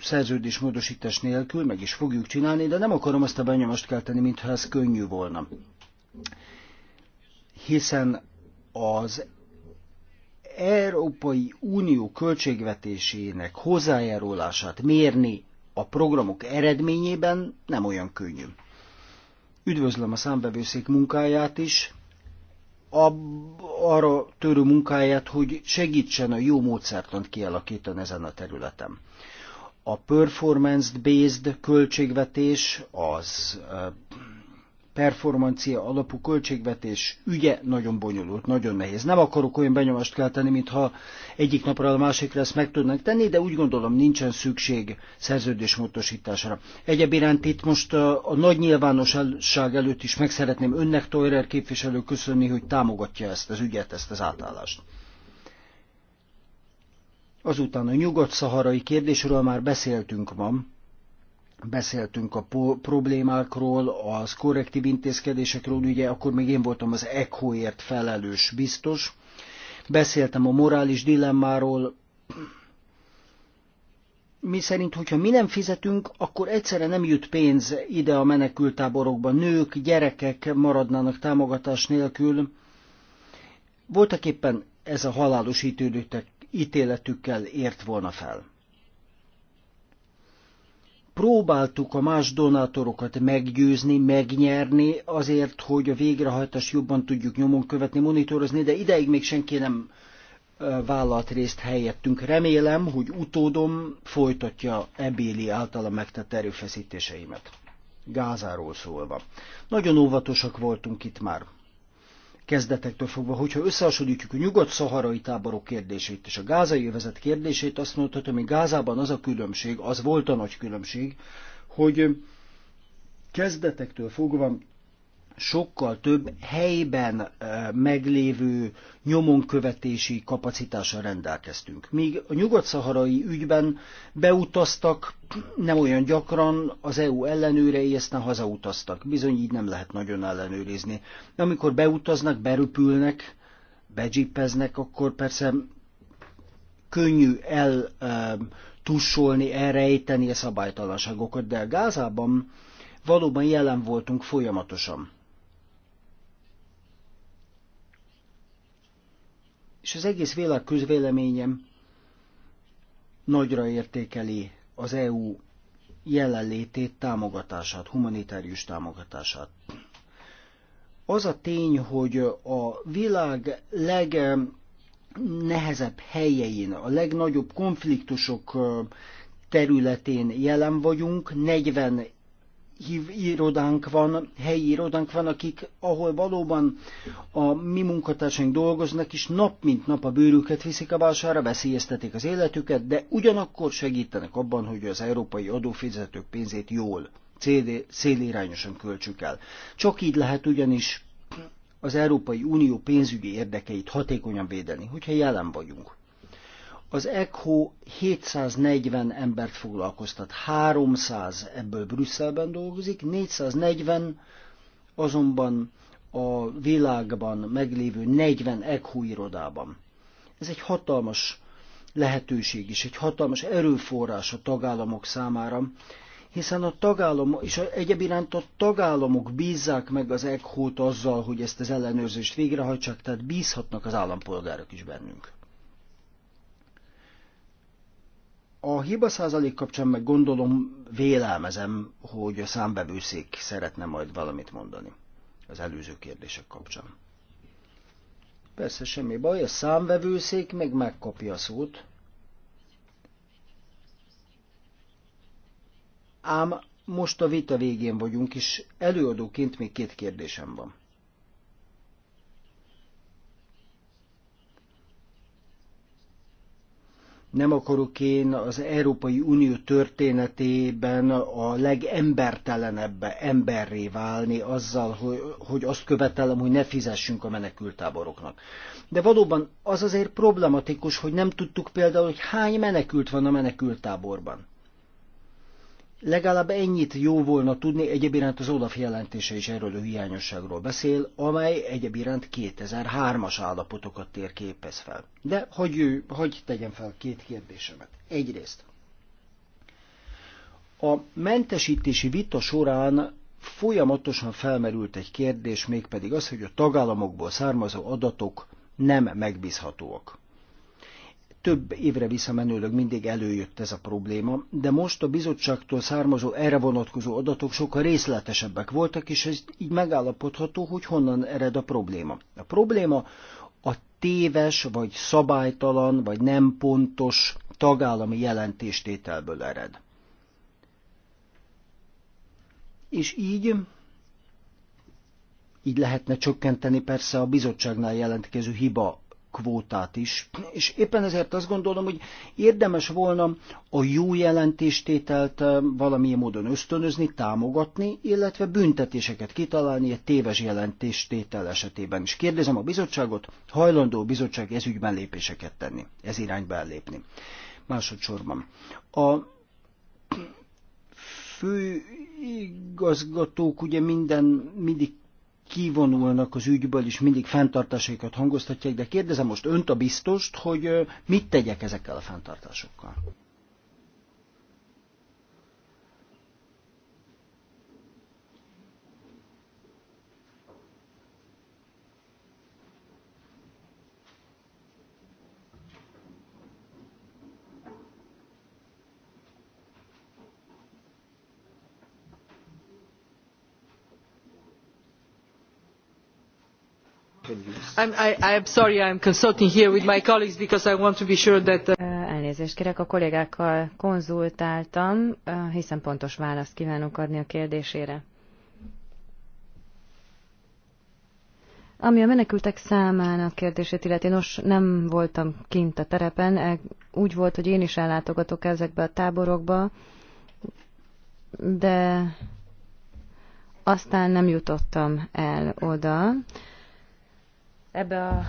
szerződésmódosítás nélkül, meg is fogjuk csinálni, de nem akarom azt a benyomást kelteni, mintha ez könnyű volna. Hiszen az Európai Unió költségvetésének hozzájárulását mérni a programok eredményében nem olyan könnyű. Üdvözlöm a számbevőszék munkáját is, a, arra törő munkáját, hogy segítsen a jó módszertant kialakítani ezen a területen. A performance-based költségvetés, az performancia alapú költségvetés ügye nagyon bonyolult, nagyon nehéz. Nem akarok olyan benyomást kelteni, mintha egyik napra a másikra ezt meg tudnánk tenni, de úgy gondolom nincsen szükség szerződésmódosításra. Egyéb iránt itt most a, a nagy nyilvánosság előtt is meg szeretném önnek, Toyer képviselő, köszönni, hogy támogatja ezt az ügyet, ezt az átállást. Azután a nyugat-szaharai kérdésről már beszéltünk ma, beszéltünk a problémákról, az korrektív intézkedésekről, ugye akkor még én voltam az ECHO-ért felelős biztos. Beszéltem a morális dilemmáról, mi szerint, hogyha mi nem fizetünk, akkor egyszerre nem jut pénz ide a menekültáborokba. Nők, gyerekek maradnának támogatás nélkül. Voltak éppen ez a halálos ítéletükkel ért volna fel próbáltuk a más donátorokat meggyőzni, megnyerni azért, hogy a végrehajtást jobban tudjuk nyomon követni, monitorozni, de ideig még senki nem vállalt részt helyettünk. Remélem, hogy utódom folytatja ebéli általa megtett erőfeszítéseimet. Gázáról szólva. Nagyon óvatosak voltunk itt már kezdetektől fogva, hogyha összehasonlítjuk a nyugat-szaharai táborok kérdését és a gázai övezet kérdését, azt mondhatom, hogy Gázában az a különbség, az volt a nagy különbség, hogy kezdetektől fogva sokkal több helyben meglévő nyomonkövetési kapacitással rendelkeztünk. Míg a nyugat-szaharai ügyben beutaztak, nem olyan gyakran az EU ellenőrei aztán hazautaztak. Bizony így nem lehet nagyon ellenőrizni. De amikor beutaznak, berüpülnek, begyipeznek, akkor persze könnyű el tussolni, elrejteni a szabálytalanságokat, de a Gázában valóban jelen voltunk folyamatosan. és az egész világ közvéleményem nagyra értékeli az EU jelenlétét, támogatását, humanitárius támogatását. Az a tény, hogy a világ legnehezebb helyein, a legnagyobb konfliktusok területén jelen vagyunk, 40 irodánk van, helyi irodánk van, akik, ahol valóban a mi munkatársaink dolgoznak, és nap mint nap a bőrüket viszik a vására, veszélyeztetik az életüket, de ugyanakkor segítenek abban, hogy az európai adófizetők pénzét jól, célirányosan költsük el. Csak így lehet ugyanis az Európai Unió pénzügyi érdekeit hatékonyan védeni, hogyha jelen vagyunk. Az ECHO 740 embert foglalkoztat, 300 ebből Brüsszelben dolgozik, 440 azonban a világban meglévő 40 ECHO irodában. Ez egy hatalmas lehetőség is, egy hatalmas erőforrás a tagállamok számára, hiszen a tagállam, és egyéb iránt a tagállamok bízzák meg az ECHO-t azzal, hogy ezt az ellenőrzést végrehajtsák, tehát bízhatnak az állampolgárok is bennünk. A hiba százalék kapcsán meg gondolom, vélelmezem, hogy a számbevőszék szeretne majd valamit mondani az előző kérdések kapcsán. Persze semmi baj, a számvevőszék meg megkapja a szót. Ám most a vita végén vagyunk, és előadóként még két kérdésem van. Nem akarok én az Európai Unió történetében a legembertelenebb emberré válni azzal, hogy, hogy azt követelem, hogy ne fizessünk a menekültáboroknak. De valóban az azért problematikus, hogy nem tudtuk például, hogy hány menekült van a menekültáborban. Legalább ennyit jó volna tudni, egyébiránt az Olaf jelentése is erről a hiányosságról beszél, amely egyébiránt 2003-as állapotokat térképez fel. De hogy, ő, hogy tegyen fel két kérdésemet? Egyrészt, a mentesítési vita során folyamatosan felmerült egy kérdés, mégpedig az, hogy a tagállamokból származó adatok nem megbízhatóak több évre visszamenőleg mindig előjött ez a probléma, de most a bizottságtól származó erre vonatkozó adatok sokkal részletesebbek voltak, és ez így megállapodható, hogy honnan ered a probléma. A probléma a téves, vagy szabálytalan, vagy nem pontos tagállami jelentéstételből ered. És így így lehetne csökkenteni persze a bizottságnál jelentkező hiba kvótát is. És éppen ezért azt gondolom, hogy érdemes volna a jó jelentéstételt eh, valamilyen módon ösztönözni, támogatni, illetve büntetéseket kitalálni a téves jelentéstétel esetében is. Kérdezem a bizottságot, hajlandó a bizottság ezügyben lépéseket tenni, ez irányba ellépni. Másodszorban. A főigazgatók ugye minden mindig kivonulnak az ügyből, és mindig fenntartásaikat hangoztatják, de kérdezem most önt a biztost, hogy mit tegyek ezekkel a fenntartásokkal. elnézést kérek a kollégákkal konzultáltam hiszen pontos választ kívánok adni a kérdésére. Ami a menekültek számának kérdését illeti, nos, nem voltam kint a terepen, e, úgy volt, hogy én is ellátogatok ezekbe a táborokba, de aztán nem jutottam el oda ebbe a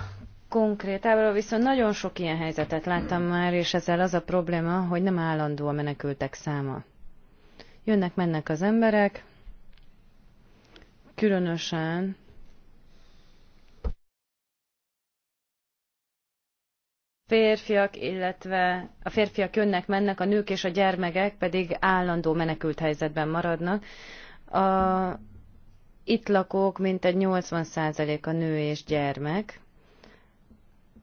konkrétából, viszont nagyon sok ilyen helyzetet láttam már, és ezzel az a probléma, hogy nem állandó a menekültek száma. Jönnek, mennek az emberek, különösen férfiak, illetve a férfiak jönnek, mennek, a nők és a gyermekek pedig állandó menekült helyzetben maradnak. A itt lakók mintegy 80%-a nő és gyermek,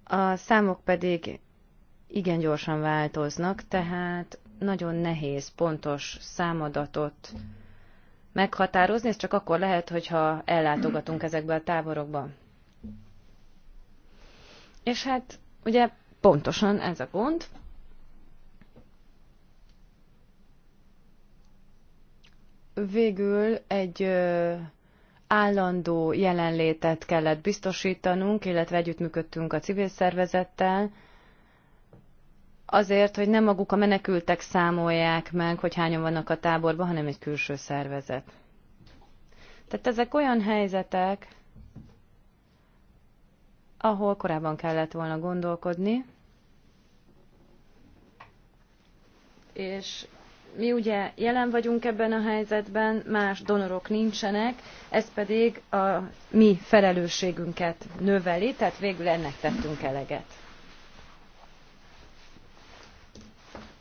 a számok pedig igen gyorsan változnak, tehát nagyon nehéz pontos számadatot meghatározni, ez csak akkor lehet, hogyha ellátogatunk ezekbe a táborokba. És hát ugye pontosan ez a gond. Végül egy állandó jelenlétet kellett biztosítanunk, illetve együttműködtünk a civil szervezettel, azért, hogy nem maguk a menekültek számolják meg, hogy hányan vannak a táborban, hanem egy külső szervezet. Tehát ezek olyan helyzetek, ahol korábban kellett volna gondolkodni, és mi ugye jelen vagyunk ebben a helyzetben, más donorok nincsenek, ez pedig a mi felelősségünket növeli, tehát végül ennek tettünk eleget.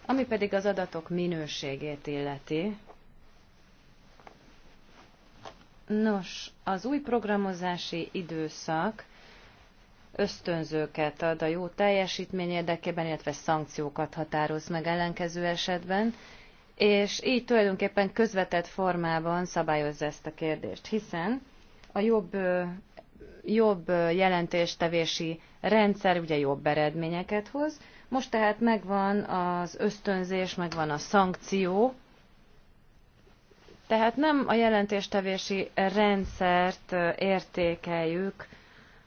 Ami pedig az adatok minőségét illeti, Nos, az új programozási időszak ösztönzőket ad a jó teljesítmény érdekében, illetve szankciókat határoz meg ellenkező esetben, és így tulajdonképpen közvetett formában szabályozza ezt a kérdést, hiszen a jobb, jobb jelentéstevési rendszer ugye jobb eredményeket hoz, most tehát megvan az ösztönzés, megvan a szankció, tehát nem a jelentéstevési rendszert értékeljük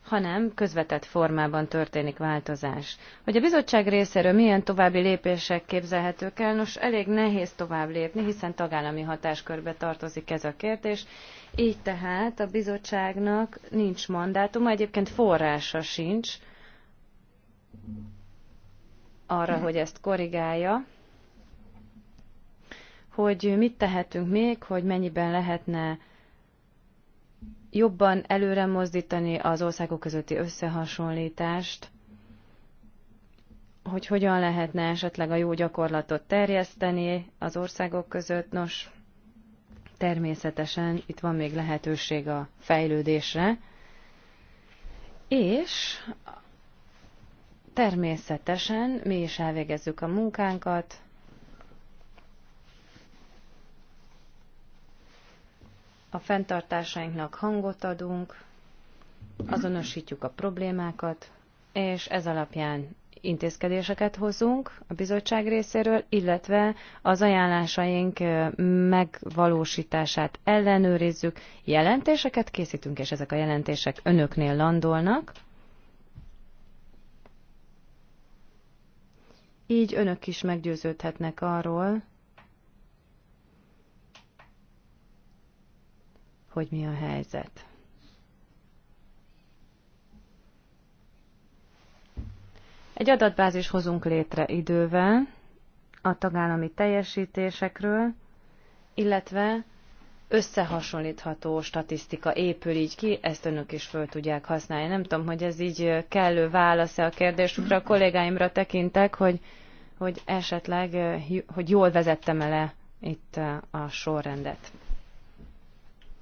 hanem közvetett formában történik változás. Hogy a bizottság részéről milyen további lépések képzelhetők el, nos elég nehéz tovább lépni, hiszen tagállami hatáskörbe tartozik ez a kérdés, így tehát a bizottságnak nincs mandátuma, egyébként forrása sincs arra, hogy ezt korrigálja hogy mit tehetünk még, hogy mennyiben lehetne jobban előre mozdítani az országok közötti összehasonlítást, hogy hogyan lehetne esetleg a jó gyakorlatot terjeszteni az országok között. Nos, természetesen itt van még lehetőség a fejlődésre, és természetesen mi is elvégezzük a munkánkat, a fenntartásainknak hangot adunk, azonosítjuk a problémákat, és ez alapján intézkedéseket hozunk a bizottság részéről, illetve az ajánlásaink megvalósítását ellenőrizzük, jelentéseket készítünk, és ezek a jelentések önöknél landolnak. Így önök is meggyőződhetnek arról, hogy mi a helyzet. Egy adatbázis hozunk létre idővel a tagállami teljesítésekről, illetve összehasonlítható statisztika épül így ki, ezt önök is föl tudják használni. Nem tudom, hogy ez így kellő válasz-e a kérdésükre. A kollégáimra tekintek, hogy, hogy esetleg hogy jól vezettem e le itt a sorrendet.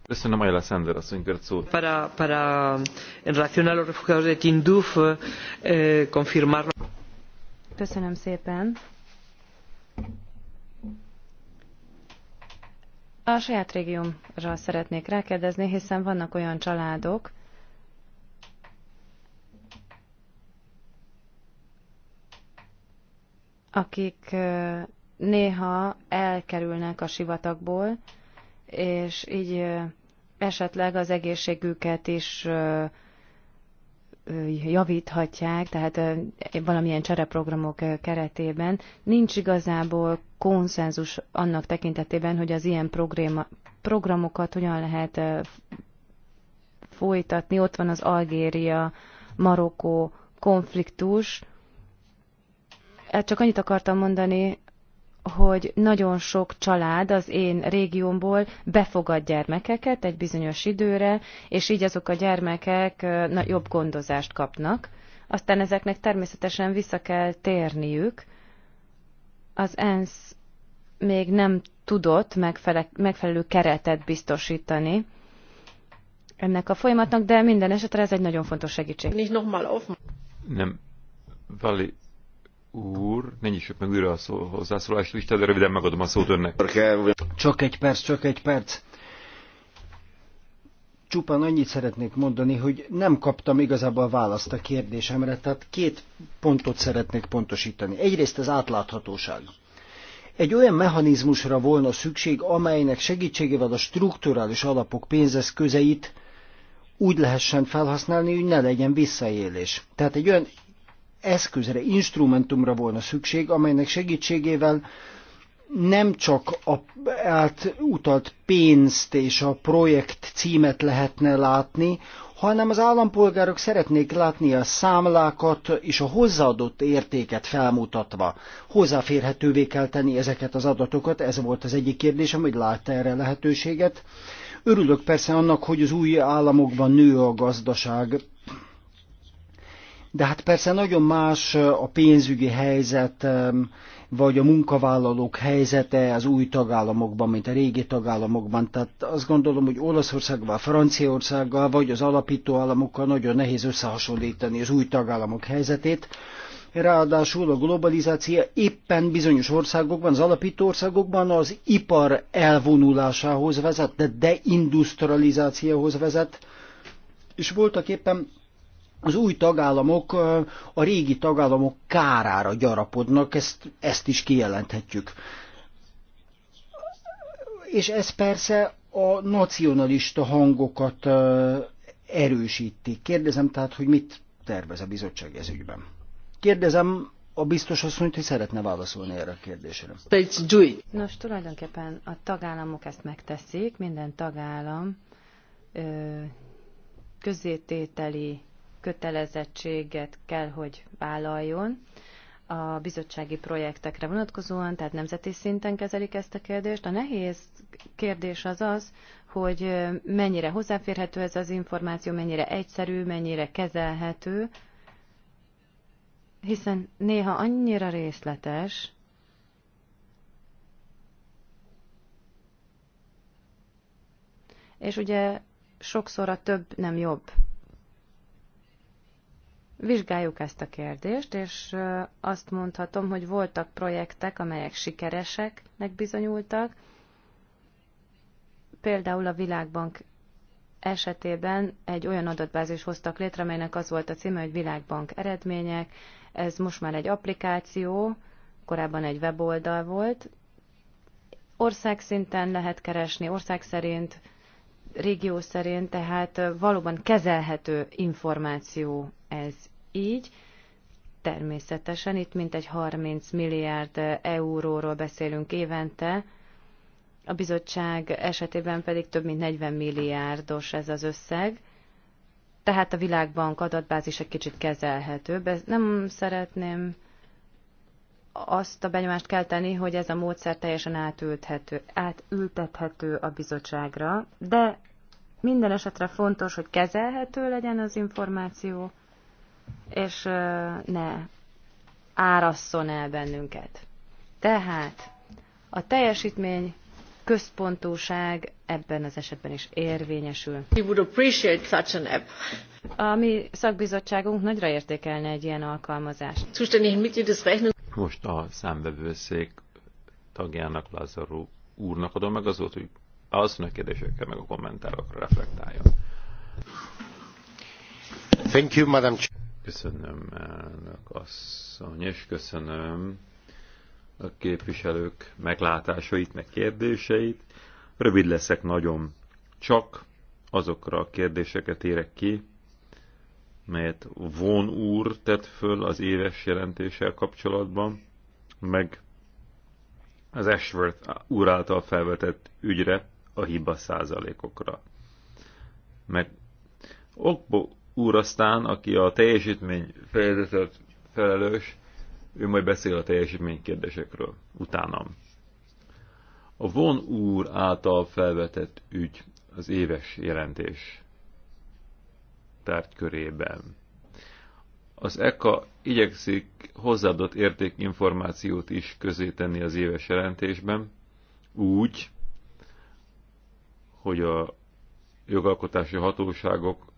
Köszönöm, Ayla Sander asszony kört szót. Para, para, en relación a los refugiados de Tinduf, eh, confirmar... Köszönöm szépen. A saját régiómra szeretnék rákérdezni, hiszen vannak olyan családok, akik eh, néha elkerülnek a sivatagból, és így esetleg az egészségüket is javíthatják, tehát valamilyen csereprogramok keretében. Nincs igazából konszenzus annak tekintetében, hogy az ilyen programokat hogyan lehet folytatni. Ott van az Algéria, Marokkó konfliktus. Csak annyit akartam mondani, hogy nagyon sok család az én régiómból befogad gyermekeket egy bizonyos időre, és így azok a gyermekek na, jobb gondozást kapnak. Aztán ezeknek természetesen vissza kell térniük. Az ENSZ még nem tudott megfele- megfelelő keretet biztosítani ennek a folyamatnak, de minden esetre ez egy nagyon fontos segítség. Nem, Vali úr, ne nyissuk meg újra a szó, hozzászólást, Isten, de röviden megadom a szót önnek. Csak egy perc, csak egy perc. Csupán annyit szeretnék mondani, hogy nem kaptam igazából választ a kérdésemre, tehát két pontot szeretnék pontosítani. Egyrészt az átláthatóság. Egy olyan mechanizmusra volna szükség, amelynek segítségével a strukturális alapok pénzeszközeit úgy lehessen felhasználni, hogy ne legyen visszaélés. Tehát egy olyan eszközre, instrumentumra volna szükség, amelynek segítségével nem csak a utalt pénzt és a projekt címet lehetne látni, hanem az állampolgárok szeretnék látni a számlákat és a hozzáadott értéket felmutatva. Hozzáférhetővé kell tenni ezeket az adatokat, ez volt az egyik kérdésem, hogy látta erre lehetőséget. Örülök persze annak, hogy az új államokban nő a gazdaság, de hát persze nagyon más a pénzügyi helyzet, vagy a munkavállalók helyzete az új tagállamokban, mint a régi tagállamokban. Tehát azt gondolom, hogy Olaszországgal, Franciaországgal, vagy az alapító államokkal nagyon nehéz összehasonlítani az új tagállamok helyzetét. Ráadásul a globalizáció éppen bizonyos országokban, az alapító országokban az ipar elvonulásához vezet, de deindustrializációhoz vezet, és voltak éppen az új tagállamok a régi tagállamok kárára gyarapodnak, ezt, ezt is kijelenthetjük. És ez persze a nacionalista hangokat erősíti. Kérdezem tehát, hogy mit tervez a bizottság ez ügyben. Kérdezem a biztos asszonyt, hogy szeretne válaszolni erre a kérdésre. Nos, tulajdonképpen a tagállamok ezt megteszik, minden tagállam ö, közétételi kötelezettséget kell, hogy vállaljon a bizottsági projektekre vonatkozóan, tehát nemzeti szinten kezelik ezt a kérdést. A nehéz kérdés az az, hogy mennyire hozzáférhető ez az információ, mennyire egyszerű, mennyire kezelhető, hiszen néha annyira részletes, és ugye sokszor a több nem jobb Vizsgáljuk ezt a kérdést, és azt mondhatom, hogy voltak projektek, amelyek sikereseknek bizonyultak. Például a Világbank esetében egy olyan adatbázis hoztak létre, amelynek az volt a címe, hogy Világbank eredmények. Ez most már egy applikáció, korábban egy weboldal volt. Ország szinten lehet keresni, ország szerint, régió szerint, tehát valóban kezelhető információ ez így. Természetesen itt mintegy 30 milliárd euróról beszélünk évente, a bizottság esetében pedig több mint 40 milliárdos ez az összeg. Tehát a világbank adatbázis egy kicsit kezelhetőbb. Ez nem szeretném azt a benyomást kell tenni, hogy ez a módszer teljesen átülthető, átültethető a bizottságra, de minden esetre fontos, hogy kezelhető legyen az információ, és ne árasszon el bennünket. Tehát a teljesítmény központúság ebben az esetben is érvényesül. He would appreciate such an app. A mi szakbizottságunk nagyra értékelne egy ilyen alkalmazást. Most a számvevőszék tagjának Lázaró úrnak adom meg az volt, hogy az a kérdésekkel meg a kommentárokra reflektáljon. Thank you, Madam Köszönöm, elnök asszony, és köszönöm a képviselők meglátásait, meg kérdéseit. Rövid leszek nagyon. Csak azokra a kérdéseket érek ki, melyet Von úr tett föl az éves jelentéssel kapcsolatban, meg az Ashworth úr által felvetett ügyre, a hiba százalékokra. Meg okból úr aztán, aki a teljesítmény fejezetet felelős, ő majd beszél a teljesítmény kérdésekről utánam. A von úr által felvetett ügy az éves jelentés tárgykörében. Az EKA igyekszik hozzáadott értékinformációt is közé tenni az éves jelentésben, úgy, hogy a jogalkotási hatóságok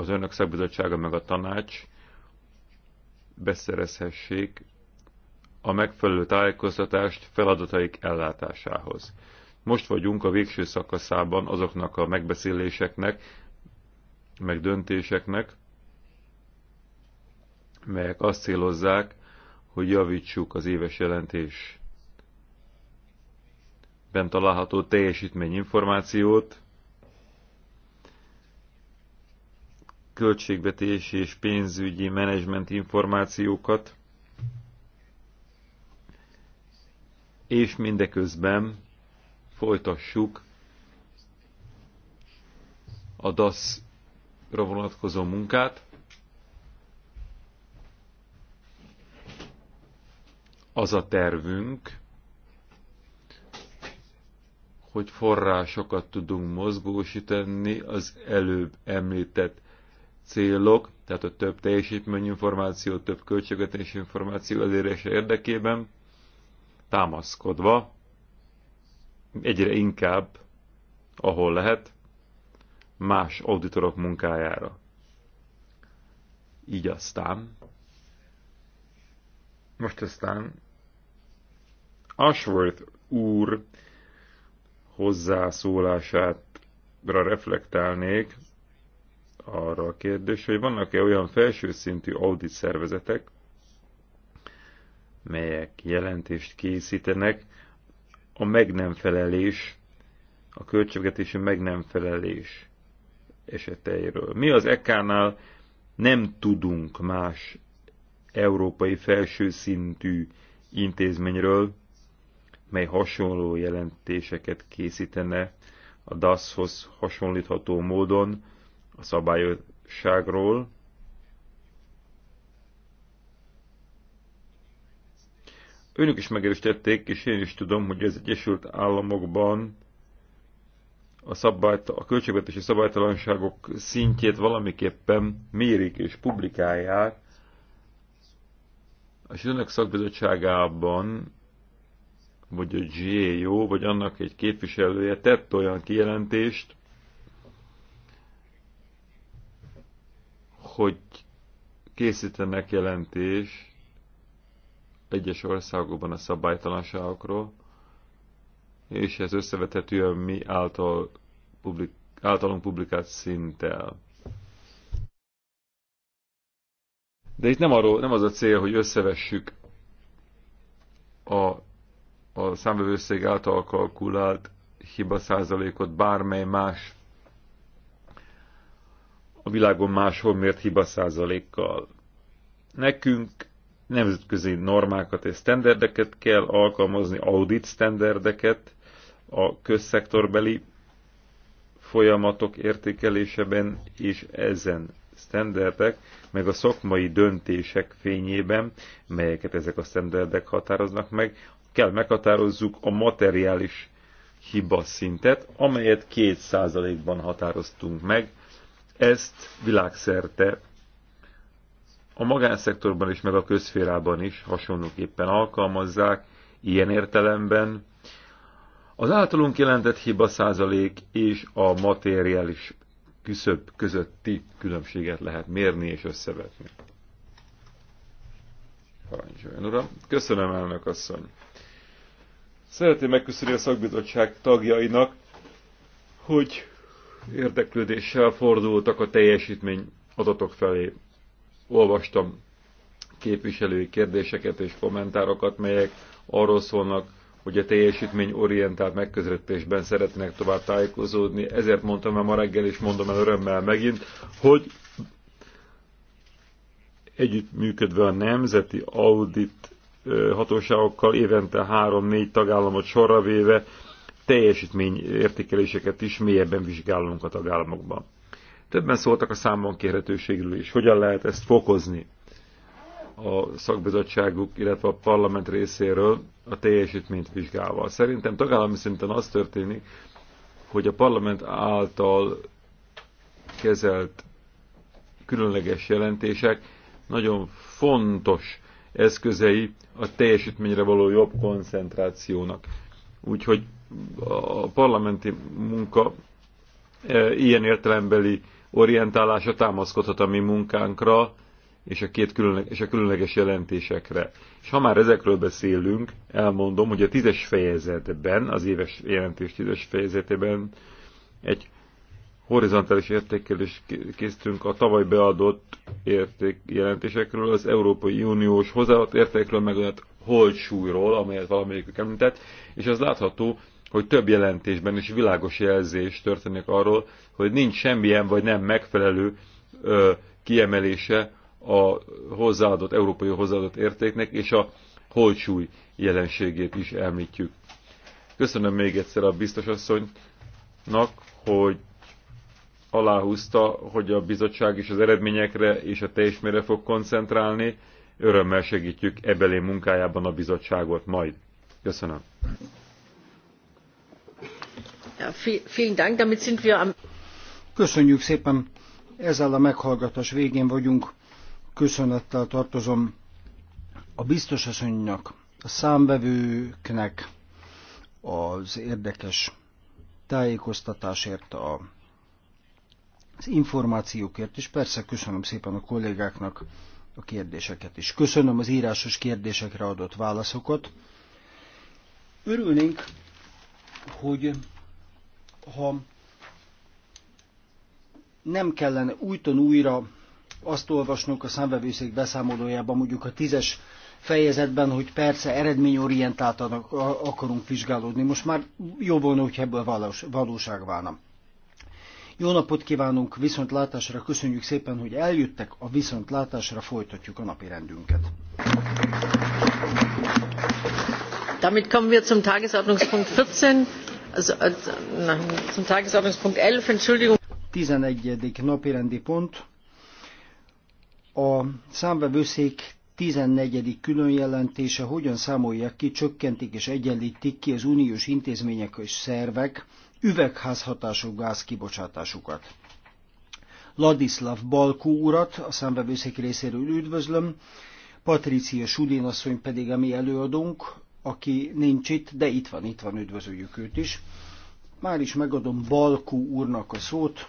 az önök szakbizottsága meg a tanács beszerezhessék a megfelelő tájékoztatást feladataik ellátásához. Most vagyunk a végső szakaszában azoknak a megbeszéléseknek, meg döntéseknek, melyek azt célozzák, hogy javítsuk az éves jelentésben található teljesítmény információt. költségvetési és pénzügyi menedzsment információkat, és mindeközben folytassuk a DASZ-ra vonatkozó munkát, az a tervünk, hogy forrásokat tudunk mozgósítani az előbb említett célok, tehát a több teljesítményinformáció, több költségvetési információ elérése érdekében támaszkodva egyre inkább, ahol lehet, más auditorok munkájára. Így aztán. Most aztán Ashworth úr hozzászólását reflektálnék, arra a kérdés, hogy vannak-e olyan felső szintű audit szervezetek, melyek jelentést készítenek a meg nem felelés, a költségvetési meg nem felelés eseteiről. Mi az EK-nál nem tudunk más európai felső szintű intézményről, mely hasonló jelentéseket készítene a DASZ-hoz hasonlítható módon, a szabályosságról. Önök is megerősítették, és én is tudom, hogy az Egyesült Államokban a, szabályt, a költségvetési szabálytalanságok szintjét valamiképpen mérik és publikálják, és önök szakbizottságában vagy a GAO, vagy annak egy képviselője tett olyan kijelentést, hogy készítenek jelentés egyes országokban a szabálytalanságokról, és ez összevethető a mi által publik, általunk publikált szinttel. De itt nem, arról, nem az a cél, hogy összevessük a, a számvevőszég által kalkulált hiba százalékot bármely más a világon máshol mért hiba százalékkal. Nekünk nemzetközi normákat és standardeket kell alkalmazni, audit standardeket a közszektorbeli folyamatok értékeléseben és ezen standardek, meg a szakmai döntések fényében, melyeket ezek a standardek határoznak meg, kell meghatározzuk a materiális hiba szintet, amelyet 2%-ban határoztunk meg ezt világszerte a magánszektorban is, meg a közférában is hasonlóképpen alkalmazzák, ilyen értelemben az általunk jelentett hiba százalék és a materiális küszöb közötti különbséget lehet mérni és összevetni. Parancsoljon, uram. Köszönöm, elnök asszony. Szeretném megköszönni a szakbizottság tagjainak, hogy érdeklődéssel fordultak a teljesítmény adatok felé. Olvastam képviselői kérdéseket és kommentárokat, melyek arról szólnak, hogy a orientált megközelítésben szeretnének tovább tájékozódni. Ezért mondtam el ma reggel, és mondom el örömmel megint, hogy együttműködve a nemzeti audit hatóságokkal évente három-négy tagállamot sorra véve teljesítmény értékeléseket is mélyebben vizsgálunk a tagállamokban. Többen szóltak a számon kérhetőségről is. Hogyan lehet ezt fokozni a szakbizottságuk, illetve a parlament részéről a teljesítményt vizsgálva. Szerintem tagállami szinten az történik, hogy a parlament által kezelt különleges jelentések nagyon fontos eszközei a teljesítményre való jobb koncentrációnak. Úgyhogy a parlamenti munka e, ilyen értelembeli orientálása támaszkodhat a mi munkánkra, és a, két különleg, és a különleges jelentésekre. És ha már ezekről beszélünk, elmondom, hogy a tízes fejezetben, az éves jelentés tízes fejezetében egy horizontális értékelés készítünk a tavaly beadott érték jelentésekről, az Európai Uniós hozzáadott értékekről, meg olyan holtsúlyról, amelyet valamelyikük említett, és az látható, hogy több jelentésben is világos jelzés történik arról, hogy nincs semmilyen vagy nem megfelelő ö, kiemelése a hozzáadott, európai hozzáadott értéknek, és a holcsúly jelenségét is említjük. Köszönöm még egyszer a biztosasszonynak, hogy aláhúzta, hogy a bizottság is az eredményekre és a teljesmére fog koncentrálni. Örömmel segítjük ebelé munkájában a bizottságot majd. Köszönöm. Köszönjük szépen. Ezzel a meghallgatás végén vagyunk. Köszönettel tartozom a biztos asszonynak, a számvevőknek az érdekes tájékoztatásért, a, az információkért, és persze köszönöm szépen a kollégáknak a kérdéseket is. Köszönöm az írásos kérdésekre adott válaszokat. Örülnénk, hogy ha nem kellene újton újra azt olvasnunk a számvevőszék beszámolójában, mondjuk a tízes fejezetben, hogy persze eredményorientáltan akarunk vizsgálódni. Most már jó volna, hogy ebből valós, valóság válna. Jó napot kívánunk, viszontlátásra köszönjük szépen, hogy eljöttek, a viszontlátásra folytatjuk a napi rendünket. Damit kommen wir zum Tagesordnungspunkt 14 az, äh, 11, napirendi pont. A számvevőszék 14. különjelentése hogyan számolják ki, csökkentik és egyenlítik ki az uniós intézmények és szervek üvegházhatású gázkibocsátásukat. Ladislav Balkó urat a számvevőszék részéről üdvözlöm, Patricia Sudin asszony pedig a mi előadónk, aki nincs itt, de itt van, itt van, üdvözöljük őt is. Már is megadom Balkú úrnak a szót,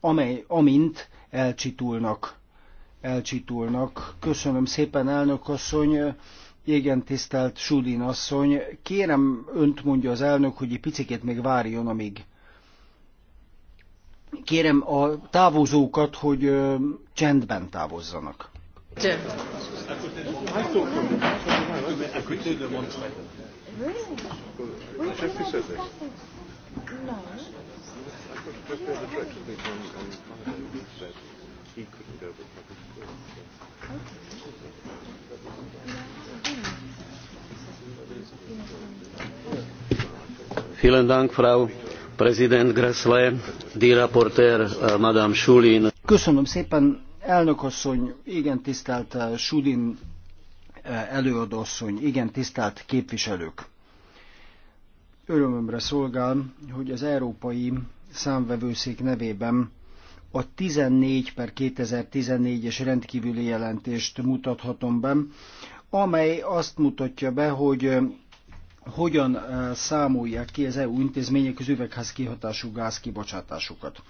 amely, amint elcsitulnak, elcsitulnak. Köszönöm szépen, elnök asszony, igen, tisztelt Sudin asszony. Kérem, önt mondja az elnök, hogy egy picit még várjon, amíg kérem a távozókat, hogy csendben távozzanak. Csend. Ah, Vielen Dank, Frau Präsident Gressle, die Rapporteur, uh, Madame Schulin. Köszönöm szépen, elnök asszony, igen tisztelt uh, Schulin előadóasszony, igen, tisztelt képviselők! Örömömre szolgál, hogy az Európai Számvevőszék nevében a 14 per 2014-es rendkívüli jelentést mutathatom be, amely azt mutatja be, hogy hogyan számolják ki az EU intézmények az üvegház kihatású gázkibocsátásukat.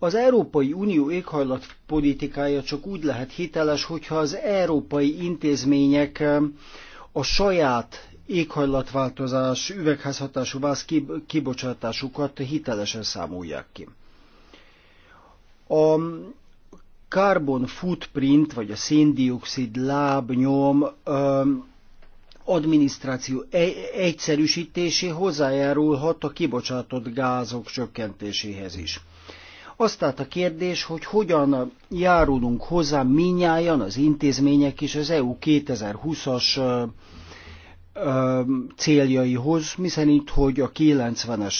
Az Európai Unió éghajlatpolitikája csak úgy lehet hiteles, hogyha az európai intézmények a saját éghajlatváltozás, üvegházhatású váz kibocsátásukat hitelesen számolják ki. A carbon footprint, vagy a széndiokszid lábnyom adminisztráció e-, egyszerűsítésé hozzájárulhat a kibocsátott gázok csökkentéséhez is. Azt állt a kérdés, hogy hogyan járulunk hozzá minnyáján az intézmények és az EU 2020-as céljaihoz, miszerint, hogy a 90-es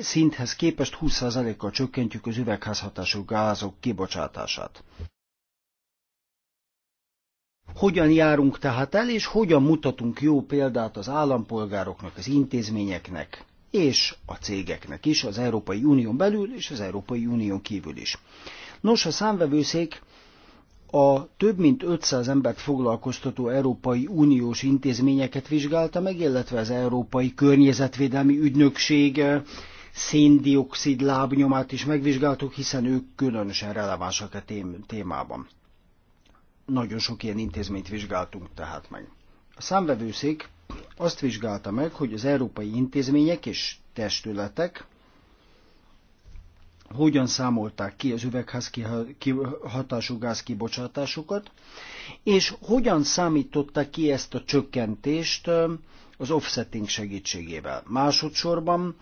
szinthez képest 20%-kal csökkentjük az üvegházhatású gázok kibocsátását. Hogyan járunk tehát el, és hogyan mutatunk jó példát az állampolgároknak, az intézményeknek, és a cégeknek is, az Európai Unión belül és az Európai Unión kívül is. Nos, a számvevőszék a több mint 500 embert foglalkoztató Európai Uniós intézményeket vizsgálta meg, illetve az Európai Környezetvédelmi Ügynökség eh, széndiokszid lábnyomát is megvizsgáltuk, hiszen ők különösen relevánsak a témában. Nagyon sok ilyen intézményt vizsgáltunk tehát meg. A számvevőszék azt vizsgálta meg, hogy az európai intézmények és testületek hogyan számolták ki az üvegház hatású gázkibocsátásukat, és hogyan számították ki ezt a csökkentést az offsetting segítségével. Másodszorban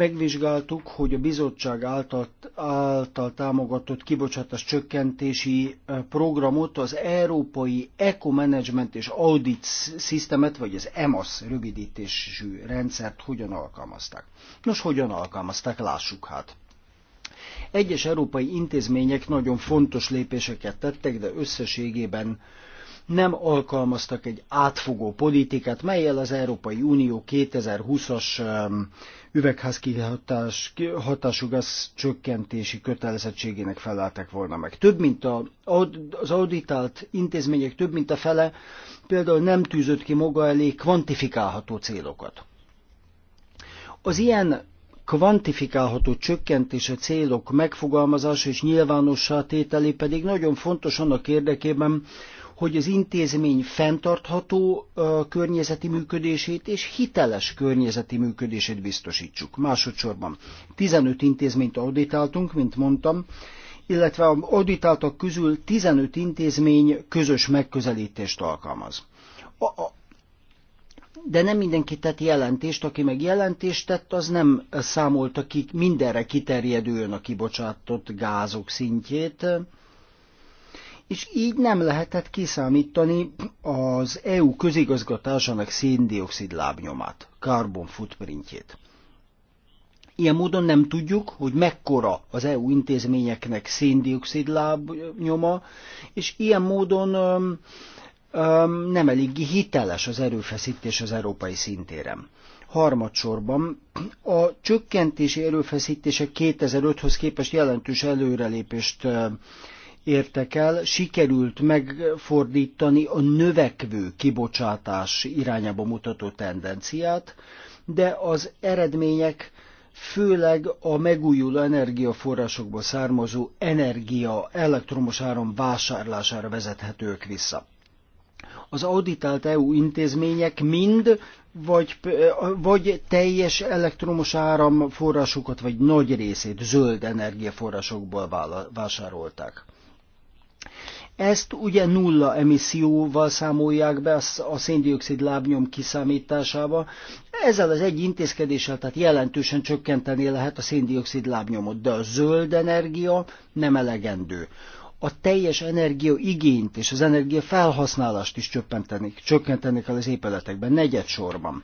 Megvizsgáltuk, hogy a bizottság által, által támogatott kibocsátás csökkentési programot az Európai Eco Management és Audit Systemet, vagy az EMAS rövidítésű rendszert hogyan alkalmazták. Nos, hogyan alkalmazták, lássuk hát. Egyes európai intézmények nagyon fontos lépéseket tettek, de összességében nem alkalmaztak egy átfogó politikát, melyel az Európai Unió 2020-as üvegházkihatás hatású gáz csökkentési kötelezettségének feleltek volna meg. Több mint a, az auditált intézmények több mint a fele például nem tűzött ki maga elé kvantifikálható célokat. Az ilyen kvantifikálható csökkentése célok megfogalmazása és nyilvánossá tételi pedig nagyon fontos annak érdekében, hogy az intézmény fenntartható környezeti működését és hiteles környezeti működését biztosítsuk. Másodszorban 15 intézményt auditáltunk, mint mondtam, illetve az auditáltak közül 15 intézmény közös megközelítést alkalmaz. A, a, de nem mindenki tett jelentést, aki meg jelentést tett, az nem számolta ki mindenre kiterjedően a kibocsátott gázok szintjét, és így nem lehetett kiszámítani az EU közigazgatásának széndiokszid lábnyomát, carbon footprintjét. Ilyen módon nem tudjuk, hogy mekkora az EU intézményeknek széndiokszid lábnyoma, és ilyen módon öm, öm, nem eléggé hiteles az erőfeszítés az európai szintéren. Harmadsorban a csökkentési erőfeszítések 2005-höz képest jelentős előrelépést öm, értek el, sikerült megfordítani a növekvő kibocsátás irányába mutató tendenciát, de az eredmények főleg a megújuló energiaforrásokból származó energia elektromos áram vásárlására vezethetők vissza. Az auditált EU intézmények mind vagy, vagy teljes elektromos áramforrásokat, vagy nagy részét zöld energiaforrásokból vásárolták. Ezt ugye nulla emisszióval számolják be a széndiokszid lábnyom kiszámításába. Ezzel az egy intézkedéssel tehát jelentősen csökkenteni lehet a széndiokszid lábnyomot, de a zöld energia nem elegendő. A teljes energia igényt és az energia felhasználást is csökkentenik, csökkentenik el az épületekben, negyed sorban.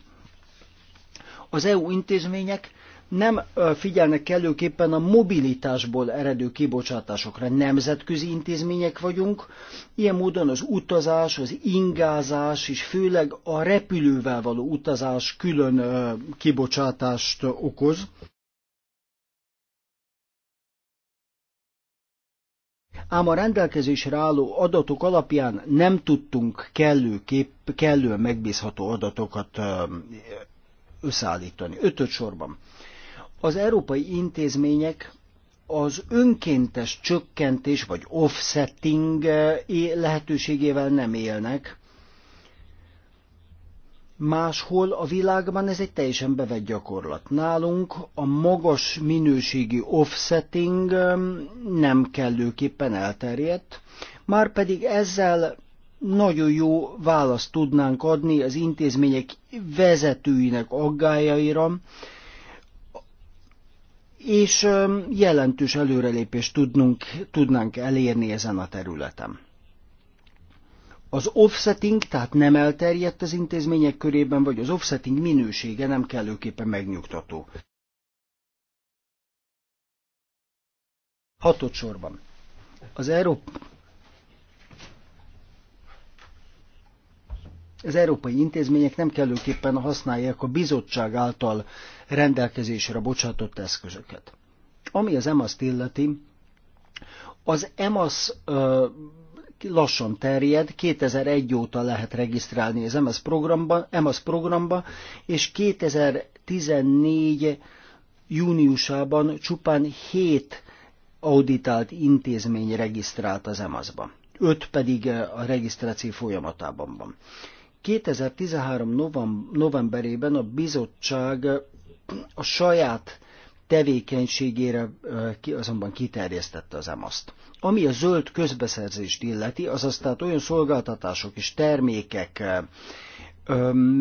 Az EU intézmények nem figyelnek kellőképpen a mobilitásból eredő kibocsátásokra. Nemzetközi intézmények vagyunk, ilyen módon az utazás, az ingázás és főleg a repülővel való utazás külön kibocsátást okoz. ám a rendelkezésre álló adatok alapján nem tudtunk kellőképp, kellően megbízható adatokat összeállítani. Ötöt sorban. Az európai intézmények az önkéntes csökkentés vagy offsetting eh, lehetőségével nem élnek. Máshol a világban ez egy teljesen bevett gyakorlat. Nálunk a magas minőségi offsetting eh, nem kellőképpen elterjedt, már pedig ezzel nagyon jó választ tudnánk adni az intézmények vezetőinek aggájaira, és jelentős előrelépést tudnunk, tudnánk elérni ezen a területen. Az offsetting, tehát nem elterjedt az intézmények körében, vagy az offsetting minősége nem kellőképpen megnyugtató. Hatod sorban. Az Európa az európai intézmények nem kellőképpen használják a bizottság által rendelkezésre bocsátott eszközöket. Ami az EMAS-t illeti, az EMAS lassan terjed, 2001 óta lehet regisztrálni az EMAS programba, EMASZ programba és 2014 júniusában csupán 7 auditált intézmény regisztrált az EMAS-ba. 5 pedig a regisztráció folyamatában van. 2013 novemberében a bizottság a saját tevékenységére azonban kiterjesztette az EMASZ-t. Ami a zöld közbeszerzést illeti, azaz tehát olyan szolgáltatások és termékek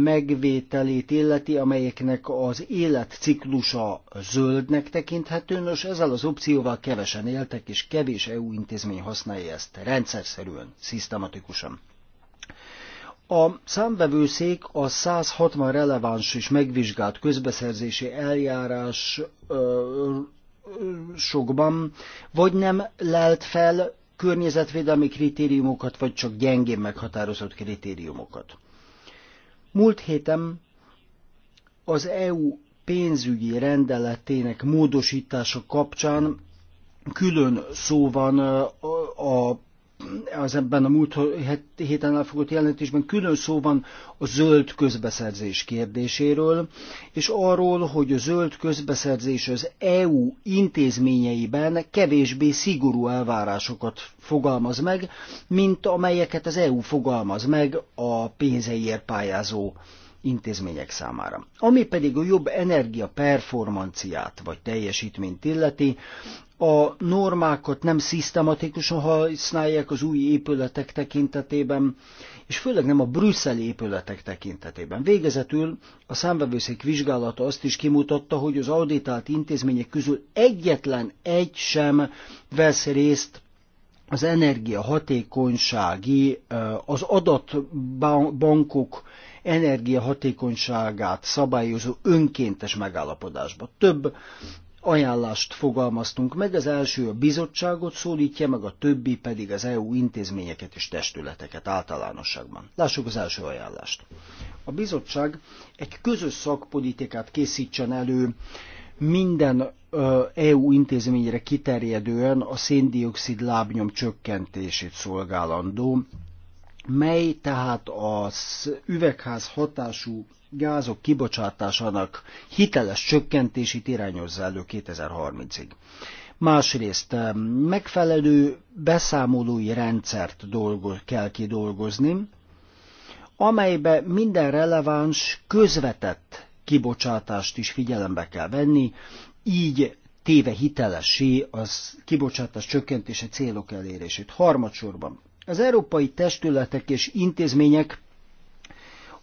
megvételét illeti, amelyeknek az életciklusa zöldnek tekinthető, nos ezzel az opcióval kevesen éltek, és kevés EU intézmény használja ezt rendszerszerűen, szisztematikusan. A számbevőszék a 160 releváns és megvizsgált közbeszerzési eljárás ö, sokban, vagy nem lelt fel környezetvédelmi kritériumokat, vagy csak gyengén meghatározott kritériumokat. Múlt héten az EU pénzügyi rendeletének módosítása kapcsán külön szó van a az ebben a múlt héten elfogott jelentésben külön szó van a zöld közbeszerzés kérdéséről, és arról, hogy a zöld közbeszerzés az EU intézményeiben kevésbé szigorú elvárásokat fogalmaz meg, mint amelyeket az EU fogalmaz meg a pénzeiért pályázó intézmények számára. Ami pedig a jobb energia performanciát vagy teljesítményt illeti, a normákat nem szisztematikusan használják az új épületek tekintetében, és főleg nem a brüsszeli épületek tekintetében. Végezetül a számvevőszék vizsgálata azt is kimutatta, hogy az auditált intézmények közül egyetlen egy sem vesz részt az energiahatékonysági, az adatbankok energiahatékonyságát szabályozó önkéntes megállapodásba. Több ajánlást fogalmaztunk meg, az első a bizottságot szólítja, meg a többi pedig az EU intézményeket és testületeket általánosságban. Lássuk az első ajánlást. A bizottság egy közös szakpolitikát készítsen elő minden EU intézményre kiterjedően a széndiokszid lábnyom csökkentését szolgálandó, mely tehát az üvegház hatású gázok kibocsátásának hiteles csökkentését irányozza elő 2030-ig. Másrészt megfelelő beszámolói rendszert dolgoz, kell kidolgozni, amelybe minden releváns, közvetett kibocsátást is figyelembe kell venni, így téve hitelesé az kibocsátás csökkentése célok elérését. Harmadsorban az európai testületek és intézmények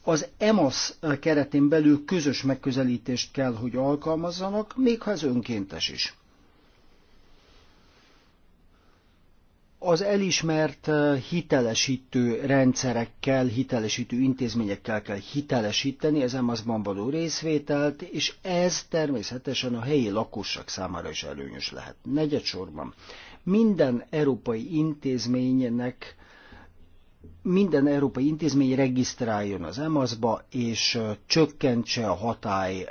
az EMAS keretén belül közös megközelítést kell, hogy alkalmazzanak, még ha ez önkéntes is. Az elismert eh, hitelesítő rendszerekkel, hitelesítő intézményekkel kell hitelesíteni az EMAS-ban való részvételt, és ez természetesen a helyi lakosság számára is előnyös lehet. Negyedsorban minden európai intézménynek minden európai intézmény regisztráljon az EMAS-ba, és csökkentse a hatály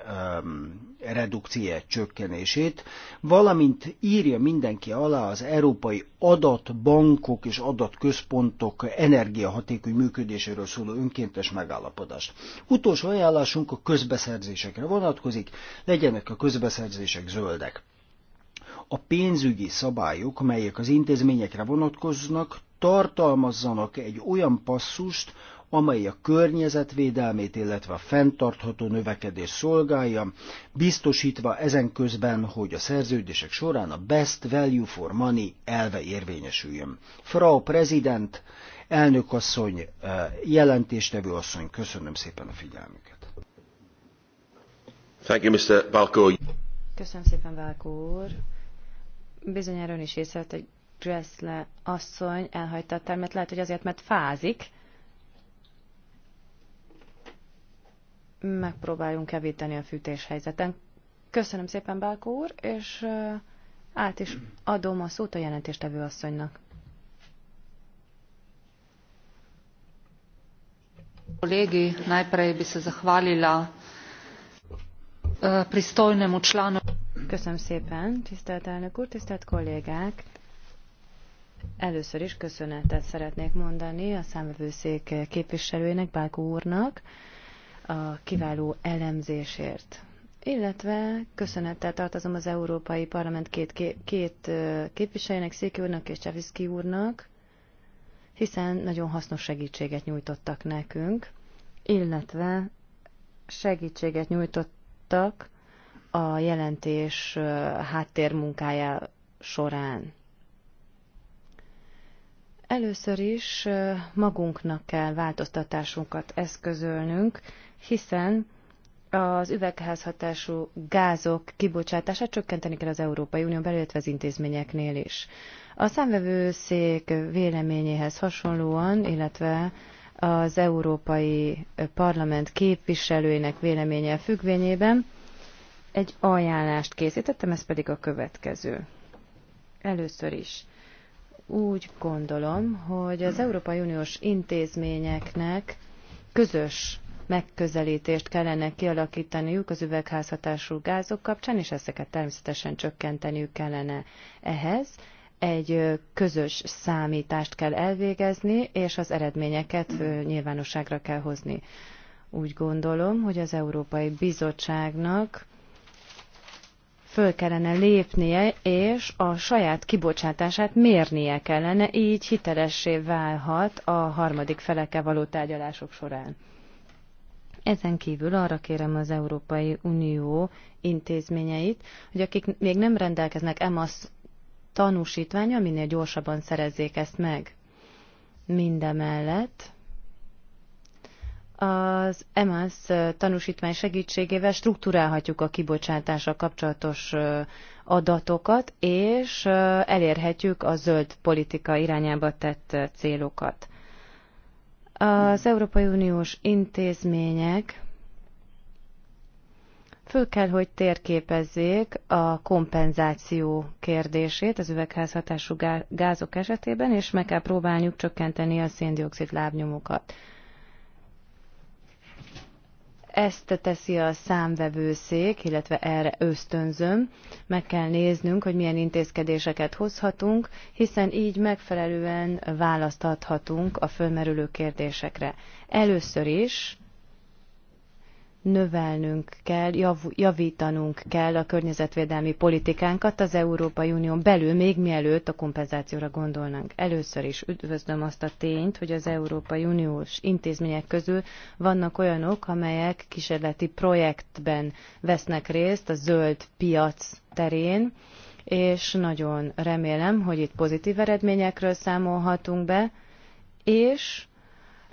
redukciója csökkenését, valamint írja mindenki alá az európai adatbankok és adatközpontok energiahatékony működéséről szóló önkéntes megállapodást. Utolsó ajánlásunk a közbeszerzésekre vonatkozik, legyenek a közbeszerzések zöldek a pénzügyi szabályok, melyek az intézményekre vonatkoznak, tartalmazzanak egy olyan passzust, amely a környezetvédelmét, illetve a fenntartható növekedés szolgálja, biztosítva ezen közben, hogy a szerződések során a best value for money elve érvényesüljön. Frau President, elnökasszony, eh, jelentéstevő asszony, köszönöm szépen a figyelmüket. Thank you, Mr. Balko. Köszönöm szépen, Balko úr. Bizonyára ön is észrevett, hogy Dressle asszony elhagyta a termet, lehet, hogy azért, mert fázik. Megpróbáljunk kevíteni a fűtéshelyzeten. Köszönöm szépen, Bálkó úr, és át is adom a szót a jelentéstevő asszonynak. Kollégi najprej bi se zahvalila pristojnemu članu. Köszönöm szépen, tisztelt elnök úr, tisztelt kollégák! Először is köszönetet szeretnék mondani a számvevőszék képviselőjének, Bálkó úrnak a kiváló elemzésért. Illetve köszönettel tartozom az Európai Parlament két, két képviselőnek, Széki úrnak és Csaviszki úrnak, hiszen nagyon hasznos segítséget nyújtottak nekünk, illetve segítséget nyújtottak a jelentés háttérmunkája során. Először is magunknak kell változtatásunkat eszközölnünk, hiszen az üvegházhatású gázok kibocsátását csökkenteni kell az Európai Unió belül, illetve az intézményeknél is. A számvevőszék véleményéhez hasonlóan, illetve az Európai Parlament képviselőinek véleménye függvényében egy ajánlást készítettem, ez pedig a következő. Először is úgy gondolom, hogy az Európai Uniós intézményeknek közös megközelítést kellene kialakítaniuk az üvegházhatású gázok kapcsán, és ezeket természetesen csökkenteniük kellene ehhez. Egy közös számítást kell elvégezni, és az eredményeket nyilvánosságra kell hozni. Úgy gondolom, hogy az Európai Bizottságnak föl kellene lépnie, és a saját kibocsátását mérnie kellene, így hitelessé válhat a harmadik felekkel való tárgyalások során. Ezen kívül arra kérem az Európai Unió intézményeit, hogy akik még nem rendelkeznek EMASZ tanúsítványa, minél gyorsabban szerezzék ezt meg. Mindemellett az EMASZ tanúsítvány segítségével struktúrálhatjuk a kibocsátással kapcsolatos adatokat, és elérhetjük a zöld politika irányába tett célokat. Az Európai Uniós intézmények föl kell, hogy térképezzék a kompenzáció kérdését az üvegházhatású gázok esetében, és meg kell próbálniuk csökkenteni a széndiokszid lábnyomokat. Ezt teszi a számvevőszék, illetve erre ösztönzöm. Meg kell néznünk, hogy milyen intézkedéseket hozhatunk, hiszen így megfelelően választ adhatunk a fölmerülő kérdésekre. Először is növelnünk kell, jav, javítanunk kell a környezetvédelmi politikánkat az Európai Unión belül, még mielőtt a kompenzációra gondolnánk. Először is üdvözlöm azt a tényt, hogy az Európai Uniós intézmények közül vannak olyanok, amelyek kísérleti projektben vesznek részt a zöld piac terén, és nagyon remélem, hogy itt pozitív eredményekről számolhatunk be, és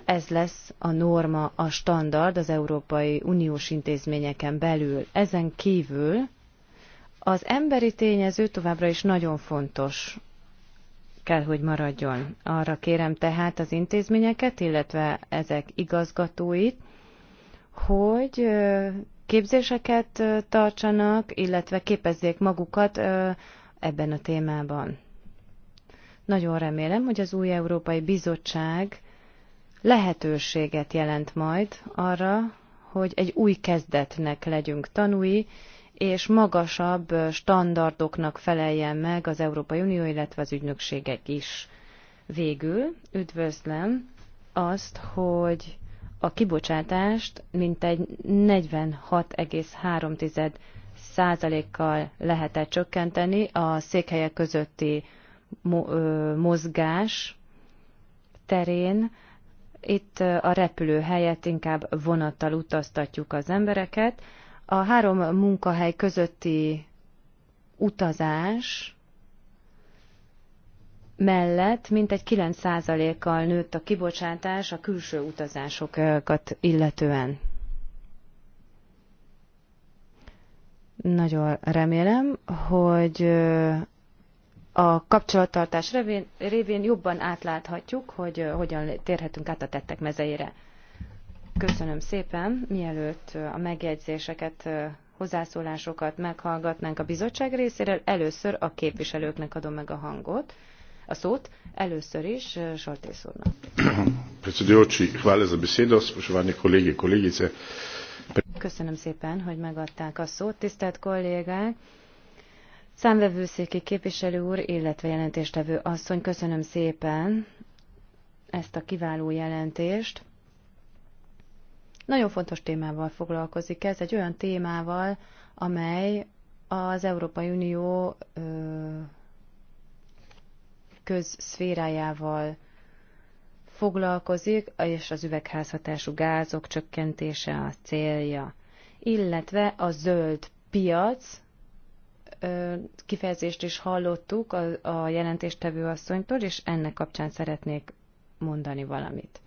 ez lesz a norma, a standard az Európai Uniós intézményeken belül. Ezen kívül az emberi tényező továbbra is nagyon fontos kell, hogy maradjon. Arra kérem tehát az intézményeket, illetve ezek igazgatóit, hogy képzéseket tartsanak, illetve képezzék magukat ebben a témában. Nagyon remélem, hogy az új Európai Bizottság lehetőséget jelent majd arra, hogy egy új kezdetnek legyünk tanúi, és magasabb standardoknak feleljen meg az Európai Unió, illetve az ügynökségek is. Végül üdvözlöm azt, hogy a kibocsátást mintegy 46,3 százalékkal lehetett csökkenteni a székhelyek közötti mozgás terén, itt a repülő helyett inkább vonattal utaztatjuk az embereket. A három munkahely közötti utazás mellett mintegy 9%-kal nőtt a kibocsátás a külső utazásokat illetően. Nagyon remélem, hogy a kapcsolattartás révén, révén jobban átláthatjuk, hogy hogyan térhetünk át a tettek mezeire. Köszönöm szépen. Mielőtt a megjegyzéseket, hozzászólásokat meghallgatnánk a bizottság részéről, először a képviselőknek adom meg a hangot, a szót, először is Soltész úrnak. Köszönöm szépen, hogy megadták a szót, tisztelt kollégák. Számvevőszéki képviselő úr, illetve jelentéstevő asszony, köszönöm szépen ezt a kiváló jelentést. Nagyon fontos témával foglalkozik ez, egy olyan témával, amely az Európai Unió közszférájával foglalkozik, és az üvegházhatású gázok csökkentése a célja, illetve a zöld piac, kifejezést is hallottuk a, a jelentéstevő asszonytól, és ennek kapcsán szeretnék mondani valamit.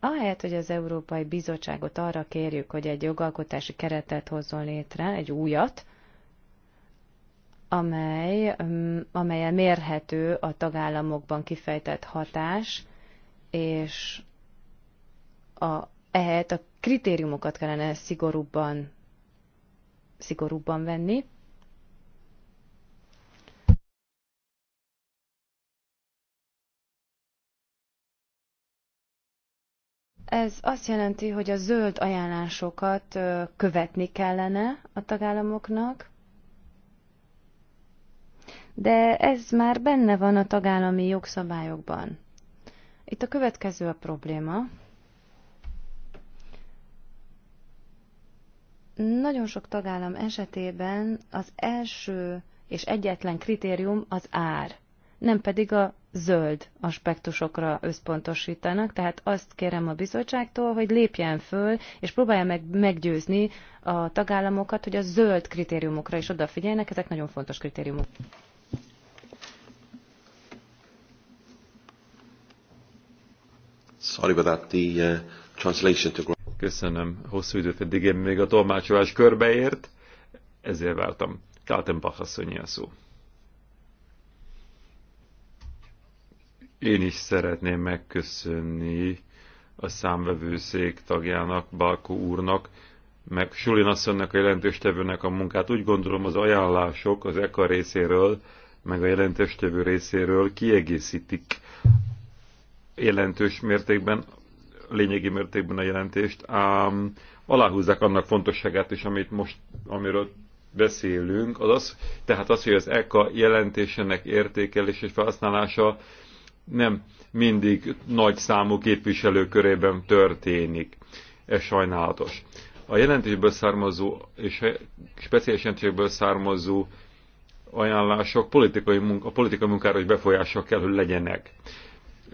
Ahelyett, hogy az Európai Bizottságot arra kérjük, hogy egy jogalkotási keretet hozzon létre, egy újat, amely, mm, amelyen mérhető a tagállamokban kifejtett hatás, és a, ehelyett a kritériumokat kellene szigorúbban, szigorúbban venni, Ez azt jelenti, hogy a zöld ajánlásokat követni kellene a tagállamoknak, de ez már benne van a tagállami jogszabályokban. Itt a következő a probléma. Nagyon sok tagállam esetében az első és egyetlen kritérium az ár nem pedig a zöld aspektusokra összpontosítanak, tehát azt kérem a bizottságtól, hogy lépjen föl, és próbálja meg meggyőzni a tagállamokat, hogy a zöld kritériumokra is odafigyeljenek, ezek nagyon fontos kritériumok. Sorry the uh, translation to... Köszönöm, hosszú időt eddig én még a tolmácsolás körbeért, ezért váltam Kaltenbach asszonyi a szó. Én is szeretném megköszönni a számvevőszék tagjának, Balko úrnak, meg Sulin asszonynak a jelentéstevőnek a munkát. Úgy gondolom az ajánlások az eka részéről, meg a jelentéstevő részéről kiegészítik jelentős mértékben, lényegi mértékben a jelentést, ám aláhúzzák annak fontosságát is, amit most, amiről beszélünk, az az, tehát az, hogy az eka jelentésének értékelés és felhasználása nem mindig nagy számú képviselő körében történik. Ez sajnálatos. A jelentésből származó és speciális jelentésekből származó ajánlások politikai munka, a politikai munkára is befolyással kell, hogy legyenek.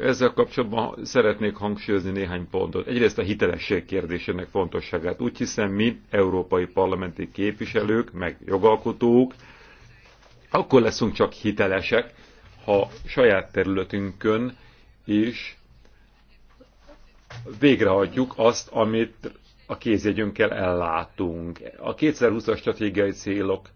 Ezzel kapcsolatban szeretnék hangsúlyozni néhány pontot. Egyrészt a hitelesség kérdésének fontosságát. Úgy hiszem, mi, európai parlamenti képviselők, meg jogalkotók, akkor leszünk csak hitelesek, ha saját területünkön is végrehajtjuk azt, amit a kézjegyünkkel ellátunk. A 2020-as stratégiai célok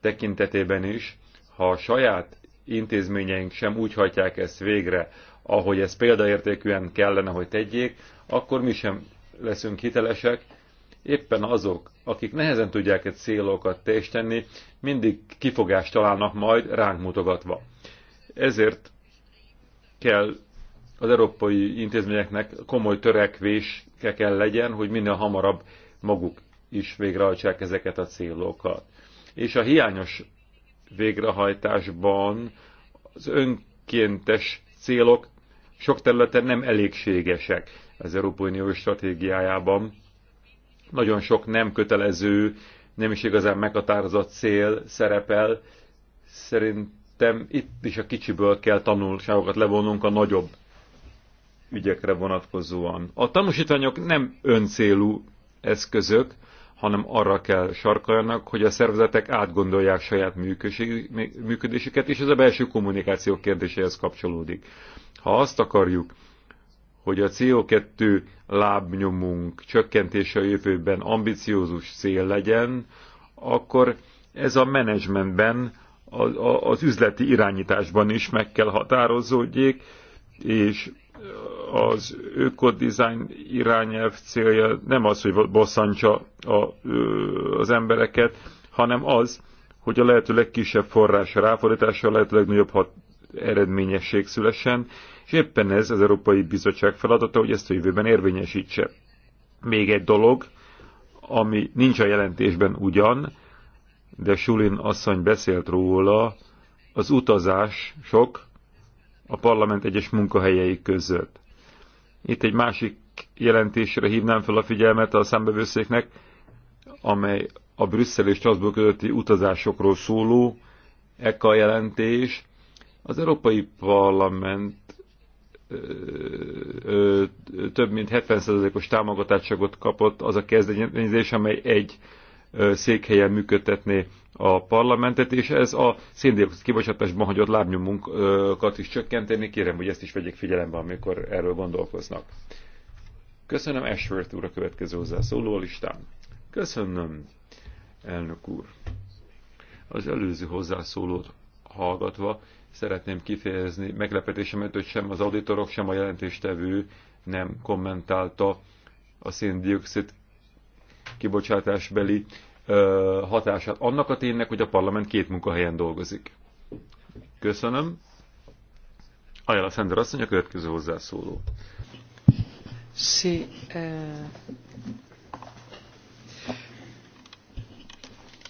tekintetében is, ha a saját intézményeink sem úgy hajtják ezt végre, ahogy ez példaértékűen kellene, hogy tegyék, akkor mi sem leszünk hitelesek. Éppen azok, akik nehezen tudják egy célokat teljesíteni, mindig kifogást találnak majd ránk mutogatva. Ezért kell az európai intézményeknek komoly törekvés kell legyen, hogy minél hamarabb maguk is végrehajtsák ezeket a célokat. És a hiányos végrehajtásban az önkéntes célok sok területen nem elégségesek az Európai Unió stratégiájában. Nagyon sok nem kötelező, nem is igazán meghatározott cél szerepel. Szerint szerintem itt is a kicsiből kell tanulságokat levonnunk a nagyobb ügyekre vonatkozóan. A tanúsítványok nem öncélú eszközök, hanem arra kell sarkaljanak, hogy a szervezetek átgondolják saját működésüket, és ez a belső kommunikáció kérdéséhez kapcsolódik. Ha azt akarjuk, hogy a CO2 lábnyomunk csökkentése a jövőben ambiciózus cél legyen, akkor ez a menedzsmentben az üzleti irányításban is meg kell határozódjék, és az ökodizájn irányelv célja nem az, hogy bosszantsa a, az embereket, hanem az, hogy a lehető legkisebb forrásra ráfordítása a lehető legnagyobb hat eredményesség szülessen, és éppen ez az Európai Bizottság feladata, hogy ezt a jövőben érvényesítse. Még egy dolog, ami nincs a jelentésben ugyan, de Sulin asszony beszélt róla, az utazás sok a parlament egyes munkahelyei között. Itt egy másik jelentésre hívnám fel a figyelmet a számbevőszéknek, amely a Brüsszel és Strasbourg közötti utazásokról szóló ECA jelentés. Az Európai Parlament több mint 70%-os támogatásságot kapott az a kezdeményezés, amely egy székhelyen működtetné a parlamentet, és ez a széndiokszid kibocsátásban hagyott lábnyomunkat is csökkenteni. Kérem, hogy ezt is vegyék figyelembe, amikor erről gondolkoznak. Köszönöm Ashworth úr a következő hozzászóló listán. Köszönöm, elnök úr. Az előző hozzászólót hallgatva szeretném kifejezni meglepetésemet, hogy sem az auditorok, sem a jelentéstevő nem kommentálta a széndiokszid kibocsátásbeli hatását annak a ténynek, hogy a parlament két munkahelyen dolgozik. Köszönöm. Ajala Szender asszony a következő hozzászóló. Sí, eh...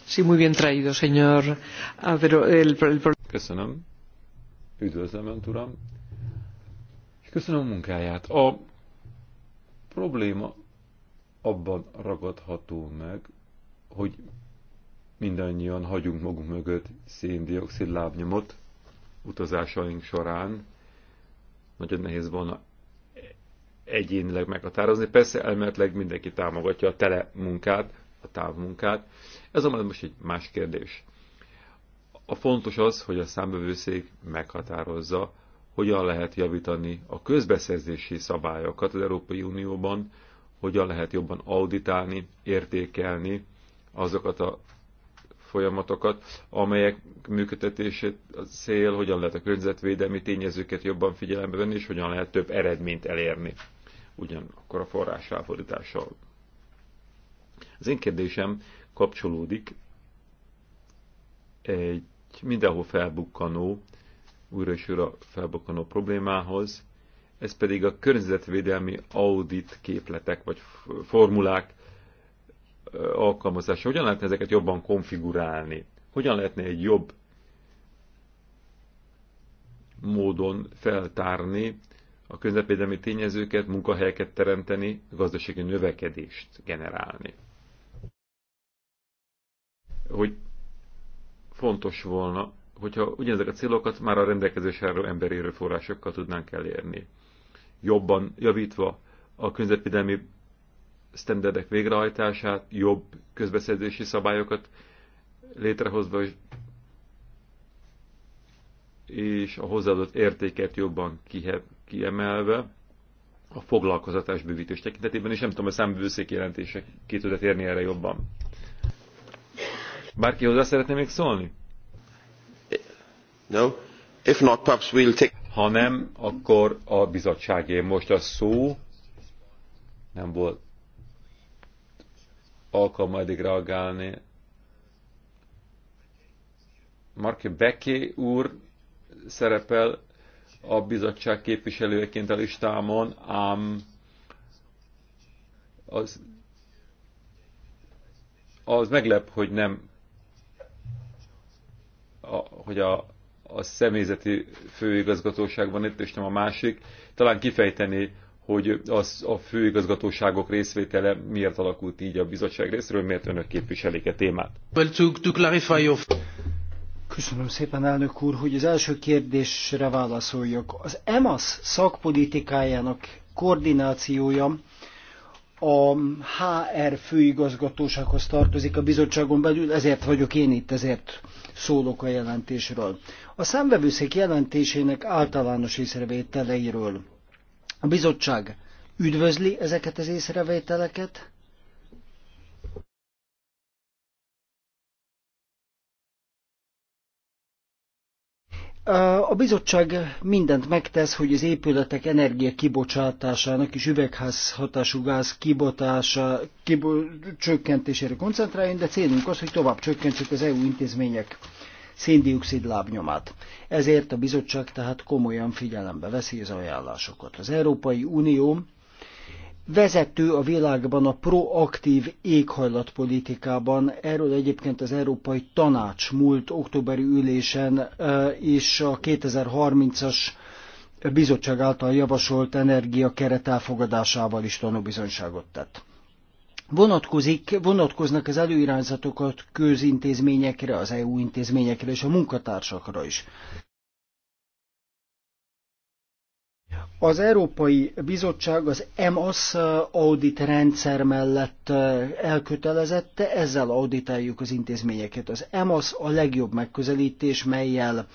Sí, muy bien traído, señor. Ah, pero el, el... Köszönöm. Üdvözlöm, Önt Uram. És köszönöm a munkáját. A probléma abban ragadható meg, hogy mindannyian hagyunk magunk mögött széndiokszid lábnyomot utazásaink során. Nagyon nehéz volna egyénileg meghatározni. Persze elméletileg mindenki támogatja a tele munkát, a távmunkát. Ez amúgy most egy más kérdés. A fontos az, hogy a számbevőszék meghatározza, hogyan lehet javítani a közbeszerzési szabályokat az Európai Unióban, hogyan lehet jobban auditálni, értékelni azokat a folyamatokat, amelyek működtetését a cél, hogyan lehet a környezetvédelmi tényezőket jobban figyelembe venni, és hogyan lehet több eredményt elérni ugyanakkor a forrás ráfordítással. Az én kérdésem kapcsolódik egy mindenhol felbukkanó, újra és újra felbukkanó problémához, ez pedig a környezetvédelmi audit képletek vagy formulák alkalmazása. Hogyan lehetne ezeket jobban konfigurálni? Hogyan lehetne egy jobb módon feltárni a környezetvédelmi tényezőket, munkahelyeket teremteni, gazdasági növekedést generálni. Hogy fontos volna hogyha ugyanezek a célokat már a rendelkezésre emberi erőforrásokkal tudnánk elérni. Jobban javítva a környezetvédelmi sztenderdek végrehajtását, jobb közbeszerzési szabályokat létrehozva, és a hozzáadott értéket jobban kiemelve a foglalkozatás bővítés tekintetében, és nem tudom, a számbőszék jelentések ki tudott érni erre jobban. Bárki hozzá szeretné még szólni? Ha nem, akkor a bizottságé most a szó nem volt alkalma eddig reagálni. Marki Becké úr szerepel a bizottság képviselőjeként a listámon, ám az, az meglep, hogy nem, a, hogy a a személyzeti főigazgatóságban itt, és nem a másik. Talán kifejteni, hogy az a főigazgatóságok részvétele miért alakult így a bizottság részről, miért önök képviselik a e témát. Köszönöm szépen, elnök úr, hogy az első kérdésre válaszoljak. Az EMAS szakpolitikájának koordinációja a HR főigazgatósághoz tartozik a bizottságon belül, ezért vagyok én itt, ezért szólok a jelentésről. A számvevőszék jelentésének általános észrevételeiről. A bizottság üdvözli ezeket az észrevételeket, A bizottság mindent megtesz, hogy az épületek energia kibocsátásának és üvegházhatású gáz kibotása, kibo- csökkentésére koncentráljon, de célunk az, hogy tovább csökkentsük az EU intézmények széndiokszid lábnyomát. Ezért a bizottság tehát komolyan figyelembe veszi az ajánlásokat. Az Európai Unió vezető a világban a proaktív éghajlatpolitikában. Erről egyébként az Európai Tanács múlt októberi ülésen és a 2030-as bizottság által javasolt keret elfogadásával is tanúbizonyságot tett. Vonatkozik, vonatkoznak az előirányzatokat közintézményekre, az EU intézményekre és a munkatársakra is. Az Európai Bizottság az EMAS eh, audit rendszer mellett eh, elkötelezette, ezzel auditáljuk az intézményeket. Az EMAS a legjobb megközelítés, melyel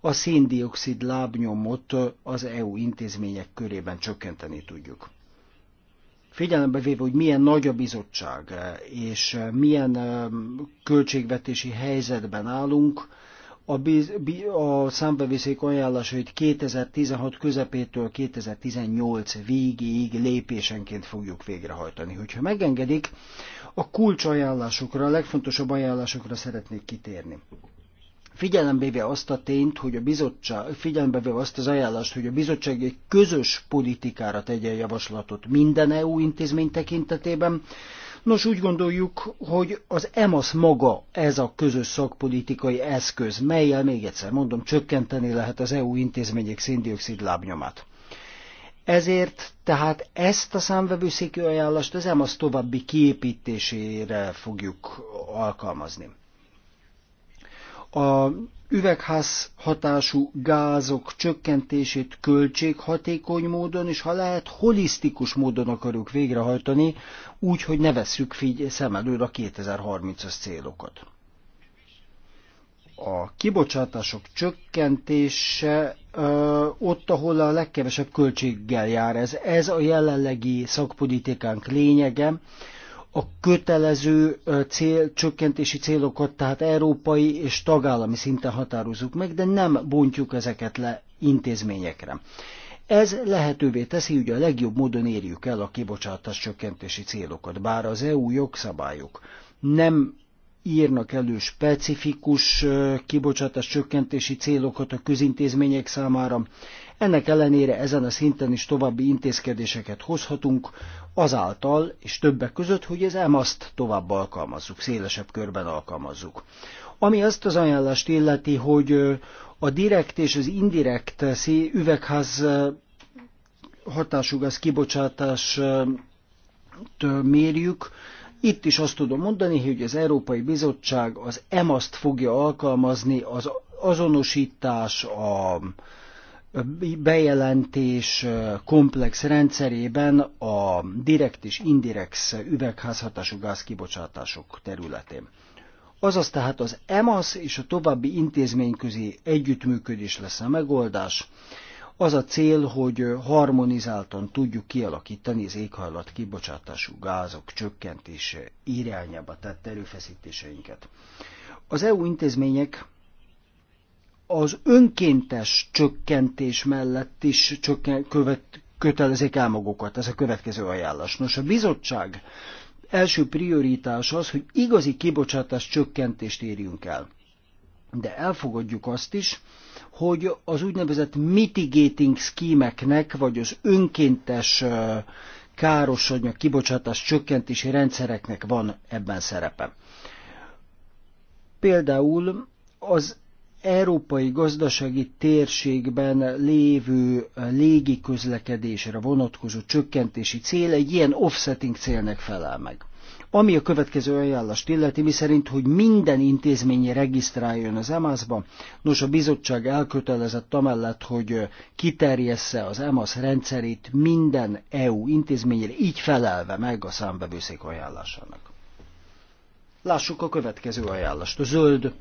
a széndiokszid lábnyomot eh, az EU intézmények körében csökkenteni tudjuk. Figyelembe véve, hogy milyen nagy a bizottság, és milyen költségvetési helyzetben állunk, a, biz, a számbevészék ajánlásait 2016 közepétől 2018 végéig lépésenként fogjuk végrehajtani. Hogyha megengedik, a kulcsajánlásokra, a legfontosabb ajánlásokra szeretnék kitérni. Figyelembe azt a tényt, hogy a bizottság, figyelembe véve azt az ajánlást, hogy a bizottság egy közös politikára tegye javaslatot minden EU intézmény tekintetében, Nos, úgy gondoljuk, hogy az EMAS maga ez a közös szakpolitikai eszköz, melyel, még egyszer mondom, csökkenteni lehet az EU intézmények széndiokszid lábnyomát. Ezért tehát ezt a számvevőszéki ajánlást az EMAS további kiépítésére fogjuk alkalmazni. A üvegházhatású gázok csökkentését költséghatékony módon, és ha lehet, holisztikus módon akarjuk végrehajtani, úgy, hogy ne vesszük figy szem előre a 2030-as célokat. A kibocsátások csökkentése ö, ott, ahol a legkevesebb költséggel jár ez. Ez a jelenlegi szakpolitikánk lényege, a kötelező cél, csökkentési célokat, tehát európai és tagállami szinten határozzuk meg, de nem bontjuk ezeket le intézményekre. Ez lehetővé teszi, hogy a legjobb módon érjük el a kibocsátás csökkentési célokat, bár az EU jogszabályok nem írnak elő specifikus kibocsátás csökkentési célokat a közintézmények számára. Ennek ellenére ezen a szinten is további intézkedéseket hozhatunk, azáltal, és többek között, hogy az EMASZ-t tovább alkalmazzuk, szélesebb körben alkalmazzuk. Ami azt az ajánlást illeti, hogy a direkt és az indirekt üvegház hatású gáz kibocsátást mérjük, itt is azt tudom mondani, hogy az Európai Bizottság az emast t fogja alkalmazni az azonosítás, a, bejelentés komplex rendszerében a direkt és indirekt üvegházhatású gázkibocsátások területén. Azaz tehát az EMAS és a további intézményközi együttműködés lesz a megoldás. Az a cél, hogy harmonizáltan tudjuk kialakítani az éghajlat kibocsátású gázok csökkentése irányába tett erőfeszítéseinket. Az EU intézmények az önkéntes csökkentés mellett is csökken, követ, kötelezik el magukat. Ez a következő ajánlás. Nos, a bizottság első prioritás az, hogy igazi kibocsátás csökkentést érjünk el. De elfogadjuk azt is, hogy az úgynevezett mitigating schemeknek, vagy az önkéntes károsanyag kibocsátás csökkentési rendszereknek van ebben szerepe. Például az európai gazdasági térségben lévő légi közlekedésre vonatkozó csökkentési cél egy ilyen offsetting célnek felel meg. Ami a következő ajánlást illeti, mi szerint, hogy minden intézmény regisztráljon az EMAS-ba, nos a bizottság elkötelezett amellett, hogy kiterjessze az EMAS rendszerét minden EU intézményre, így felelve meg a számbevőszék ajánlásának. Lássuk a következő ajánlást. A zöld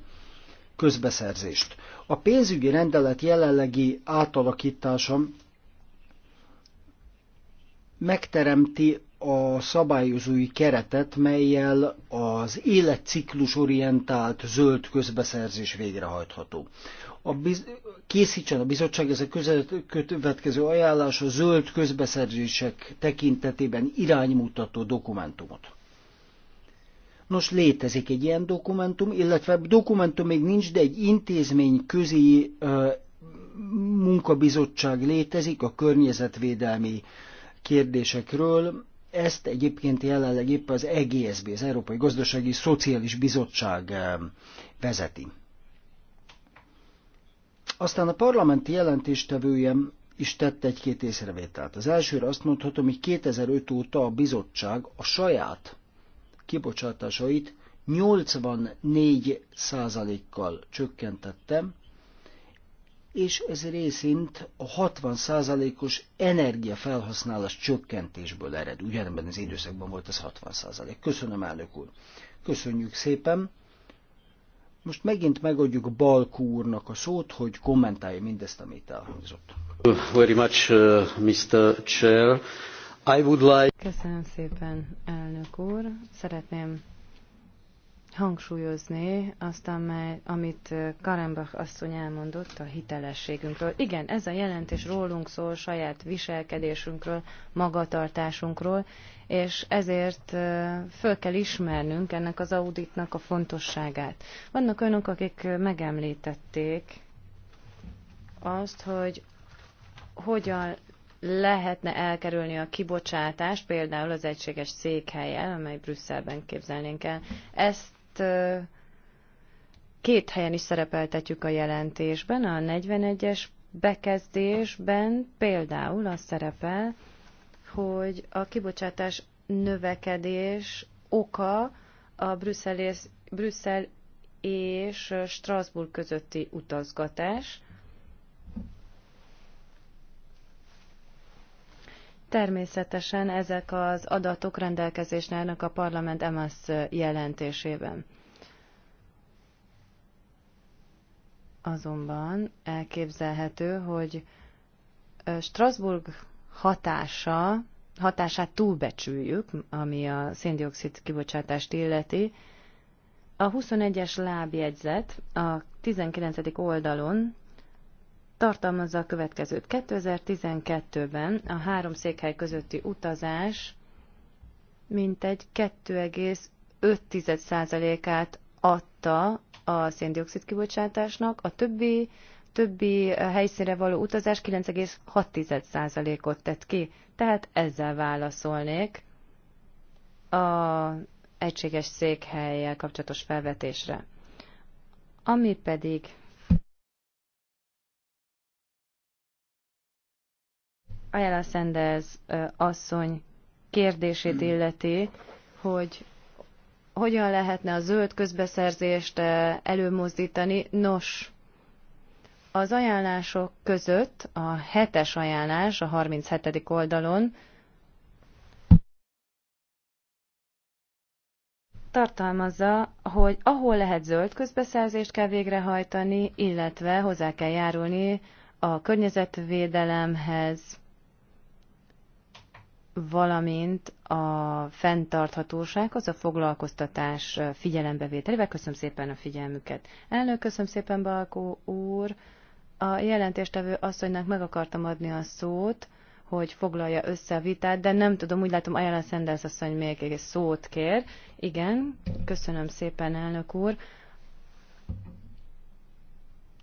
közbeszerzést. A pénzügyi rendelet jelenlegi átalakítása megteremti a szabályozói keretet, melyel az életciklus orientált zöld közbeszerzés végrehajtható. A biz- készítsen a bizottság ez a következő ajánlás a zöld közbeszerzések tekintetében iránymutató dokumentumot. Nos, létezik egy ilyen dokumentum, illetve dokumentum még nincs, de egy intézmény közi munkabizottság létezik a környezetvédelmi kérdésekről. Ezt egyébként jelenleg éppen az EGSB, az Európai Gazdasági Szociális Bizottság vezeti. Aztán a parlamenti jelentéstevője is tett egy-két észrevételt. Az elsőre azt mondhatom, hogy 2005 óta a bizottság a saját kibocsátásait 84%-kal csökkentettem, és ez részint a 60%-os energiafelhasználás csökkentésből ered. Ugyanebben az időszakban volt ez 60%. Köszönöm, elnök úr. Köszönjük szépen. Most megint megadjuk Balkú úrnak a szót, hogy kommentálja mindezt, amit elhangzott. Very much, uh, Mr. Chair. I would like... Köszönöm szépen, elnök úr. Szeretném hangsúlyozni azt, amely, amit Karembach asszony elmondott a hitelességünkről. Igen, ez a jelentés rólunk szól, saját viselkedésünkről, magatartásunkról, és ezért föl kell ismernünk ennek az auditnak a fontosságát. Vannak önök, akik megemlítették azt, hogy hogyan lehetne elkerülni a kibocsátást, például az egységes székhelyen, amely Brüsszelben képzelnénk el. Ezt két helyen is szerepeltetjük a jelentésben, a 41-es bekezdésben például az szerepel, hogy a kibocsátás növekedés oka a Brüsszel és, Brüsszel és Strasbourg közötti utazgatás, Természetesen ezek az adatok rendelkezésnek állnak a parlament MSZ jelentésében. Azonban elképzelhető, hogy Strasbourg hatása, hatását túlbecsüljük, ami a széndiokszid kibocsátást illeti. A 21-es lábjegyzet a 19. oldalon tartalmazza a következőt. 2012-ben a három székhely közötti utazás mintegy 2,5%-át adta a széndiokszid kibocsátásnak, a többi, többi helyszínre való utazás 9,6%-ot tett ki. Tehát ezzel válaszolnék a egységes székhelyel kapcsolatos felvetésre. Ami pedig Ayala Sanders asszony kérdését hmm. illeti, hogy hogyan lehetne a zöld közbeszerzést előmozdítani. Nos, az ajánlások között a hetes ajánlás a 37. oldalon tartalmazza, hogy ahol lehet zöld közbeszerzést kell végrehajtani, illetve hozzá kell járulni a környezetvédelemhez, valamint a fenntarthatósághoz, a foglalkoztatás figyelembevételével. Köszönöm szépen a figyelmüket. Elnök, köszönöm szépen, Balkó úr. A jelentéstevő asszonynak meg akartam adni a szót, hogy foglalja össze a vitát, de nem tudom, úgy látom, Ajala Szendelsz asszony még egy szót kér. Igen, köszönöm szépen, elnök úr.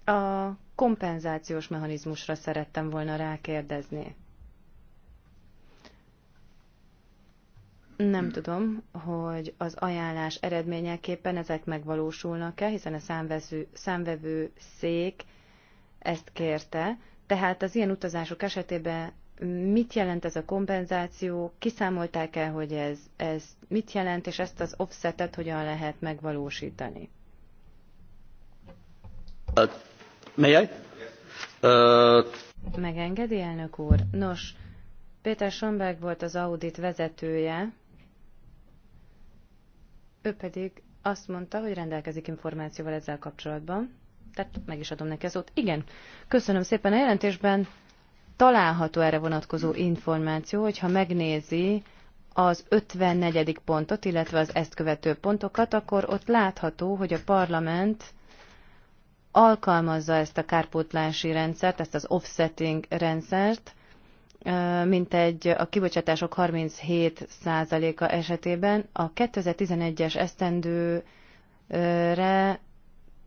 A kompenzációs mechanizmusra szerettem volna rákérdezni. Nem tudom, hogy az ajánlás eredményeképpen ezek megvalósulnak-e, hiszen a számvező, számvevő szék ezt kérte. Tehát az ilyen utazások esetében mit jelent ez a kompenzáció, kiszámolták e hogy ez, ez mit jelent, és ezt az offsetet hogyan lehet megvalósítani? Uh, Uh... Megengedi, elnök úr? Nos, Péter Sonberg volt az audit vezetője, ő pedig azt mondta, hogy rendelkezik információval ezzel kapcsolatban. Tehát meg is adom neki az ott. Igen, köszönöm szépen. A jelentésben található erre vonatkozó információ, hogyha megnézi az 54. pontot, illetve az ezt követő pontokat, akkor ott látható, hogy a parlament alkalmazza ezt a kárpótlási rendszert, ezt az offsetting rendszert, mintegy a kibocsátások 37%-a esetében a 2011-es esztendőre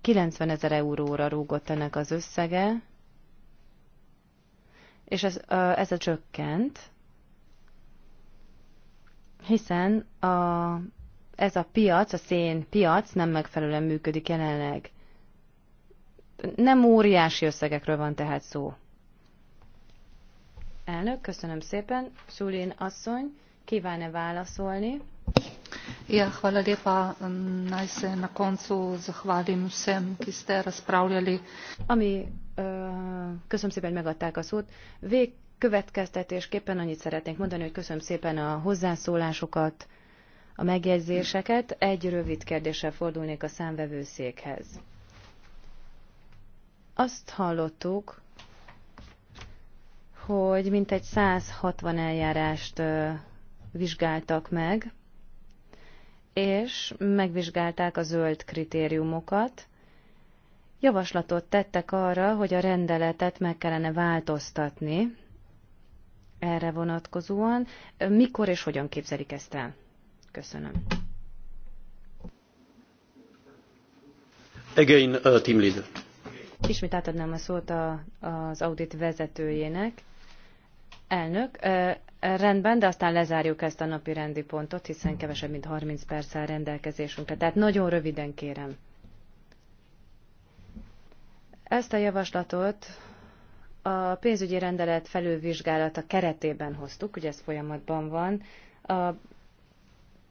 90 ezer euróra rúgott ennek az összege, és ez, ez a csökkent, hiszen a, ez a piac, a szén piac nem megfelelően működik jelenleg. Nem óriási összegekről van tehát szó. Elnök, köszönöm szépen. Sulin asszony, kíván-e válaszolni? Ja, hvala lepa. Naj se na koncu zahvalim vsem, ki ste razpravljali. Ami, köszönöm szépen, hogy megadták a szót. Vég következtetésképpen annyit szeretnék mondani, hogy köszönöm szépen a hozzászólásokat, a megjegyzéseket. Egy rövid kérdéssel fordulnék a számvevőszékhez. Azt hallottuk, hogy mintegy 160 eljárást vizsgáltak meg, és megvizsgálták a zöld kritériumokat. Javaslatot tettek arra, hogy a rendeletet meg kellene változtatni erre vonatkozóan. Mikor és hogyan képzelik ezt el? Köszönöm. Again, uh, team Ismét átadnám a szót a, az audit vezetőjének. Elnök, rendben, de aztán lezárjuk ezt a napi rendi pontot, hiszen kevesebb, mint 30 perc áll rendelkezésünkre. Tehát nagyon röviden kérem. Ezt a javaslatot a pénzügyi rendelet felülvizsgálata keretében hoztuk, ugye ez folyamatban van. A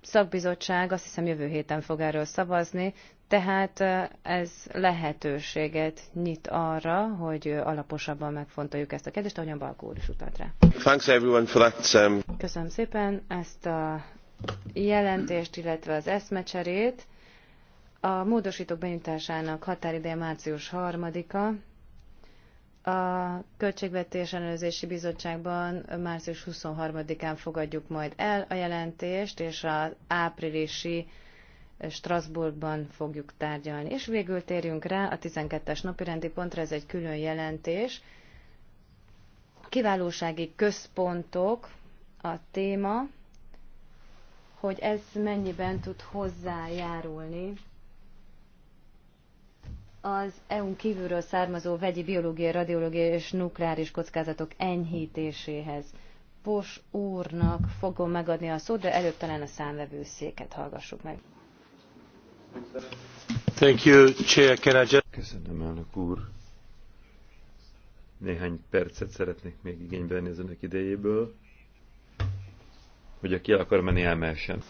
szakbizottság azt hiszem jövő héten fog erről szavazni, tehát ez lehetőséget nyit arra, hogy alaposabban megfontoljuk ezt a kérdést, ahogyan Balkó úr is utalt rá. Thanks everyone for that, um... Köszönöm szépen ezt a jelentést, illetve az eszmecserét. A módosítók benyújtásának határideje március 3 a Költségvetés Ellenőrzési Bizottságban március 23-án fogadjuk majd el a jelentést, és az áprilisi Strasbourgban fogjuk tárgyalni. És végül térjünk rá a 12-es napirendi pontra, ez egy külön jelentés. Kiválósági központok a téma, hogy ez mennyiben tud hozzájárulni az EU-n kívülről származó vegyi, biológiai, radiológiai és nukleáris kockázatok enyhítéséhez. Pos úrnak fogom megadni a szót, de előbb talán a számvevőszéket hallgassuk meg. Thank you, Chair. I Köszönöm, elnök úr. Néhány percet szeretnék még igénybe venni az önök idejéből, hogy aki el akar menni, elmehessen.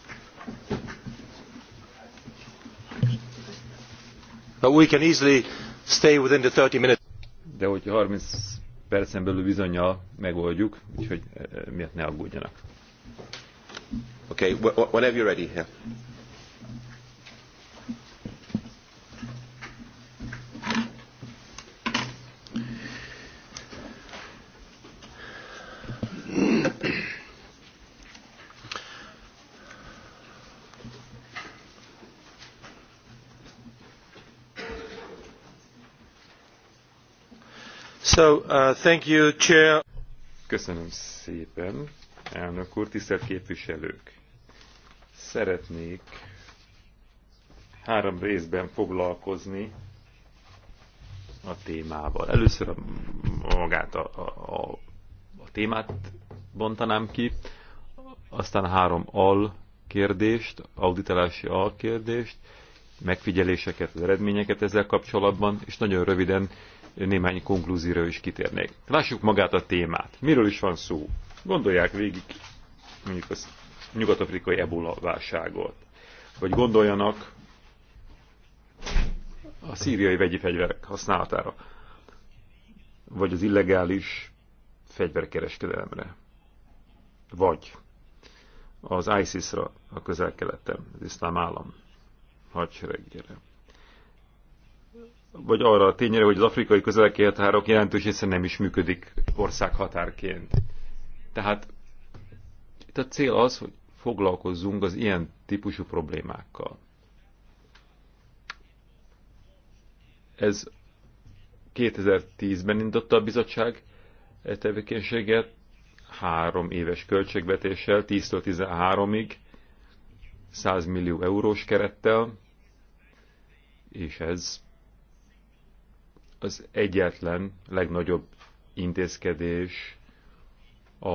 But we can easily stay within the 30 minutes. De hogy 30 percen belül bizonyal megoldjuk, úgyhogy eh, eh, miért ne aggódjanak. Okay, whenever you're ready. Yeah. So, uh, thank you, Chair. Köszönöm szépen, elnök úr, tisztelt képviselők. Szeretnék három részben foglalkozni a témával. Először a, magát a, a, a témát bontanám ki, aztán három al kérdést, auditálási al kérdést, megfigyeléseket, az eredményeket ezzel kapcsolatban, és nagyon röviden néhány konklúzióra is kitérnék. Lássuk magát a témát. Miről is van szó? Gondolják végig mondjuk az nyugat-afrikai ebola válságot. Vagy gondoljanak a szíriai vegyi fegyverek használatára. Vagy az illegális fegyverkereskedelemre. Vagy az ISIS-ra a közel-keleten, az iszlám állam hadseregére vagy arra a tényre, hogy az afrikai közeleki határok jelentős része nem is működik országhatárként. Tehát itt a cél az, hogy foglalkozzunk az ilyen típusú problémákkal. Ez 2010-ben indította a bizottság e tevékenységet, három éves költségvetéssel, 10-től 13-ig, 100 millió eurós kerettel, és ez az egyetlen legnagyobb intézkedés a,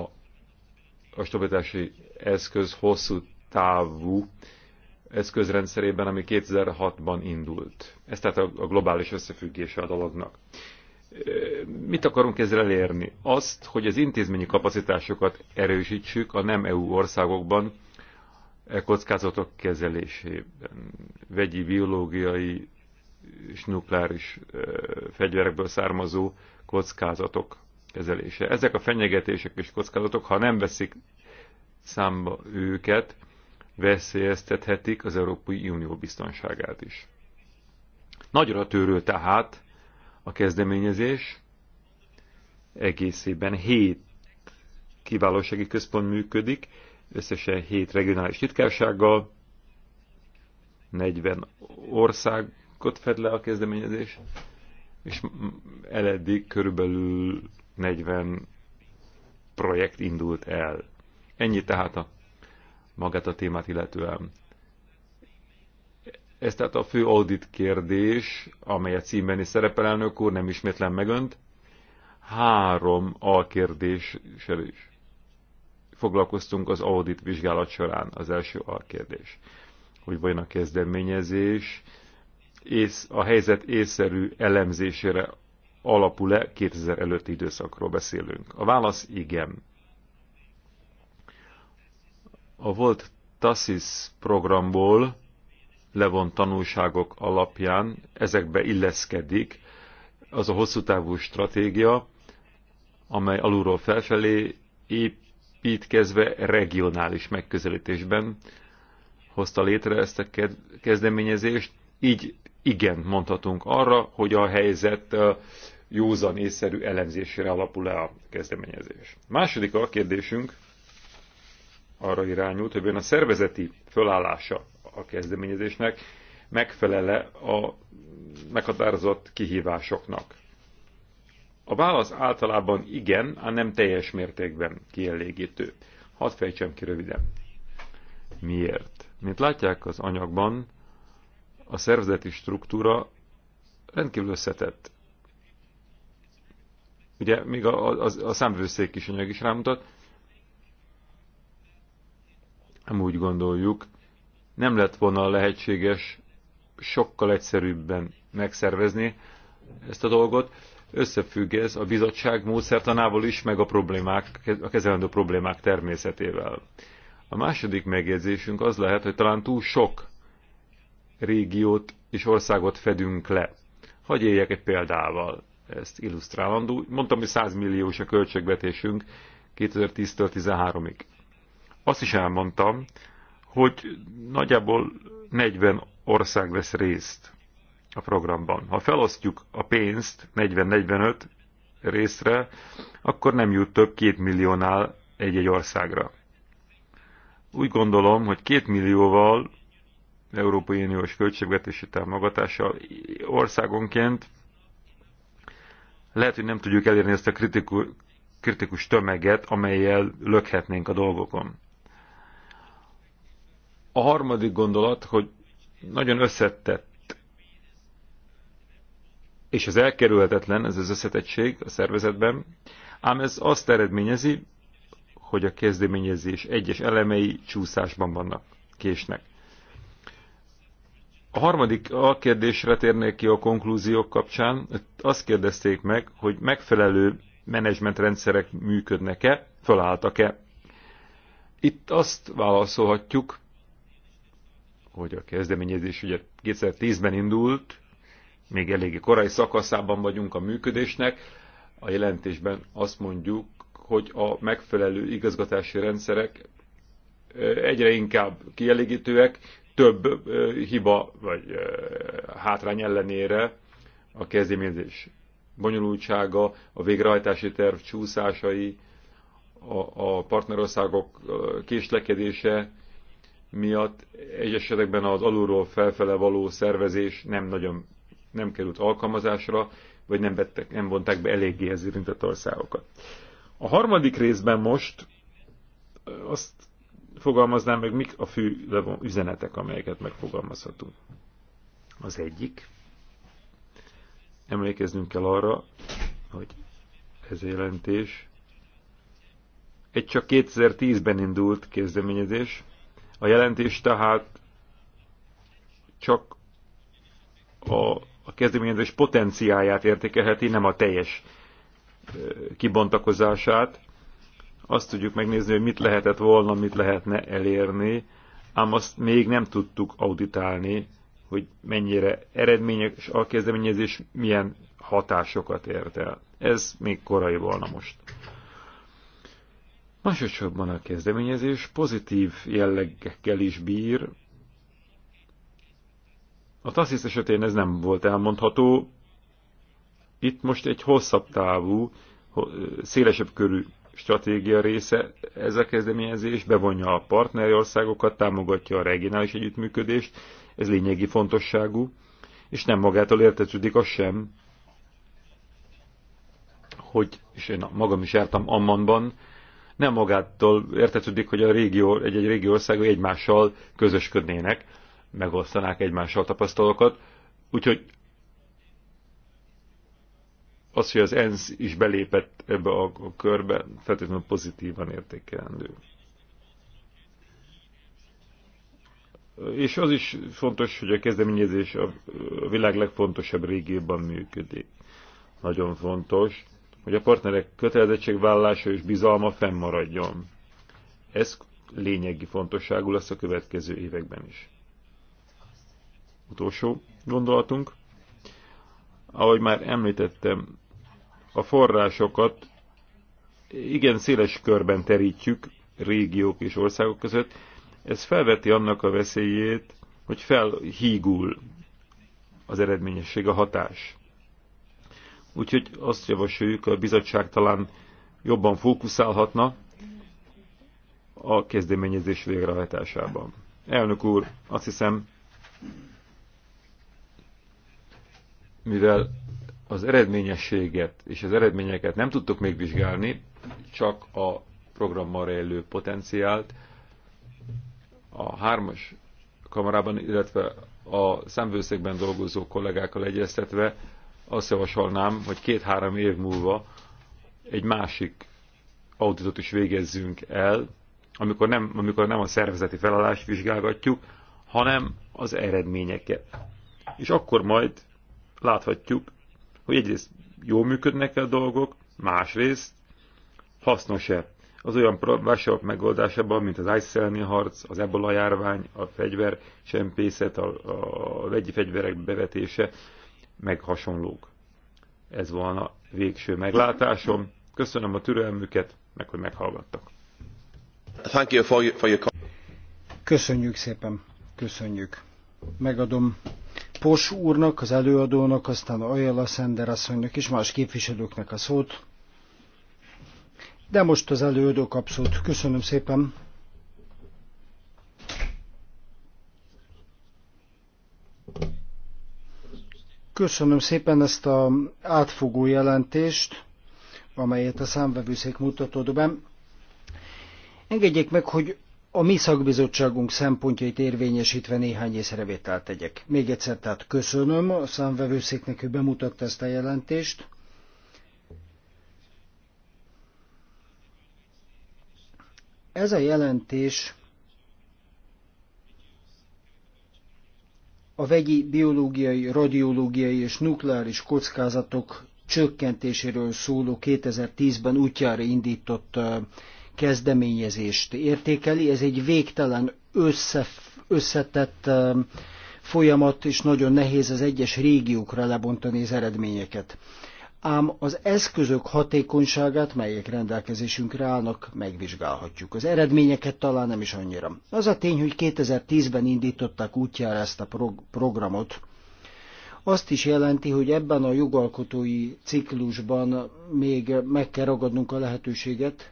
a stabilitási eszköz hosszú távú eszközrendszerében, ami 2006-ban indult. Ez tehát a, a globális összefüggése a dolognak. Mit akarunk ezzel elérni? Azt, hogy az intézményi kapacitásokat erősítsük a nem EU országokban e kockázatok kezelésében. Vegyi, biológiai, és nukleáris fegyverekből származó kockázatok kezelése. Ezek a fenyegetések és kockázatok, ha nem veszik számba őket, veszélyeztethetik az Európai Unió biztonságát is. Nagyra törő tehát a kezdeményezés, egészében hét kiválósági központ működik, összesen hét regionális titkársággal, 40 ország akkor fed le a kezdeményezés, és eleddig körülbelül 40 projekt indult el. Ennyi tehát a magát a témát illetően. Ez tehát a fő audit kérdés, amely a címben is szerepel, elnök úr, nem ismétlen megönt. Három alkérdéssel is foglalkoztunk az audit vizsgálat során, az első alkérdés. Hogy vajon a kezdeményezés ész, a helyzet észszerű elemzésére alapul-e 2000 előtti időszakról beszélünk? A válasz igen. A volt TASIS programból levont tanulságok alapján ezekbe illeszkedik az a hosszú távú stratégia, amely alulról felfelé építkezve regionális megközelítésben hozta létre ezt a kezdeményezést, így igen mondhatunk arra, hogy a helyzet józan észszerű elemzésére alapul le a kezdeményezés. Második a kérdésünk arra irányult, hogy a szervezeti fölállása a kezdeményezésnek megfelele a meghatározott kihívásoknak. A válasz általában igen, a nem teljes mértékben kielégítő. Hadd fejtsem ki röviden. Miért? Mint látják az anyagban, a szervezeti struktúra rendkívül összetett. Ugye még a, a, a számvőszék is anyag is rámutat, nem úgy gondoljuk, nem lett volna lehetséges sokkal egyszerűbben megszervezni ezt a dolgot. Összefügg ez a bizottság módszertanával is, meg a problémák, a kezelendő problémák természetével. A második megjegyzésünk az lehet, hogy talán túl sok régiót és országot fedünk le. Hagy éljek egy példával ezt illusztrálandó. Mondtam, hogy 100 milliós a költségvetésünk 2010-től 2013 ig Azt is elmondtam, hogy nagyjából 40 ország vesz részt a programban. Ha felosztjuk a pénzt 40-45 részre, akkor nem jut több 2 milliónál egy-egy országra. Úgy gondolom, hogy 2 millióval Európai Uniós költségvetési támogatással országonként lehet, hogy nem tudjuk elérni ezt a kritikus, kritikus tömeget, amelyel lökhetnénk a dolgokon. A harmadik gondolat, hogy nagyon összetett, és az elkerülhetetlen, ez az összetettség a szervezetben, ám ez azt eredményezi, hogy a kezdeményezés egyes elemei csúszásban vannak, késnek. A harmadik a kérdésre térnék ki a konklúziók kapcsán. Azt kérdezték meg, hogy megfelelő menedzsmentrendszerek működnek-e, felálltak e Itt azt válaszolhatjuk, hogy a kezdeményezés ugye 2010-ben indult, még eléggé korai szakaszában vagyunk a működésnek. A jelentésben azt mondjuk, hogy a megfelelő igazgatási rendszerek eh, egyre inkább kielégítőek, több hiba vagy hátrány ellenére a kezdeményezés bonyolultsága, a végrehajtási terv csúszásai, a, a partnerországok késlekedése miatt egy esetekben az alulról felfele való szervezés nem nagyon nem került alkalmazásra, vagy nem, vettek, nem vonták be eléggé az érintett országokat. A harmadik részben most azt fogalmaznám meg, mik a fő üzenetek, amelyeket megfogalmazhatunk. Az egyik, emlékeznünk kell arra, hogy ez a jelentés egy csak 2010-ben indult kezdeményezés. A jelentés tehát csak a, a kezdeményezés potenciáját értékelheti, nem a teljes kibontakozását azt tudjuk megnézni, hogy mit lehetett volna, mit lehetne elérni, ám azt még nem tudtuk auditálni, hogy mennyire eredményes a kezdeményezés, milyen hatásokat ért el. Ez még korai volna most. Másodszorban a kezdeményezés pozitív jellegekkel is bír. A TASZISZ esetén ez nem volt elmondható. Itt most egy hosszabb távú, szélesebb körű stratégia része ez a kezdeményezés, bevonja a partneri országokat, támogatja a regionális együttműködést, ez lényegi fontosságú, és nem magától értetődik az sem, hogy, és én magam is jártam Ammanban, nem magától értetődik, hogy a régió, egy-egy régió országai egymással közösködnének, megosztanák egymással tapasztalokat, úgyhogy az, hogy az ENSZ is belépett ebbe a körbe, feltétlenül pozitívan értékelendő. És az is fontos, hogy a kezdeményezés a világ legfontosabb régióban működik. Nagyon fontos, hogy a partnerek kötelezettségvállalása és bizalma fennmaradjon. Ez lényegi fontosságú lesz a következő években is. Utolsó gondolatunk. Ahogy már említettem, a forrásokat igen széles körben terítjük régiók és országok között, ez felveti annak a veszélyét, hogy felhígul az eredményesség, a hatás. Úgyhogy azt javasoljuk, a bizottság talán jobban fókuszálhatna a kezdeményezés végrehajtásában. Elnök úr, azt hiszem, mivel az eredményességet és az eredményeket nem tudtuk még vizsgálni, csak a programmal rejlő potenciált. A hármas kamarában, illetve a szemvőszegben dolgozó kollégákkal egyeztetve azt javasolnám, hogy két-három év múlva egy másik auditot is végezzünk el, amikor nem, amikor nem a szervezeti felállást vizsgálgatjuk, hanem az eredményeket. És akkor majd láthatjuk, hogy egyrészt jól működnek -e a dolgok, másrészt hasznos-e az olyan vásárok megoldásában, mint az ice harc, az ebola járvány, a fegyver sempészet, a, a vegyi fegyverek bevetése, meg hasonlók. Ez volna végső meglátásom. Köszönöm a türelmüket, meg hogy meghallgattak. Thank you for your... Köszönjük szépen, köszönjük. Megadom Pos úrnak, az előadónak, aztán Ajala Szender asszonynak és más képviselőknek a szót. De most az előadó kap szót. Köszönöm szépen. Köszönöm szépen ezt az átfogó jelentést, amelyet a számvevőszék mutatott be. Engedjék meg, hogy a mi szakbizottságunk szempontjait érvényesítve néhány észrevételt tegyek. Még egyszer tehát köszönöm a számvevőszéknek, hogy bemutatta ezt a jelentést. Ez a jelentés a vegyi, biológiai, radiológiai és nukleáris kockázatok csökkentéséről szóló 2010-ben útjára indított kezdeményezést értékeli. Ez egy végtelen össze, összetett um, folyamat, és nagyon nehéz az egyes régiókra lebontani az eredményeket. Ám az eszközök hatékonyságát, melyek rendelkezésünkre állnak, megvizsgálhatjuk. Az eredményeket talán nem is annyira. Az a tény, hogy 2010-ben indították útjára ezt a prog- programot, azt is jelenti, hogy ebben a jogalkotói ciklusban még meg kell ragadnunk a lehetőséget,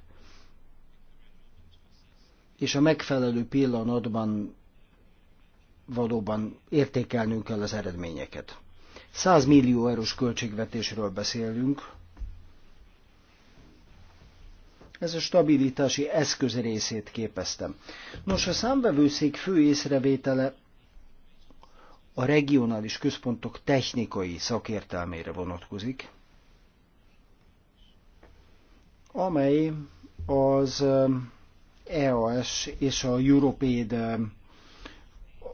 és a megfelelő pillanatban valóban értékelnünk kell az eredményeket. 100 millió eurós költségvetésről beszélünk. Ez a stabilitási eszköz részét képeztem. Nos, a számbevőszék fő észrevétele a regionális központok technikai szakértelmére vonatkozik, amely az EAS és a Europaid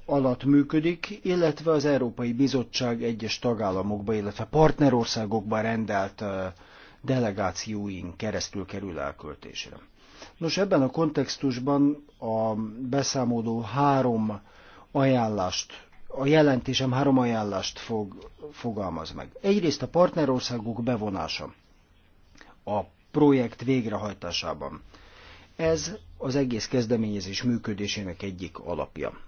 alatt működik, illetve az Európai Bizottság egyes tagállamokba, illetve partnerországokba rendelt delegációin keresztül kerül elköltésre. Nos, ebben a kontextusban a beszámoló három ajánlást, a jelentésem három ajánlást fog, fogalmaz meg. Egyrészt a partnerországok bevonása a projekt végrehajtásában. Ez az egész kezdeményezés működésének egyik alapja.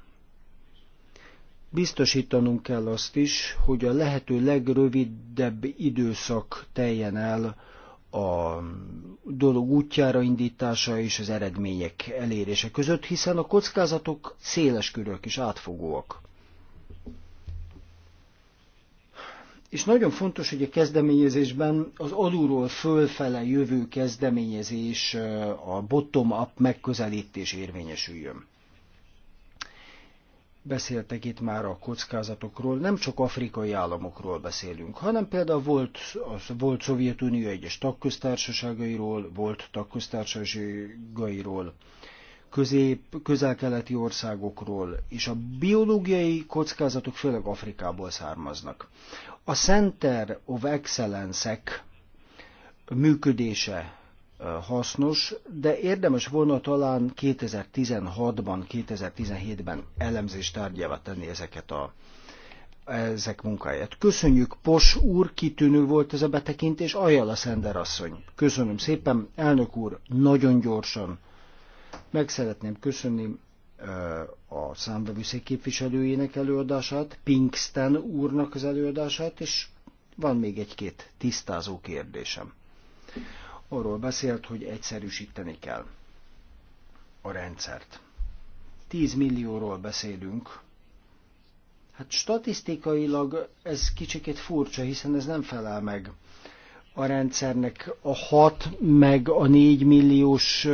Biztosítanunk kell azt is, hogy a lehető legrövidebb időszak teljen el a dolog útjára indítása és az eredmények elérése között, hiszen a kockázatok széles körök és átfogóak. És nagyon fontos, hogy a kezdeményezésben az alulról fölfele jövő kezdeményezés, a bottom-up megközelítés érvényesüljön. Beszéltek itt már a kockázatokról, nem csak afrikai államokról beszélünk, hanem például volt, az volt Szovjetunió egyes tagköztársaságairól, volt tagköztársaságairól, közép, közel-keleti országokról, és a biológiai kockázatok főleg Afrikából származnak. A Center of excellence működése hasznos, de érdemes volna talán 2016-ban, 2017-ben elemzés tárgyává tenni ezeket a ezek munkáját. Köszönjük, Pos úr, kitűnő volt ez a betekintés, a Szender asszony. Köszönöm szépen, elnök úr, nagyon gyorsan. Meg szeretném köszönni a számbevőszék képviselőjének előadását, Pinkston úrnak az előadását, és van még egy-két tisztázó kérdésem. Arról beszélt, hogy egyszerűsíteni kell a rendszert. 10 millióról beszélünk. Hát statisztikailag ez kicsikét furcsa, hiszen ez nem felel meg a rendszernek a 6 meg a 4 milliós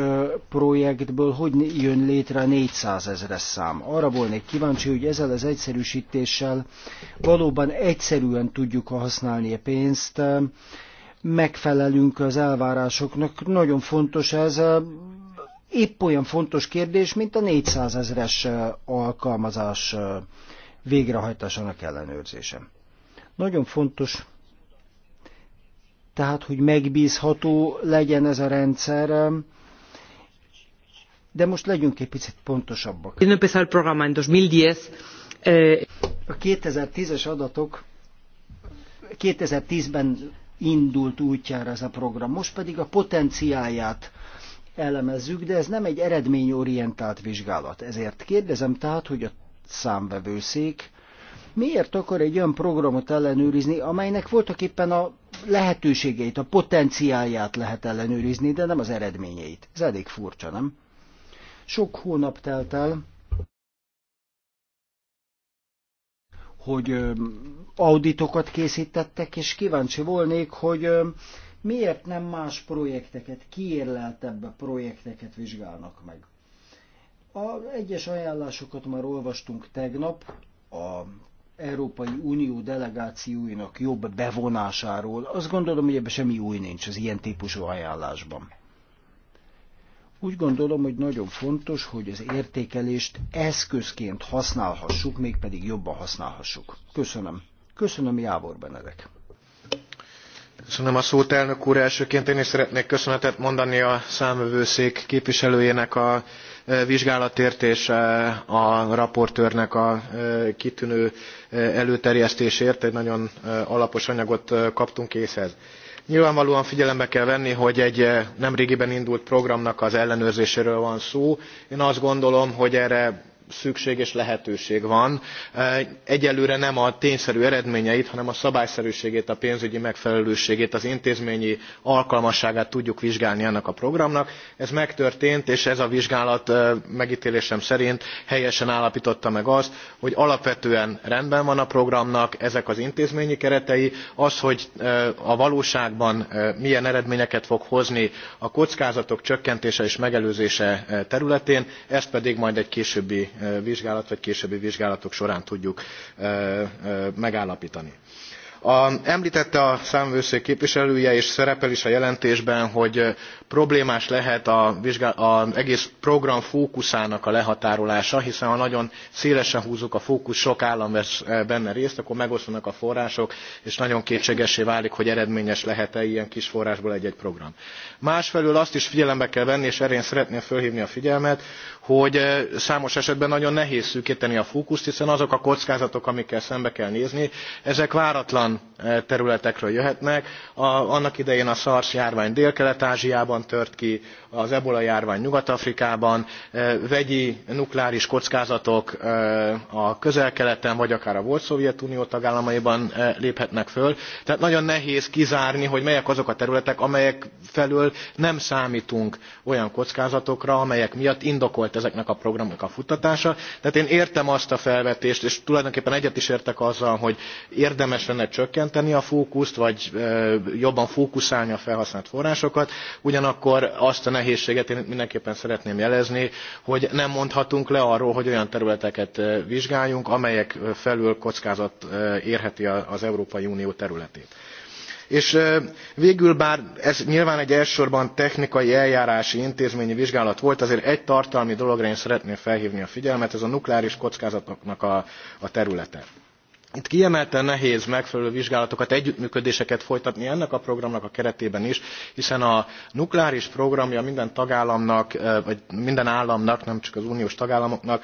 projektből hogy jön létre a 400 ezeres szám. Arra volnék kíváncsi, hogy ezzel az egyszerűsítéssel valóban egyszerűen tudjuk használni a pénzt, megfelelünk az elvárásoknak. Nagyon fontos ez, épp olyan fontos kérdés, mint a 400 ezeres alkalmazás végrehajtásának ellenőrzése. Nagyon fontos tehát hogy megbízható legyen ez a rendszer. De most legyünk egy picit pontosabbak. Eh, a 2010-es adatok 2010-ben indult útjára ez a program, most pedig a potenciáját elemezzük, de ez nem egy eredményorientált vizsgálat. Ezért kérdezem tehát, hogy a számvevőszék miért akar egy olyan programot ellenőrizni, amelynek voltak éppen a lehetőségeit, a potenciálját lehet ellenőrizni, de nem az eredményeit. Ez elég furcsa, nem? Sok hónap telt el, hogy auditokat készítettek, és kíváncsi volnék, hogy miért nem más projekteket, kiérleltebb projekteket vizsgálnak meg. A egyes ajánlásokat már olvastunk tegnap, a Európai Unió delegációinak jobb bevonásáról. Azt gondolom, hogy ebben semmi új nincs az ilyen típusú ajánlásban. Úgy gondolom, hogy nagyon fontos, hogy az értékelést eszközként használhassuk, mégpedig jobban használhassuk. Köszönöm. Köszönöm, Jávor Benedek. Köszönöm a szót, elnök úr. Elsőként én is szeretnék köszönetet mondani a számövőszék képviselőjének a vizsgálatért és a raportőrnek a e, kitűnő e, előterjesztésért. Egy nagyon e, alapos anyagot kaptunk készhez. Nyilvánvalóan figyelembe kell venni, hogy egy nemrégiben indult programnak az ellenőrzéséről van szó. Én azt gondolom, hogy erre szükség és lehetőség van. egyelőre nem a tényszerű eredményeit hanem a szabályszerűségét a pénzügyi megfelelőségét az intézményi alkalmasságát tudjuk vizsgálni ennek a programnak. ez megtörtént és ez a vizsgálat megtélésem szerint helyesen állaptotta meg azt hogy alapvetően rendben van a programnak ezek az intézményi keretei az hogy a valóságban milyen eredményeket fog hozni a kockázatok csökkentése és megelőzése területén ezt pedig majd egy későbbi vizsgálat vagy későbbi vizsgálatok során tudjuk megállaptani. A, emltette a számvevőszék képviselője és szerepel is a jelentésben hogy problémás lehet az egész program fókuszának a lehatárolása hiszen ha nagyon szélesen húzzuk a fókuszt sok állam vesz benne részt akkor megoszlanak a források és nagyon kétségessé válik hogy eredményes lehet e ilyen kis forrásból egy egy program. másfelől azt is figyelembe kell venni és erre én szeretném fölhvni a figyelmet hogy számos esetben nagyon nehéz szűkteni a fókuszt hiszen azok a kockázatok amikkel szembe kell nézni ezek váratlan E, területekről jöhetnek annak idején a sars járvány délkelet ázsiában tört ki az ebola járvány nyugat afrikában vegyi nukleáris kockázatok a közel keleten vagy akár a volt szovjetunió tagállamaiban léphetnek föl tehát nagyon nehéz kizárni hogy melyek azok a területek amelyek felől nem számtunk olyan kockázatokra amelyek miatt indokolt ezeknek a programoknak a futtatása tehát én értem azt a felvetést és tulajdonképpen egyet is értek azzal hogy érdemes lenne csökkenteni a fókuszt vagy jobban fókuszálni a felhasznált forrásokat ugyanakkor azt a nehézséget én mindenképpen szeretném jelezni, hogy nem mondhatunk le arról, hogy olyan területeket vizsgáljunk, amelyek felül kockázat érheti az Európai Unió területét és végül bár ez nyilván egy elsősorban technikai eljárási intézményi vizsgálat volt azért egy tartalmi dologra én szeretném felhvni a figyelmet ez a nukleáris kockázatoknak a területe itt kiemelten nehéz megfelelő vizsgálatokat együttműködéseket folytatni ennek a programnak a keretében is hiszen a nukleáris programja minden tagállamnak vagy minden államnak nem csak az uniós tagállamoknak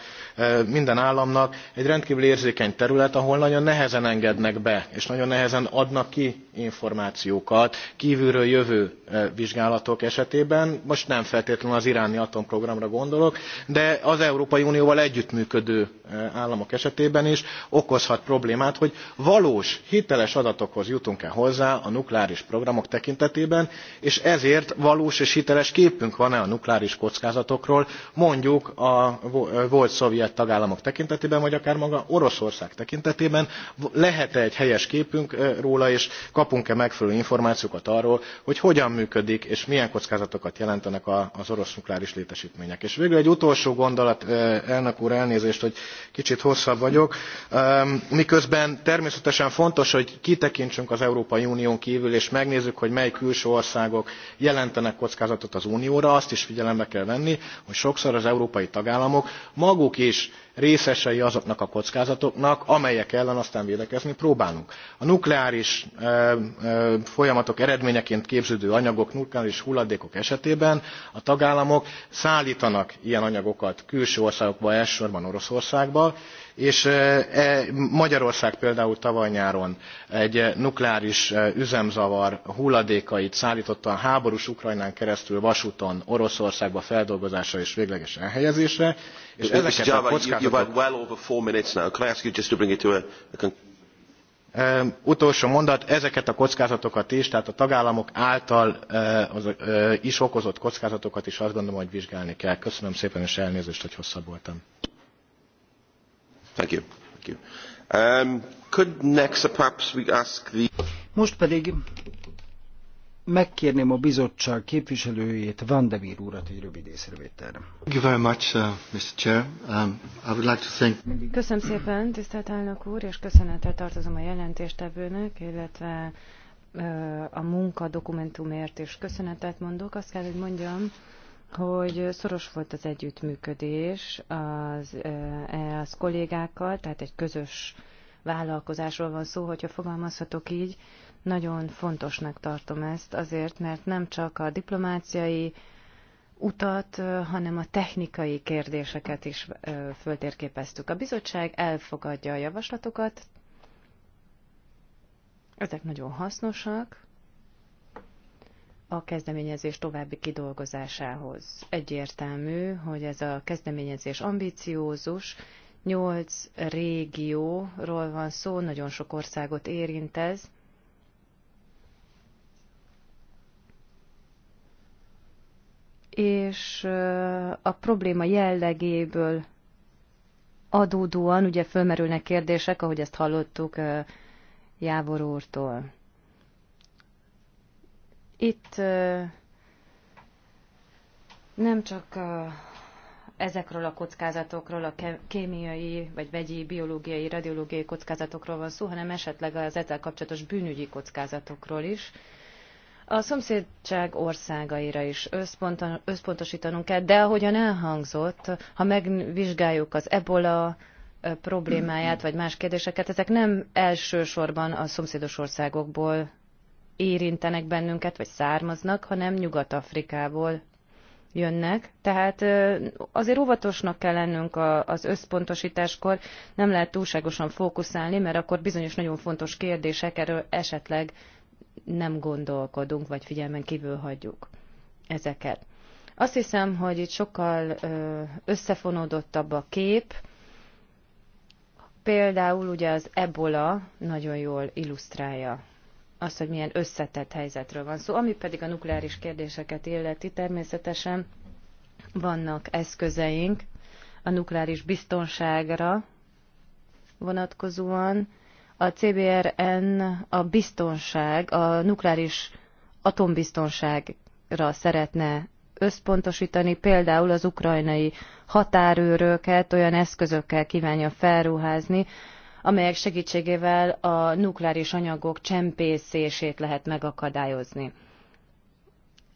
minden államnak egy rendkvül érzékeny terület ahol nagyon nehezen engednek be és nagyon nehezen adnak ki információkat kvülről jövő vizsgálatok esetében most nem feltétlenül az iráni atomprogramra gondolok de az európai unióval együttműködő államok esetében is okozhat problémát problémát hogy valós hiteles adatokhoz jutunk e hozzá a nukleáris programok tekintetében és ezért valós és hiteles képünk van e a nukleáris kockázatokról mondjuk a volt szovjet tagállamok tekintetében vagy akár maga oroszország tekintetében lehet e egy helyes képünk róla és kapunk e megfelelő információkat arról hogy hogyan működik és milyen kockázatokat jelentenek az orosz nukleáris létestmények. és végül egy utolsó gondolat elnök úr elnézést hogy kicsit hosszabb vagyok miközben közben természetesen fontos hogy kitekintsünk az európai unión kvül és megnézzük hogy mely külső országok jelentenek kockázatot az unióra azt is figyelembe kell venni hogy sokszor az európai tagállamok maguk is részesei azoknak a kockázatoknak amelyek ellen aztán védekezni próbálunk. a nukleáris folyamatok eredményeként képződő anyagok nukleáris hulladékok esetében a tagállamok szálltanak ilyen anyagokat külső országokba elsősorban oroszországba és és e, magyarország például tavaly nyáron egy nukleáris üzemzavar hulladékait szálltotta a háborús ukrajnán keresztül vasúton oroszországba feldolgozásra és végleges elhelyezésre és ezeket a kockázatokat utolsó mondat ezeket a kockázatokat is tehát a tagállamok által is okozott kockázatokat is azt gondolom hogy vizsgálni kell. köszönöm szépen és elnézést hogy hosszabb voltam. Most pedig megkérném a bizottság képviselőjét, Van de Vier úrat egy rövid észrevételre. Uh, um, Köszönöm szépen, tisztelt elnök úr, és köszönettel tartozom a jelentéstevőnek, illetve uh, a munka dokumentumért is köszönetet mondok. Azt kell, hogy mondjam, hogy szoros volt az együttműködés az EASZ kollégákkal, tehát egy közös vállalkozásról van szó, hogyha fogalmazhatok így. Nagyon fontosnak tartom ezt azért, mert nem csak a diplomáciai utat, hanem a technikai kérdéseket is föltérképeztük. A bizottság elfogadja a javaslatokat, ezek nagyon hasznosak, a kezdeményezés további kidolgozásához. Egyértelmű, hogy ez a kezdeményezés ambiciózus, nyolc régióról van szó, nagyon sok országot érint ez. És a probléma jellegéből adódóan ugye fölmerülnek kérdések, ahogy ezt hallottuk Jávor úrtól. Itt nem csak a, ezekről a kockázatokról, a kémiai, vagy vegyi, biológiai, radiológiai kockázatokról van szó, hanem esetleg az ezzel kapcsolatos bűnügyi kockázatokról is. A szomszédság országaira is összpontosítanunk kell, de ahogyan elhangzott, ha megvizsgáljuk az ebola problémáját, vagy más kérdéseket, ezek nem elsősorban a szomszédos országokból érintenek bennünket, vagy származnak, hanem Nyugat-Afrikából jönnek. Tehát azért óvatosnak kell lennünk az összpontosításkor, nem lehet túlságosan fókuszálni, mert akkor bizonyos nagyon fontos kérdések erről esetleg nem gondolkodunk, vagy figyelmen kívül hagyjuk ezeket. Azt hiszem, hogy itt sokkal összefonódottabb a kép. Például ugye az ebola nagyon jól illusztrálja azt, hogy milyen összetett helyzetről van szó. Szóval, ami pedig a nukleáris kérdéseket illeti, természetesen vannak eszközeink a nukleáris biztonságra vonatkozóan. A CBRN a biztonság, a nukleáris atombiztonságra szeretne összpontosítani, például az ukrajnai határőröket olyan eszközökkel kívánja felruházni, amelyek segítségével a nukleáris anyagok csempészését lehet megakadályozni.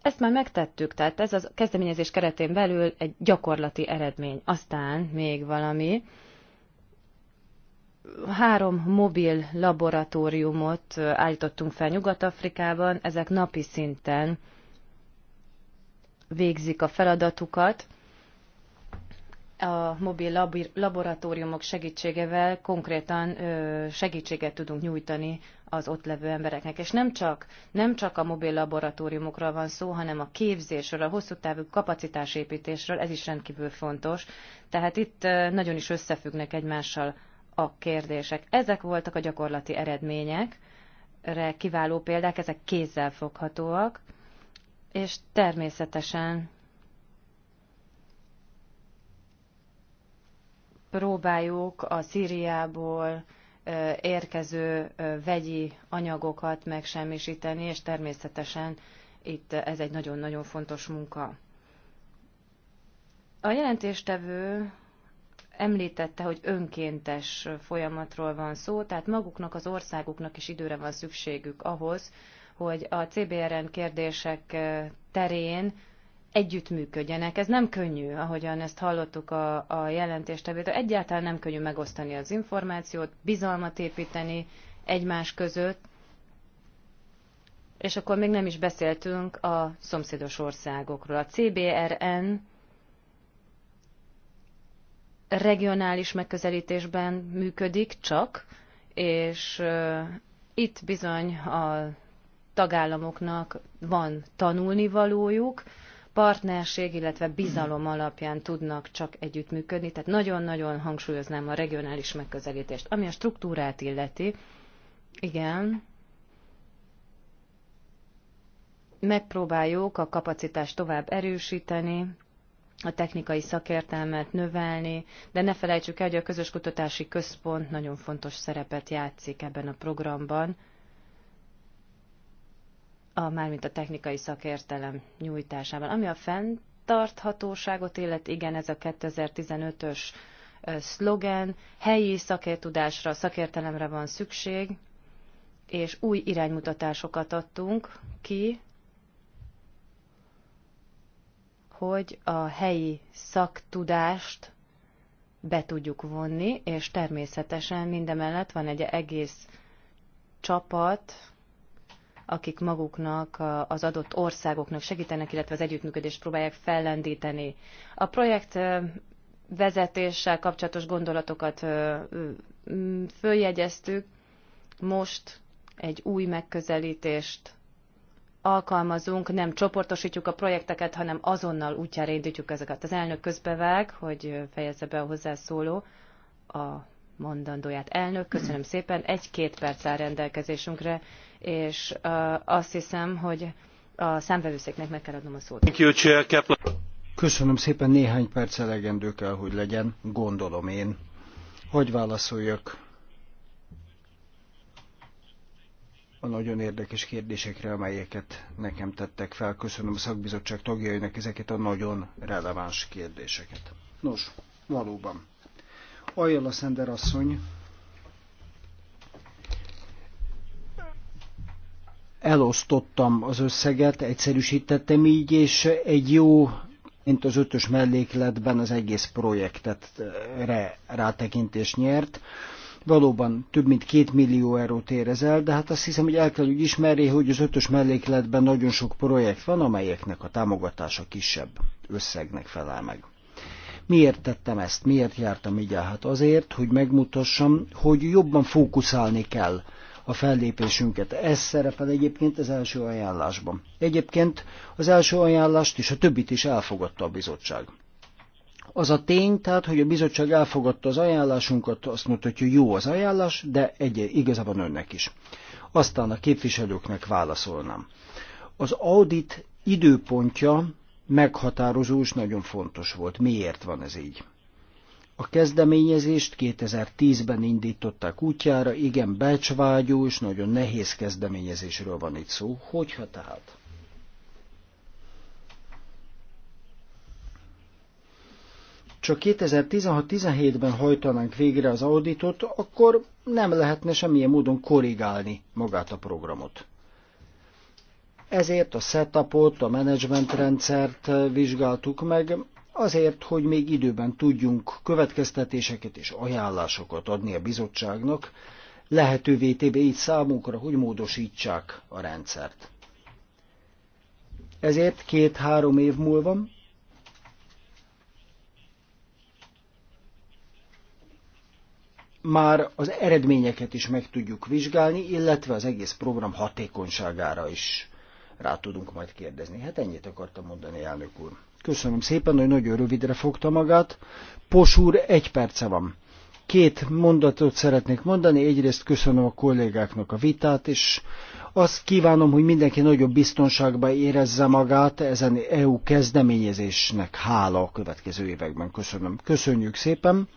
Ezt már megtettük, tehát ez a kezdeményezés keretén belül egy gyakorlati eredmény. Aztán még valami, három mobil laboratóriumot állítottunk fel Nyugat-Afrikában, ezek napi szinten végzik a feladatukat, a mobil laboratóriumok segítségevel konkrétan segítséget tudunk nyújtani az ott levő embereknek. És nem csak, nem csak a mobil laboratóriumokról van szó, hanem a képzésről, a hosszú távú kapacitásépítésről, ez is rendkívül fontos. Tehát itt nagyon is összefüggnek egymással a kérdések. Ezek voltak a gyakorlati eredmények, kiváló példák, ezek kézzel foghatóak, és természetesen próbáljuk a Szíriából érkező vegyi anyagokat megsemmisíteni, és természetesen itt ez egy nagyon-nagyon fontos munka. A jelentéstevő említette, hogy önkéntes folyamatról van szó, tehát maguknak az országuknak is időre van szükségük ahhoz, hogy a CBRN kérdések terén együttműködjenek. Ez nem könnyű, ahogyan ezt hallottuk a, a jelentéstevétől. Egyáltalán nem könnyű megosztani az információt, bizalmat építeni egymás között, és akkor még nem is beszéltünk a szomszédos országokról. A CBRN regionális megközelítésben működik csak, és itt bizony a tagállamoknak van tanulnivalójuk, partnerség, illetve bizalom alapján tudnak csak együttműködni, tehát nagyon-nagyon hangsúlyoznám a regionális megközelítést. Ami a struktúrát illeti, igen, megpróbáljuk a kapacitást tovább erősíteni, a technikai szakértelmet növelni, de ne felejtsük el, hogy a közös kutatási központ nagyon fontos szerepet játszik ebben a programban a, mármint a technikai szakértelem nyújtásával, Ami a fenntarthatóságot illet, igen, ez a 2015-ös szlogen, helyi szakértudásra, szakértelemre van szükség, és új iránymutatásokat adtunk ki, hogy a helyi szaktudást be tudjuk vonni, és természetesen mindemellett van egy egész csapat, akik maguknak, az adott országoknak segítenek, illetve az együttműködést próbálják fellendíteni. A projekt vezetéssel kapcsolatos gondolatokat följegyeztük, most egy új megközelítést alkalmazunk, nem csoportosítjuk a projekteket, hanem azonnal útjára indítjuk ezeket. Az elnök közbevág, hogy fejezze be a hozzászóló a mondandóját. Elnök, köszönöm szépen, egy-két perc áll rendelkezésünkre és azt hiszem, hogy a számvevőszéknek meg kell adnom a szót. Köszönöm szépen, néhány perc elegendő kell, hogy legyen, gondolom én. Hogy válaszoljak a nagyon érdekes kérdésekre, amelyeket nekem tettek fel. Köszönöm a szakbizottság tagjainak ezeket a nagyon releváns kérdéseket. Nos, valóban. Ajala Szender asszony Elosztottam az összeget, egyszerűsítettem így, és egy jó, mint az ötös mellékletben az egész projektet eh, rátekintést nyert valóban több mint két millió eurót érez el, de hát azt hiszem, hogy el kell, hogy ismerje, hogy az ötös mellékletben nagyon sok projekt van, amelyeknek a támogatása kisebb összegnek felel meg. Miért tettem ezt? Miért jártam így Hát azért, hogy megmutassam, hogy jobban fókuszálni kell a fellépésünket. Ez szerepel egyébként az első ajánlásban. Egyébként az első ajánlást és a többit is elfogadta a bizottság. Az a tény, tehát, hogy a bizottság elfogadta az ajánlásunkat, azt mutatja, hogy jó az ajánlás, de egy igazából önnek is. Aztán a képviselőknek válaszolnám. Az audit időpontja meghatározó és nagyon fontos volt. Miért van ez így? A kezdeményezést 2010-ben indították útjára, igen, becsvágyó és nagyon nehéz kezdeményezésről van itt szó. Hogyha tehát? Csak 2016-17-ben hajtanánk végre az auditot, akkor nem lehetne semmilyen módon korrigálni magát a programot. Ezért a setupot, a menedzsmentrendszert vizsgáltuk meg, azért, hogy még időben tudjunk következtetéseket és ajánlásokat adni a bizottságnak, lehetővé téve így számunkra, hogy módosítsák a rendszert. Ezért két-három év múlva már az eredményeket is meg tudjuk vizsgálni, illetve az egész program hatékonyságára is rá tudunk majd kérdezni. Hát ennyit akartam mondani, elnök úr. Köszönöm szépen, hogy nagyon rövidre fogta magát. Pos úr, egy perce van. Két mondatot szeretnék mondani. Egyrészt köszönöm a kollégáknak a vitát, és azt kívánom, hogy mindenki nagyobb biztonságban érezze magát ezen EU kezdeményezésnek hála a következő években. Köszönöm. Köszönjük szépen.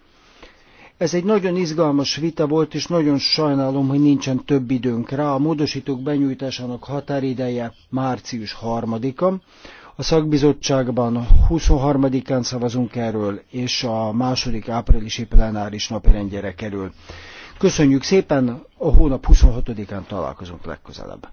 Ez egy nagyon izgalmas vita volt, és nagyon sajnálom, hogy nincsen több időnk rá. A módosítók benyújtásának határideje március 3-a. A szakbizottságban 23-án szavazunk erről, és a második áprilisi plenáris napirendjére kerül. Köszönjük szépen, a hónap 26-án találkozunk legközelebb.